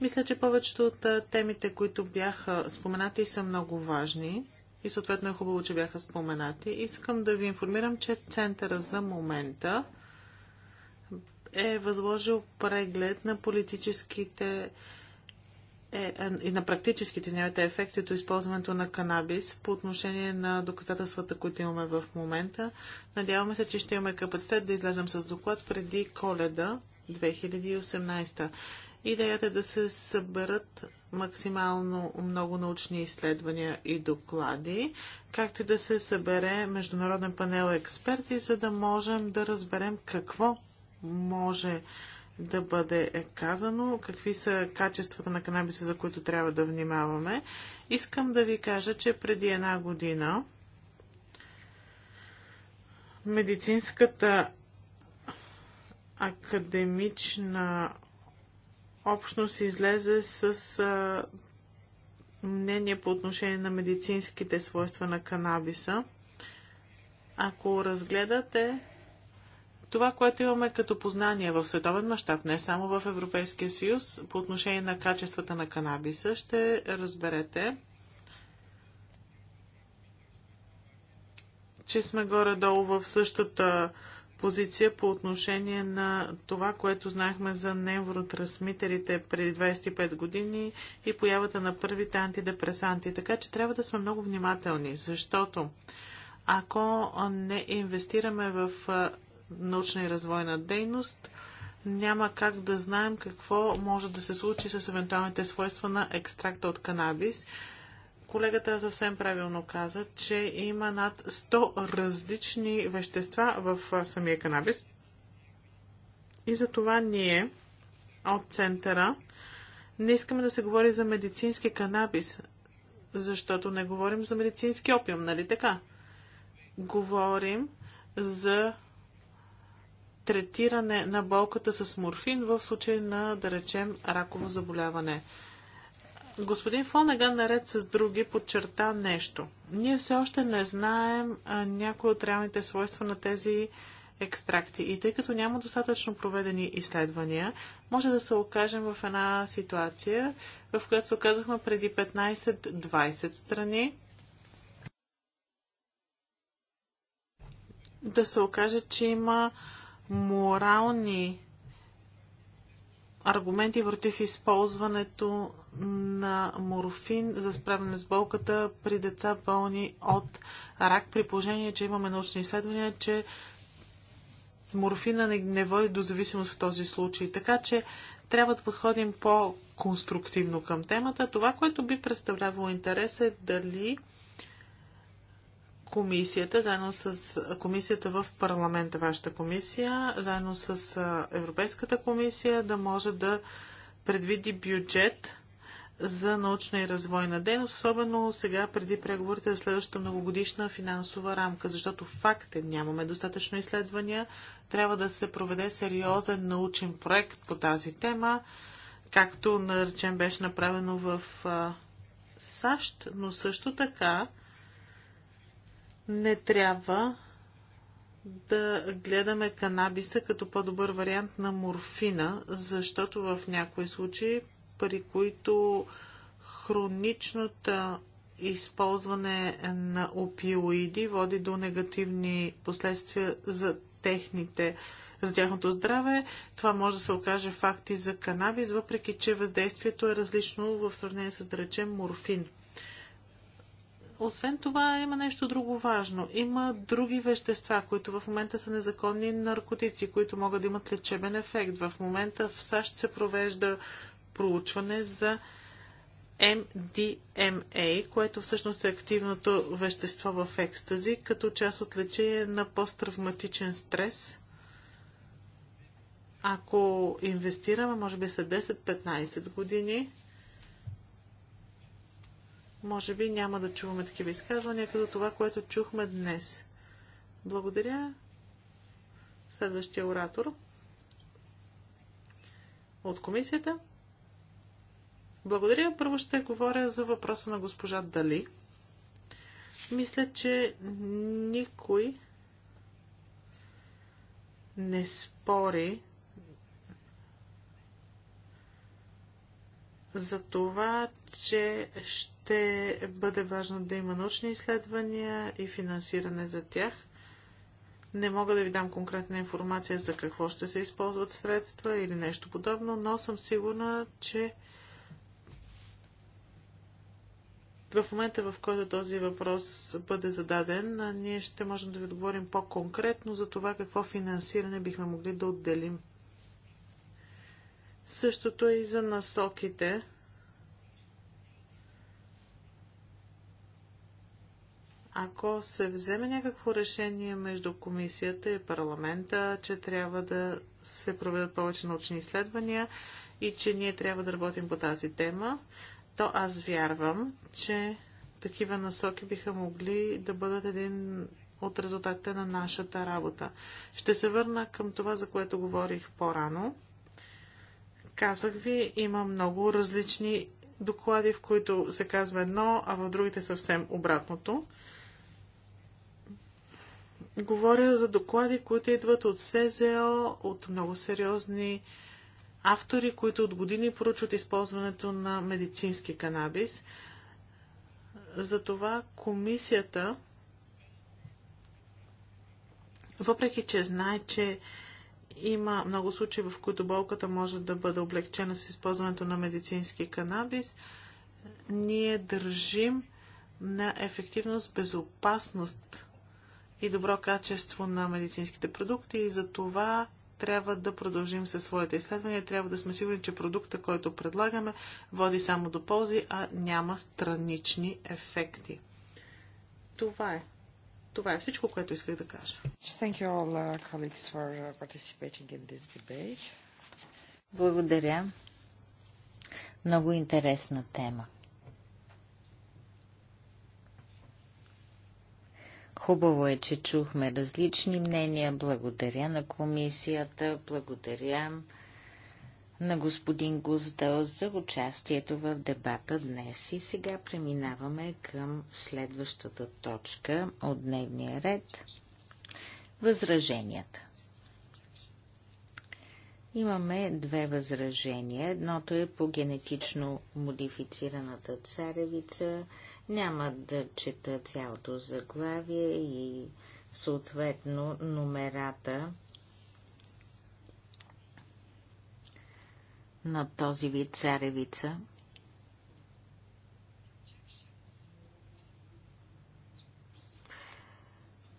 Мисля, че повечето от темите, които бяха споменати, са много важни и съответно е хубаво, че бяха споменати. Искам да ви информирам, че Центъра за момента е възложил преглед на политическите е, е, и на практическите извинявайте, ефекти от използването на канабис по отношение на доказателствата, които имаме в момента. Надяваме се, че ще имаме капацитет да излезем с доклад преди коледа 2018. Идеята е да се съберат максимално много научни изследвания и доклади, както и да се събере международен панел експерти, за да можем да разберем какво може да бъде казано, какви са качествата на канабиса, за които трябва да внимаваме. Искам да ви кажа, че преди една година медицинската академична общност излезе с а, мнение по отношение на медицинските свойства на канабиса. Ако разгледате това, което имаме като познание в световен мащаб, не само в Европейския съюз, по отношение на качествата на канабиса, ще разберете, че сме горе-долу в същата позиция по отношение на това, което знаехме за невротрансмитерите преди 25 години и появата на първите антидепресанти. Така че трябва да сме много внимателни, защото ако не инвестираме в научна и развойна дейност, няма как да знаем какво може да се случи с евентуалните свойства на екстракта от канабис. Колегата съвсем правилно каза, че има над 100 различни вещества в самия канабис. И за това ние от центъра не искаме да се говори за медицински канабис, защото не говорим за медицински опиум, нали така? Говорим за третиране на болката с морфин в случай на, да речем, раково заболяване. Господин Фонеган наред с други, подчерта нещо. Ние все още не знаем някои от реалните свойства на тези екстракти. И тъй като няма достатъчно проведени изследвания, може да се окажем в една ситуация, в която се оказахме преди 15-20 страни. Да се окаже, че има морални аргументи против използването на морфин за справяне с болката при деца болни от рак, при положение, че имаме научни изследвания, че морфина не, не води до зависимост в този случай. Така че трябва да подходим по-конструктивно към темата. Това, което би представлявало интерес е дали комисията, заедно с комисията в парламента, вашата комисия, заедно с Европейската комисия, да може да предвиди бюджет за научна и развойна дейност, особено сега преди преговорите за следващата многогодишна финансова рамка, защото факт е, нямаме достатъчно изследвания, трябва да се проведе сериозен научен проект по тази тема, както наречен беше направено в САЩ, но също така не трябва да гледаме канабиса като по-добър вариант на морфина, защото в някои случаи, при които хроничното използване на опиоиди води до негативни последствия за техните, за тяхното здраве. Това може да се окаже факти за канабис, въпреки че въздействието е различно в сравнение с, да речем, морфин. Освен това има нещо друго важно. Има други вещества, които в момента са незаконни наркотици, които могат да имат лечебен ефект. В момента в САЩ се провежда проучване за MDMA, което всъщност е активното вещество в екстази, като част от лечение на посттравматичен стрес. Ако инвестираме, може би след 10-15 години, може би няма да чуваме такива изказвания, като това, което чухме днес. Благодаря. Следващия оратор от комисията. Благодаря. Първо ще говоря за въпроса на госпожа Дали. Мисля, че никой не спори за това, че ще бъде важно да има научни изследвания и финансиране за тях. Не мога да ви дам конкретна информация за какво ще се използват средства или нещо подобно, но съм сигурна, че в момента, в който този въпрос бъде зададен, ние ще можем да ви отговорим по-конкретно за това какво финансиране бихме могли да отделим Същото е и за насоките. Ако се вземе някакво решение между комисията и парламента, че трябва да се проведат повече научни изследвания и че ние трябва да работим по тази тема, то аз вярвам, че такива насоки биха могли да бъдат един от резултатите на нашата работа. Ще се върна към това, за което говорих по-рано. Казах ви, има много различни доклади, в които се казва едно, а в другите съвсем обратното. Говоря за доклади, които идват от СЗО, от много сериозни автори, които от години поручват използването на медицински канабис. Затова комисията, въпреки че знае, че има много случаи, в които болката може да бъде облегчена с използването на медицински канабис. Ние държим на ефективност, безопасност и добро качество на медицинските продукти и за това трябва да продължим със своите изследвания. Трябва да сме сигурни, че продукта, който предлагаме, води само до ползи, а няма странични ефекти. Това е. Това е всичко, което исках да кажа. Uh, uh, благодаря. Много интересна тема. Хубаво е, че чухме различни мнения. Благодаря на комисията, благодаря на господин Гуздал за участието в дебата днес. И сега преминаваме към следващата точка от дневния ред – възраженията. Имаме две възражения. Едното е по генетично модифицираната царевица. Няма да чета цялото заглавие и съответно номерата – на този вид царевица.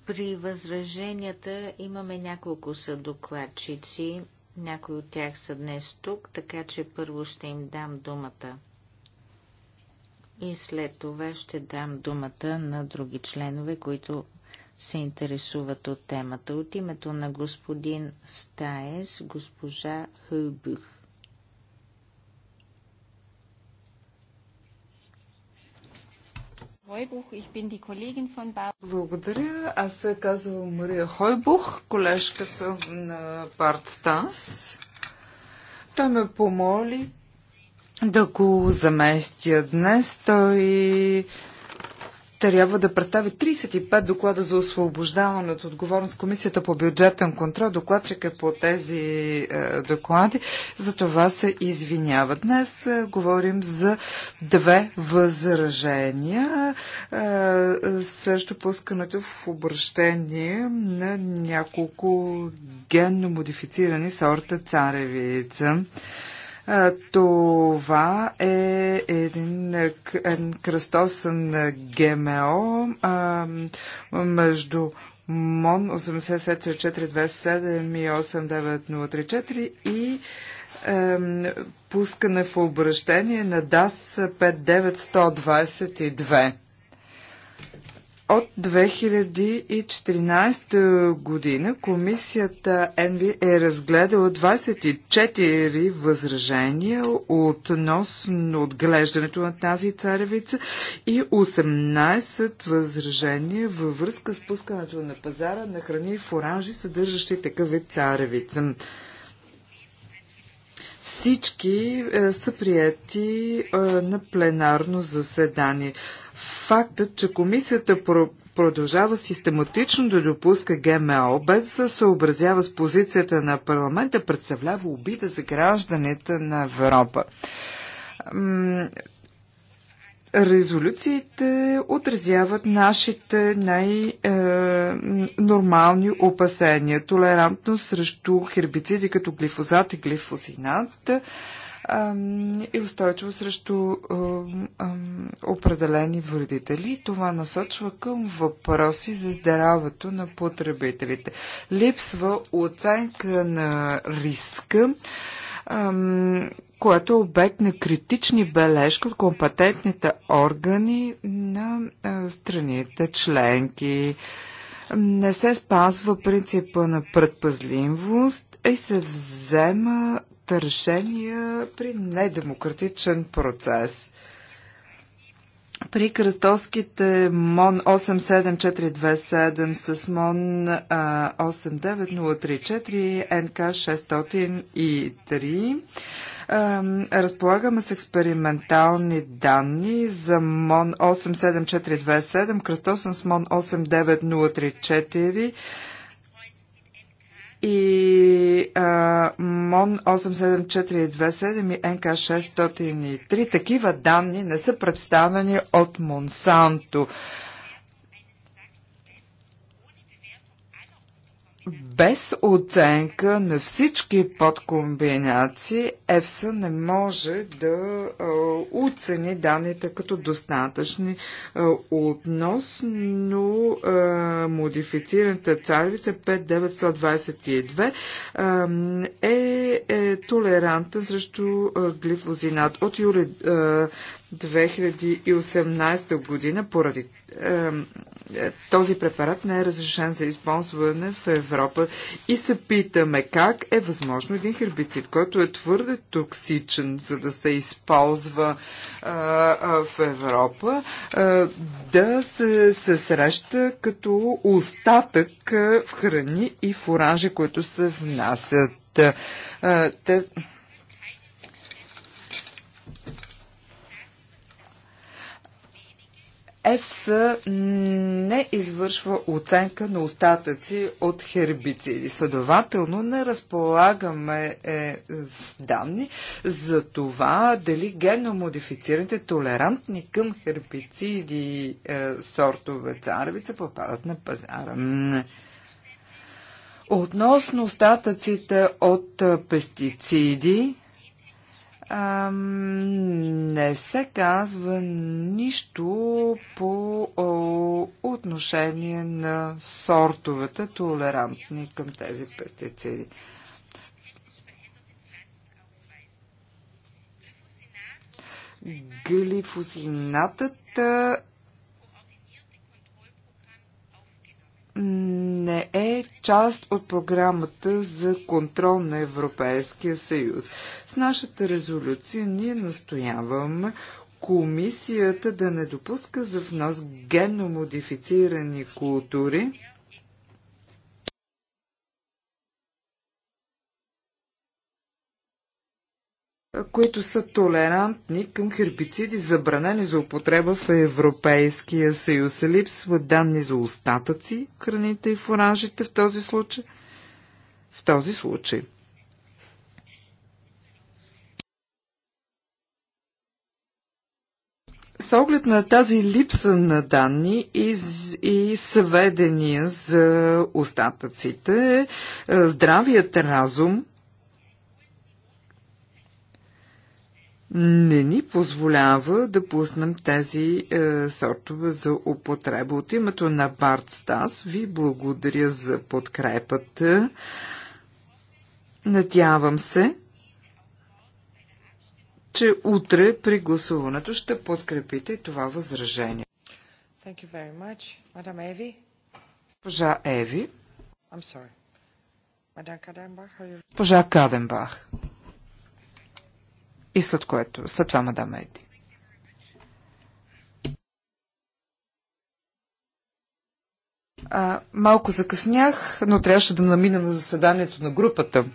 При възраженията имаме няколко съдокладчици. Някои от тях са днес тук, така че първо ще им дам думата. И след това ще дам думата на други членове, които се интересуват от темата. От името на господин Стаес, госпожа Хълбюх. Благодаря. Аз се казвам Мария Хойбух, колежка съм на Барт Станс. Той ме помоли да го заместя днес. Той трябва да представи 35 доклада за освобождаване от отговорност Комисията по бюджетен контрол. Докладчик е по тези е, доклади. За това се извинява. Днес е, говорим за две възражения. Е, е също пускането в обращение на няколко генно модифицирани сорта царевица. Това е един кръстосен ГМО между МОН 87427 и 89034 и пускане в обращение на ДАС 59122. От 2014 година комисията ЕНВИ е разгледала 24 възражения относно отглеждането на тази царевица и 18 възражения във връзка с пускането на пазара на храни в оранжи, съдържащи такъв вид царевица. Всички е, са прияти е, на пленарно заседание фактът, че комисията продължава систематично да допуска ГМО, без да се съобразява с позицията на парламента, представлява обида за гражданите на Европа. Резолюциите отразяват нашите най-нормални е, опасения. Толерантност срещу хербициди като глифозат и глифозинат – и устойчиво срещу определени вредители. Това насочва към въпроси за здравето на потребителите. Липсва оценка на риска което е обект на критични бележки от компетентните органи на страните членки. Не се спазва принципа на предпазливост и се взема решения при недемократичен процес. При кръстовските МОН 87427 с МОН 89034 НК 603 разполагаме с експериментални данни за МОН 87427, кръстосан с МОН 89034 и а, МОН 87427 и НК 603. Такива данни не са представени от Монсанто. без оценка на всички подкомбинации, ЕФСА не може да оцени данните като достатъчни относно модифицираната царевица 5922 е, е толерантен срещу глифозинат. От юли 2018 година поради е, този препарат не е разрешен за използване в Европа и се питаме как е възможно един хербицид, който е твърде токсичен, за да се използва а, е, а, е, в Европа, а, да се, се среща като остатък в храни и фуражи, които се внасят. Те, ЕФСА не извършва оценка на остатъци от хербициди. Следователно не разполагаме е, с данни за това дали геномодифицираните толерантни към хербициди е, сортове царевица попадат на пазара. Относно остатъците от е, пестициди, а, не се казва нищо по о, отношение на сортовете, толерантни към тези пестициди. Глифосинатът не е част от програмата за контрол на Европейския съюз. С нашата резолюция ние настояваме комисията да не допуска за внос генномодифицирани модифицирани култури, които са толерантни към хербициди, забранени за употреба в Европейския съюз. Липсват данни за остатъци в храните и фуражите в този случай. В този случай. С оглед на тази липса на данни и, и сведения за остатъците, е, здравият разум не ни позволява да пуснем тези е, сортове за употреба. От името на Барт Стас ви благодаря за подкрепата. Надявам се, че утре при гласуването ще подкрепите това възражение. Thank you very much. Пожа Еви. I'm sorry. are you... Пожа Каденбах. И след което, след това, мадам Еди. А, малко закъснях, но трябваше да намина на заседанието на групата.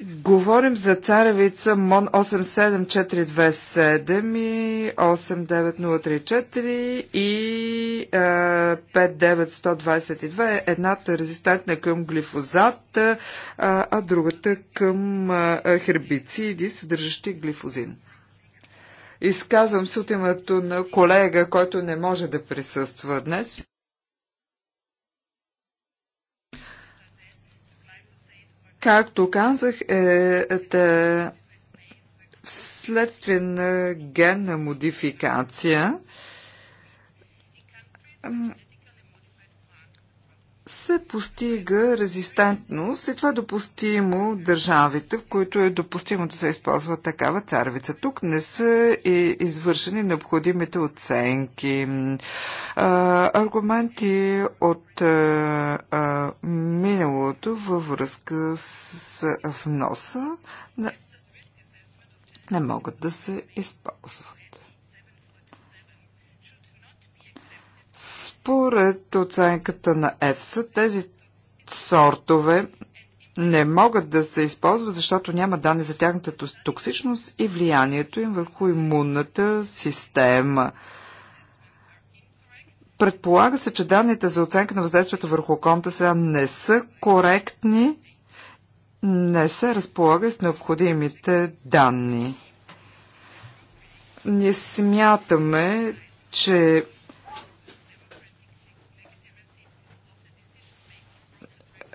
Говорим за царевица МОН 87427 и 89034 и е, 59122. Едната е резистентна към глифозат, а, е, а другата към а, е, хербициди, съдържащи глифозин. Изказвам се от името на колега, който не може да присъства днес. Както казах, е, е, вследствие на генна модификация, се постига резистентност и това е допустимо държавите, в които е допустимо да се използва такава царвица. Тук не са и извършени необходимите оценки. А, аргументи от а, а, миналото във връзка с вноса не, не могат да се използват. Според оценката на ЕФСА, тези сортове не могат да се използват, защото няма данни за тяхната токсичност и влиянието им върху имунната система. Предполага се, че данните за оценка на въздействието върху околната сега не са коректни, не се разполага с необходимите данни. Ние смятаме, че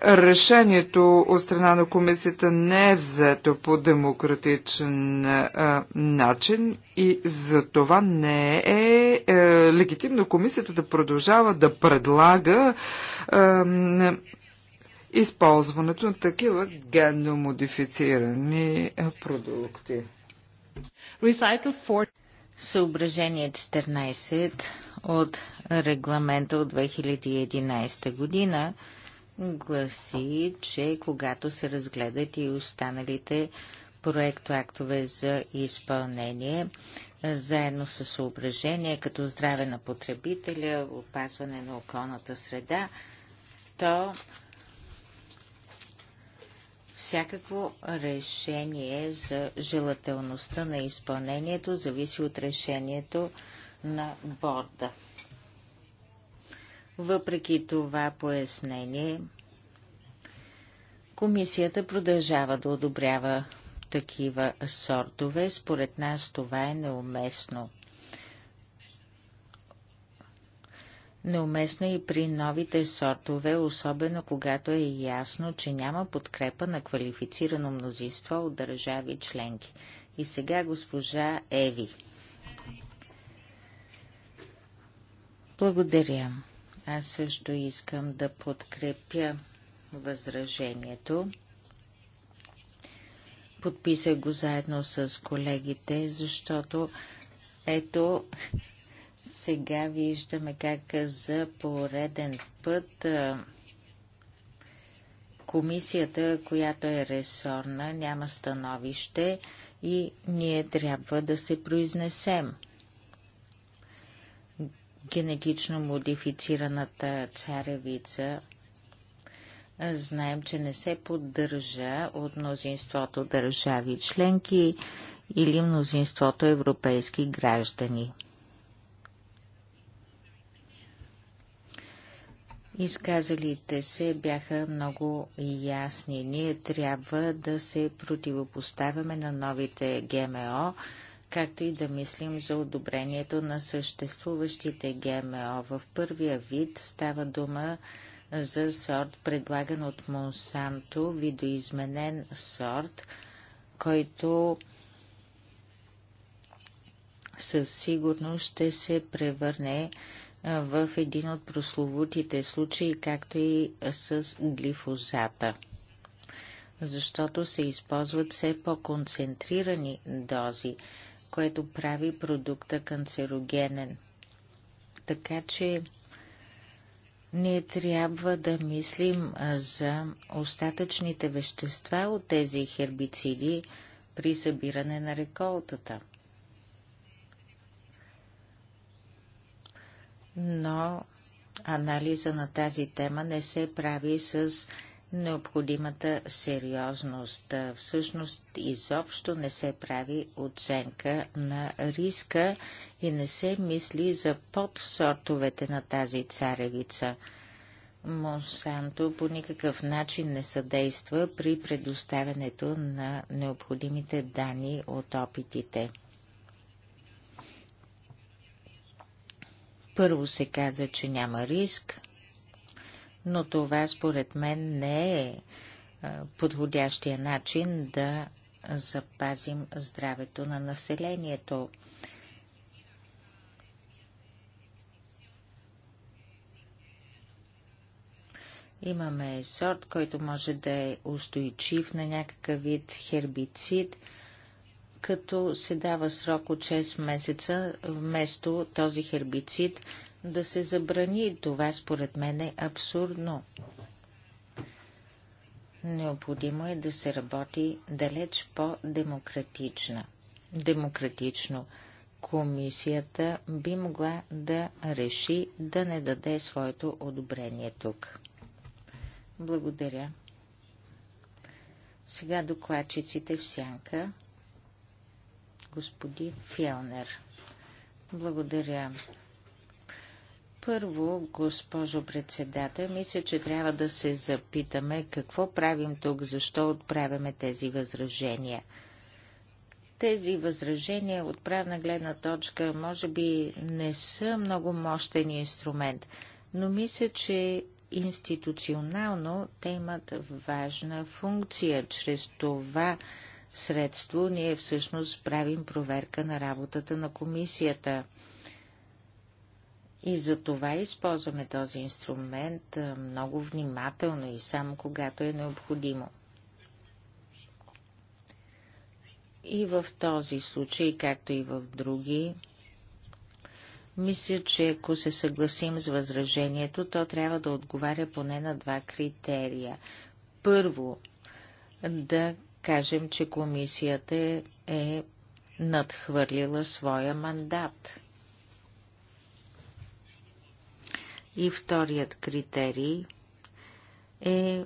решението от страна на комисията не е взето по демократичен а, начин и за това не е, е легитимно комисията да продължава да предлага а, използването на такива генно модифицирани продукти. Съображение 14 от регламента от 2011 година гласи, че когато се разгледат и останалите проектоактове за изпълнение, заедно с съображение, като здраве на потребителя, опазване на околната среда, то всякакво решение за желателността на изпълнението зависи от решението на борда. Въпреки това пояснение, комисията продължава да одобрява такива сортове. Според нас това е неуместно. Неуместно и при новите сортове, особено когато е ясно, че няма подкрепа на квалифицирано мнозинство от държави членки. И сега госпожа Еви. Благодаря. Аз също искам да подкрепя възражението. Подписах го заедно с колегите, защото ето сега виждаме как за пореден път комисията, която е ресорна, няма становище и ние трябва да се произнесем генетично модифицираната царевица знаем, че не се поддържа от мнозинството държави членки или мнозинството европейски граждани. Изказалите се бяха много ясни. Ние трябва да се противопоставяме на новите ГМО, както и да мислим за одобрението на съществуващите ГМО. В първия вид става дума за сорт, предлаган от Монсанто, видоизменен сорт, който със сигурност ще се превърне в един от прословутите случаи, както и с глифозата, защото се използват все по-концентрирани дози което прави продукта канцерогенен. Така че ние трябва да мислим за остатъчните вещества от тези хербициди при събиране на реколтата. Но анализа на тази тема не се прави с необходимата сериозност. Всъщност изобщо не се прави оценка на риска и не се мисли за подсортовете на тази царевица. Монсанто по никакъв начин не съдейства при предоставянето на необходимите данни от опитите. Първо се каза, че няма риск, но това според мен не е подходящия начин да запазим здравето на населението. Имаме сорт, който може да е устойчив на някакъв вид хербицид, като се дава срок от 6 месеца вместо този хербицид да се забрани. Това според мен е абсурдно. Необходимо е да се работи далеч по демократично Демократично комисията би могла да реши да не даде своето одобрение тук. Благодаря. Сега докладчиците в сянка. Господин Фелнер. Благодаря. Първо, госпожо председател, мисля, че трябва да се запитаме какво правим тук, защо отправяме тези възражения. Тези възражения от правна гледна точка може би не са много мощен инструмент, но мисля, че институционално те имат важна функция. Чрез това средство ние всъщност правим проверка на работата на комисията. И за това използваме този инструмент много внимателно и само когато е необходимо. И в този случай, както и в други, мисля, че ако се съгласим с възражението, то трябва да отговаря поне на два критерия. Първо, да кажем, че комисията е надхвърлила своя мандат. И вторият критерий е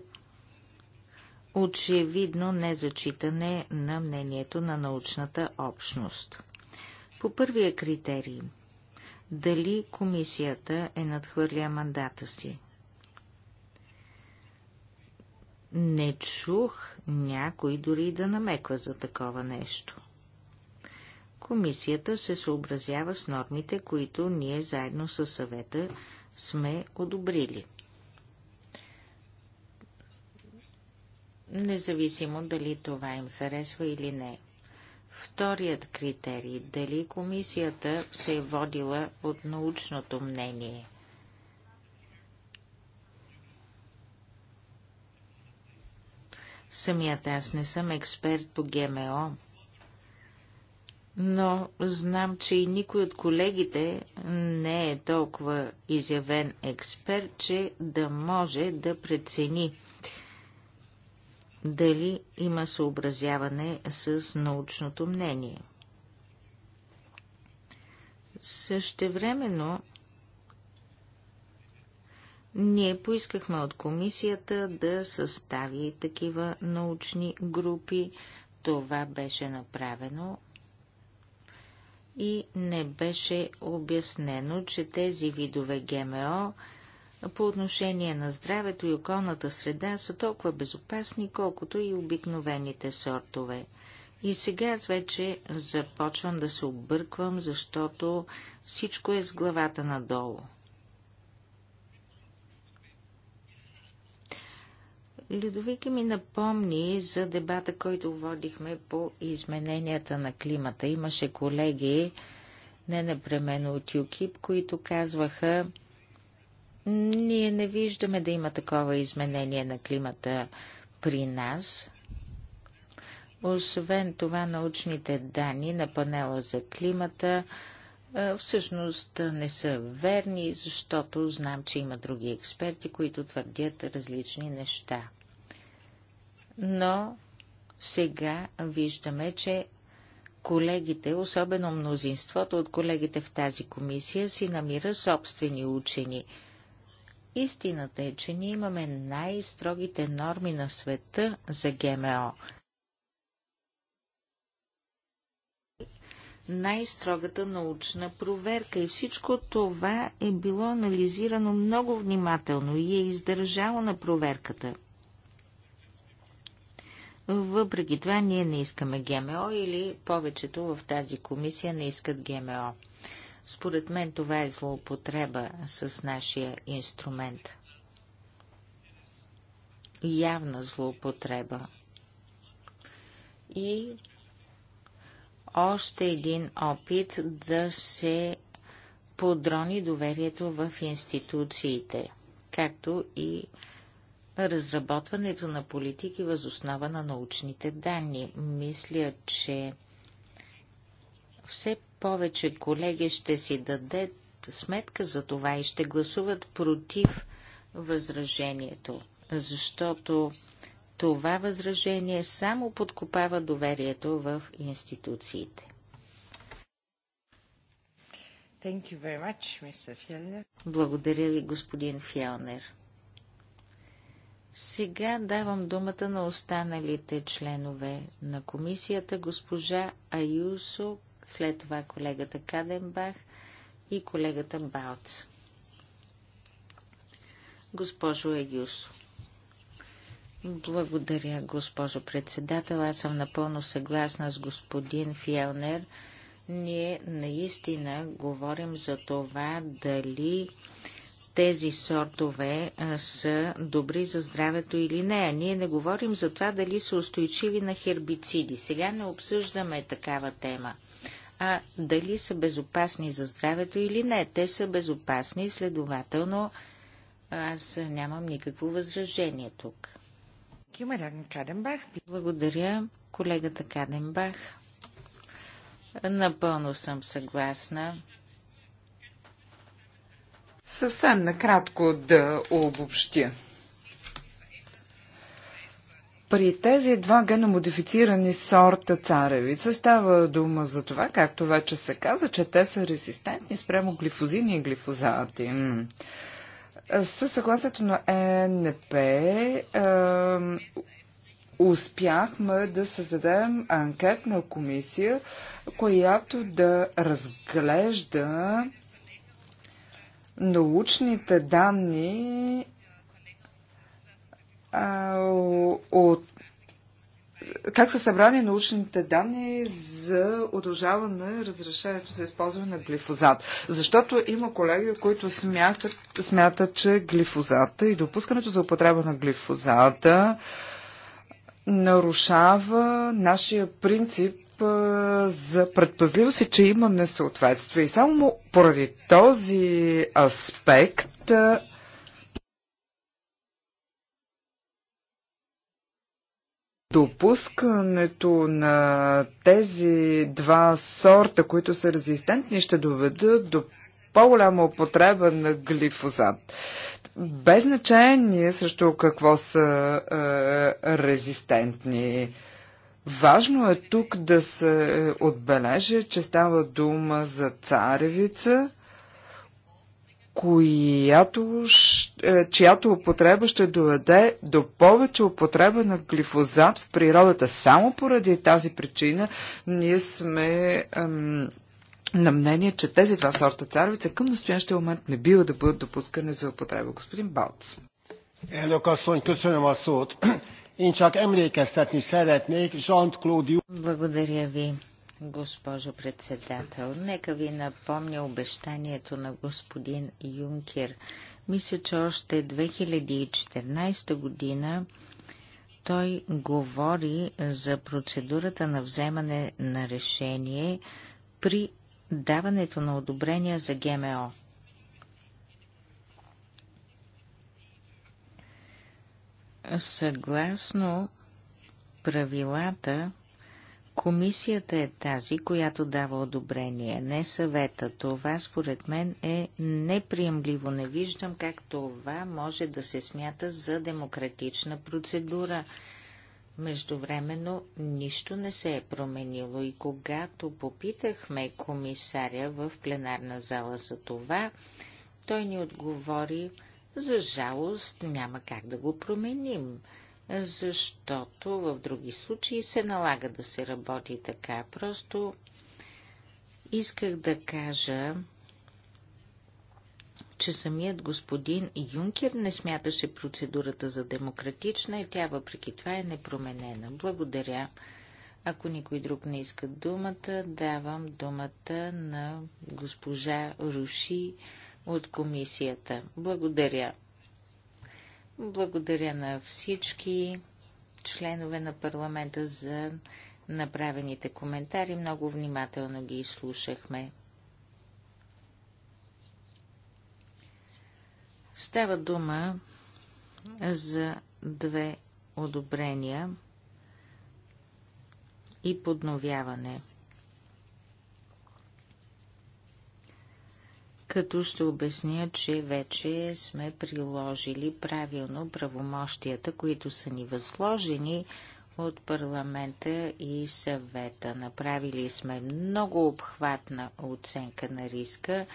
очевидно незачитане на мнението на научната общност. По първия критерий – дали комисията е надхвърля мандата си? Не чух някой дори да намеква за такова нещо. Комисията се съобразява с нормите, които ние заедно с съвета сме одобрили. Независимо дали това им харесва или не. Вторият критерий – дали комисията се е водила от научното мнение. Самият аз не съм експерт по ГМО, но знам, че и никой от колегите не е толкова изявен експерт, че да може да прецени дали има съобразяване с научното мнение. Същевременно ние поискахме от комисията да състави такива научни групи. Това беше направено и не беше обяснено, че тези видове ГМО по отношение на здравето и околната среда са толкова безопасни, колкото и обикновените сортове. И сега аз вече започвам да се обърквам, защото всичко е с главата надолу. Людовика ми напомни за дебата, който водихме по измененията на климата. Имаше колеги, не непременно от ЮКИП, които казваха, ние не виждаме да има такова изменение на климата при нас. Освен това, научните данни на панела за климата всъщност не са верни, защото знам, че има други експерти, които твърдят различни неща но сега виждаме, че колегите, особено мнозинството от колегите в тази комисия, си намира собствени учени. Истината е, че ние имаме най-строгите норми на света за ГМО. Най-строгата научна проверка и всичко това е било анализирано много внимателно и е издържало на проверката. Въпреки това ние не искаме ГМО или повечето в тази комисия не искат ГМО. Според мен това е злоупотреба с нашия инструмент. Явна злоупотреба. И още един опит да се подрони доверието в институциите, както и разработването на политики въз основа на научните данни. Мисля, че все повече колеги ще си дадат сметка за това и ще гласуват против възражението, защото това възражение само подкопава доверието в институциите. Thank you very much, Mr. Fjellner. Благодаря ви, господин Фялнер. Сега давам думата на останалите членове на комисията, госпожа Аюсо, след това колегата Каденбах и колегата Балц. Госпожо Аюсо. Благодаря, госпожо председател. Аз съм напълно съгласна с господин Фиелнер. Ние наистина говорим за това дали тези сортове са добри за здравето или не. А ние не говорим за това дали са устойчиви на хербициди. Сега не обсъждаме такава тема. А дали са безопасни за здравето или не. Те са безопасни, следователно аз нямам никакво възражение тук. Благодаря, колегата Каденбах. Напълно съм съгласна. Съвсем накратко да обобщя. При тези два геномодифицирани сорта царевица става дума за това, както вече се каза, че те са резистентни спрямо глифозини и глифозати. Със съгласието на ЕНП е, успяхме да създадем анкетна комисия, която да разглежда научните данни а, от как са събрани научните данни за удължаване разрешението за използване на глифозат? Защото има колеги, които смятат, смятат че глифозата и допускането за употреба на глифозата нарушава нашия принцип за предпазливост и че има несъответствие. И само поради този аспект Допускането на тези два сорта, които са резистентни, ще доведат до по-голяма употреба на глифозат. Без значение срещу какво са е, резистентни. Важно е тук да се отбележи, че става дума за царевица, която, е, чиято употреба ще доведе до повече употреба на глифозат в природата. Само поради тази причина ние сме ам, на мнение, че тези два сорта царевица към настоящия момент не бива да бъдат допускани за употреба. Господин Балц. Благодаря ви, госпожо председател. Нека ви напомня обещанието на господин Юнкер. Мисля, че още 2014 година той говори за процедурата на вземане на решение при даването на одобрения за ГМО. Съгласно правилата, комисията е тази, която дава одобрение, не съвета. Това според мен е неприемливо. Не виждам как това може да се смята за демократична процедура. Междувременно нищо не се е променило и когато попитахме комисаря в пленарна зала за това, той ни отговори, за жалост няма как да го променим, защото в други случаи се налага да се работи така. Просто исках да кажа, че самият господин Юнкер не смяташе процедурата за демократична и тя въпреки това е непроменена. Благодаря. Ако никой друг не иска думата, давам думата на госпожа Руши от комисията. Благодаря. Благодаря на всички членове на парламента за направените коментари. Много внимателно ги изслушахме. Става дума за две одобрения и подновяване – като ще обясня, че вече сме приложили правилно правомощията, които са ни възложени от парламента и съвета. Направили сме много обхватна оценка на риска.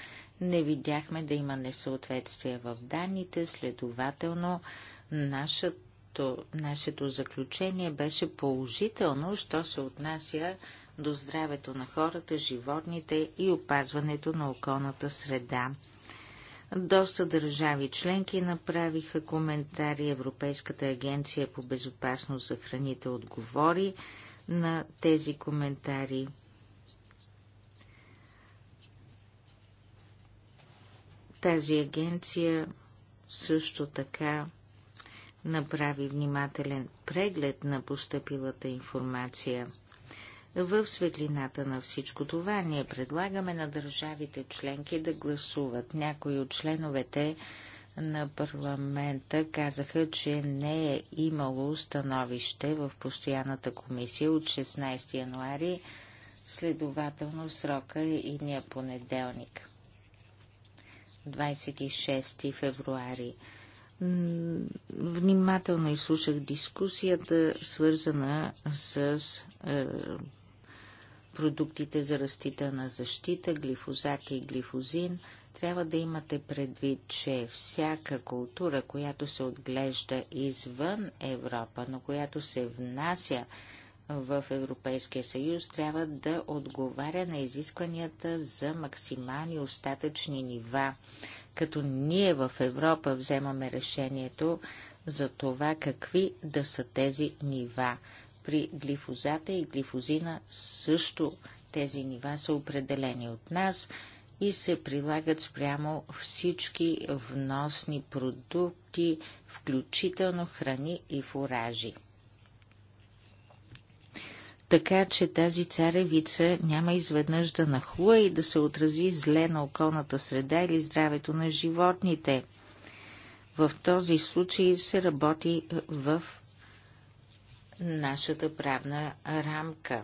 Не видяхме да има несъответствие в данните, следователно нашето, нашето заключение беше положително, що се отнася до здравето на хората, животните и опазването на околната среда. Доста държави членки направиха коментари. Европейската агенция по безопасност за храните отговори на тези коментари. Тази агенция също така направи внимателен преглед на поступилата информация – в светлината на всичко това ние предлагаме на държавите членки да гласуват. Някои от членовете на парламента казаха, че не е имало становище в постоянната комисия от 16 януари, следователно срока е ния понеделник, 26 февруари. Внимателно изслушах дискусията, свързана с е, продуктите за растителна защита, глифозат и глифозин, трябва да имате предвид, че всяка култура, която се отглежда извън Европа, но която се внася в Европейския съюз, трябва да отговаря на изискванията за максимални остатъчни нива. Като ние в Европа вземаме решението за това какви да са тези нива. При глифозата и глифозина също тези нива са определени от нас и се прилагат спрямо всички вносни продукти, включително храни и фуражи. Така че тази царевица няма изведнъж да нахлуе и да се отрази зле на околната среда или здравето на животните. В този случай се работи в нашата правна рамка.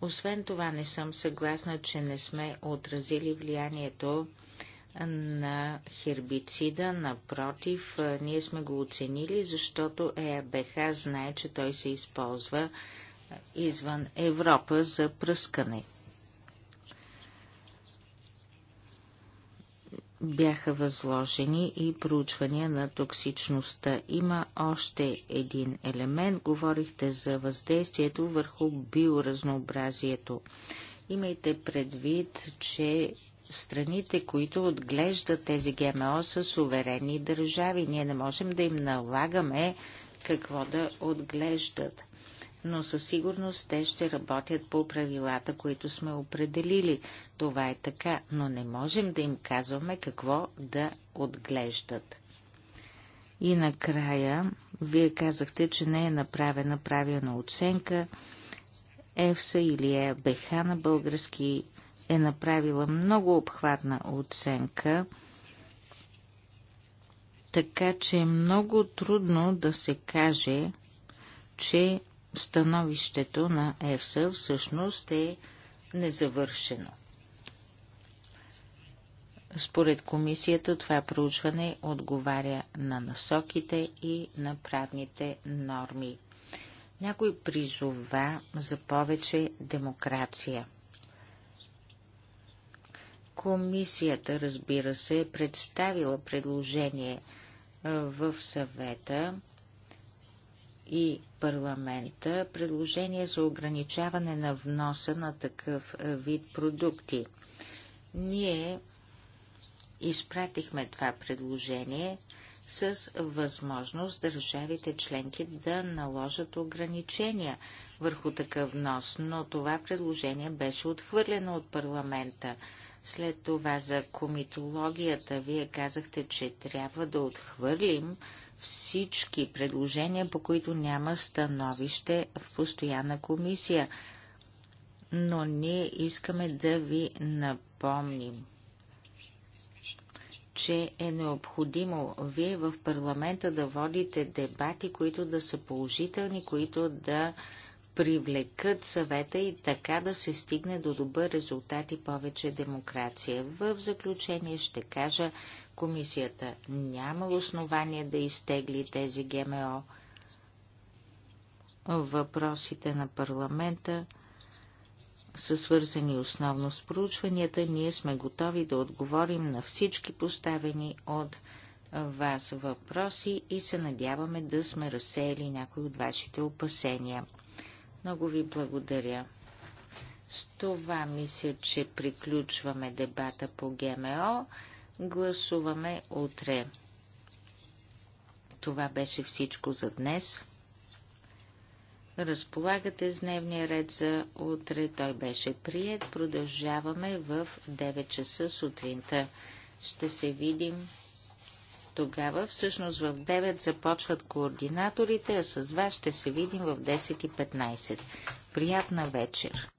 Освен това не съм съгласна, че не сме отразили влиянието на хербицида. Напротив, ние сме го оценили, защото ЕАБХ знае, че той се използва извън Европа за пръскане. бяха възложени и проучвания на токсичността. Има още един елемент. Говорихте за въздействието върху биоразнообразието. Имайте предвид, че страните, които отглеждат тези ГМО, са суверенни държави. Ние не можем да им налагаме какво да отглеждат но със сигурност те ще работят по правилата, които сме определили. Това е така, но не можем да им казваме какво да отглеждат. И накрая, вие казахте, че не е направена правилна оценка. ЕФСА или ЕБХ на български е направила много обхватна оценка, така че е много трудно да се каже, че становището на Евса всъщност е незавършено. Според комисията това проучване отговаря на насоките и на правните норми. Някой призова за повече демокрация. Комисията, разбира се, е представила предложение в съвета и парламента предложение за ограничаване на вноса на такъв вид продукти. Ние изпратихме това предложение с възможност държавите членки да наложат ограничения върху такъв нос, но това предложение беше отхвърлено от парламента. След това за комитологията вие казахте, че трябва да отхвърлим всички предложения, по които няма становище в постоянна комисия. Но ние искаме да ви напомним, че е необходимо вие в парламента да водите дебати, които да са положителни, които да привлекат съвета и така да се стигне до добър резултат и повече демокрация. В заключение ще кажа, Комисията няма основание да изтегли тези ГМО. Въпросите на парламента са свързани основно с проучванията. Ние сме готови да отговорим на всички поставени от вас въпроси и се надяваме да сме разсеяли някои от вашите опасения. Много ви благодаря. С това мисля, че приключваме дебата по ГМО. Гласуваме утре. Това беше всичко за днес. Разполагате с дневния ред за утре. Той беше прият. Продължаваме в 9 часа сутринта. Ще се видим тогава. Всъщност в 9 започват координаторите, а с вас ще се видим в 10.15. Приятна вечер!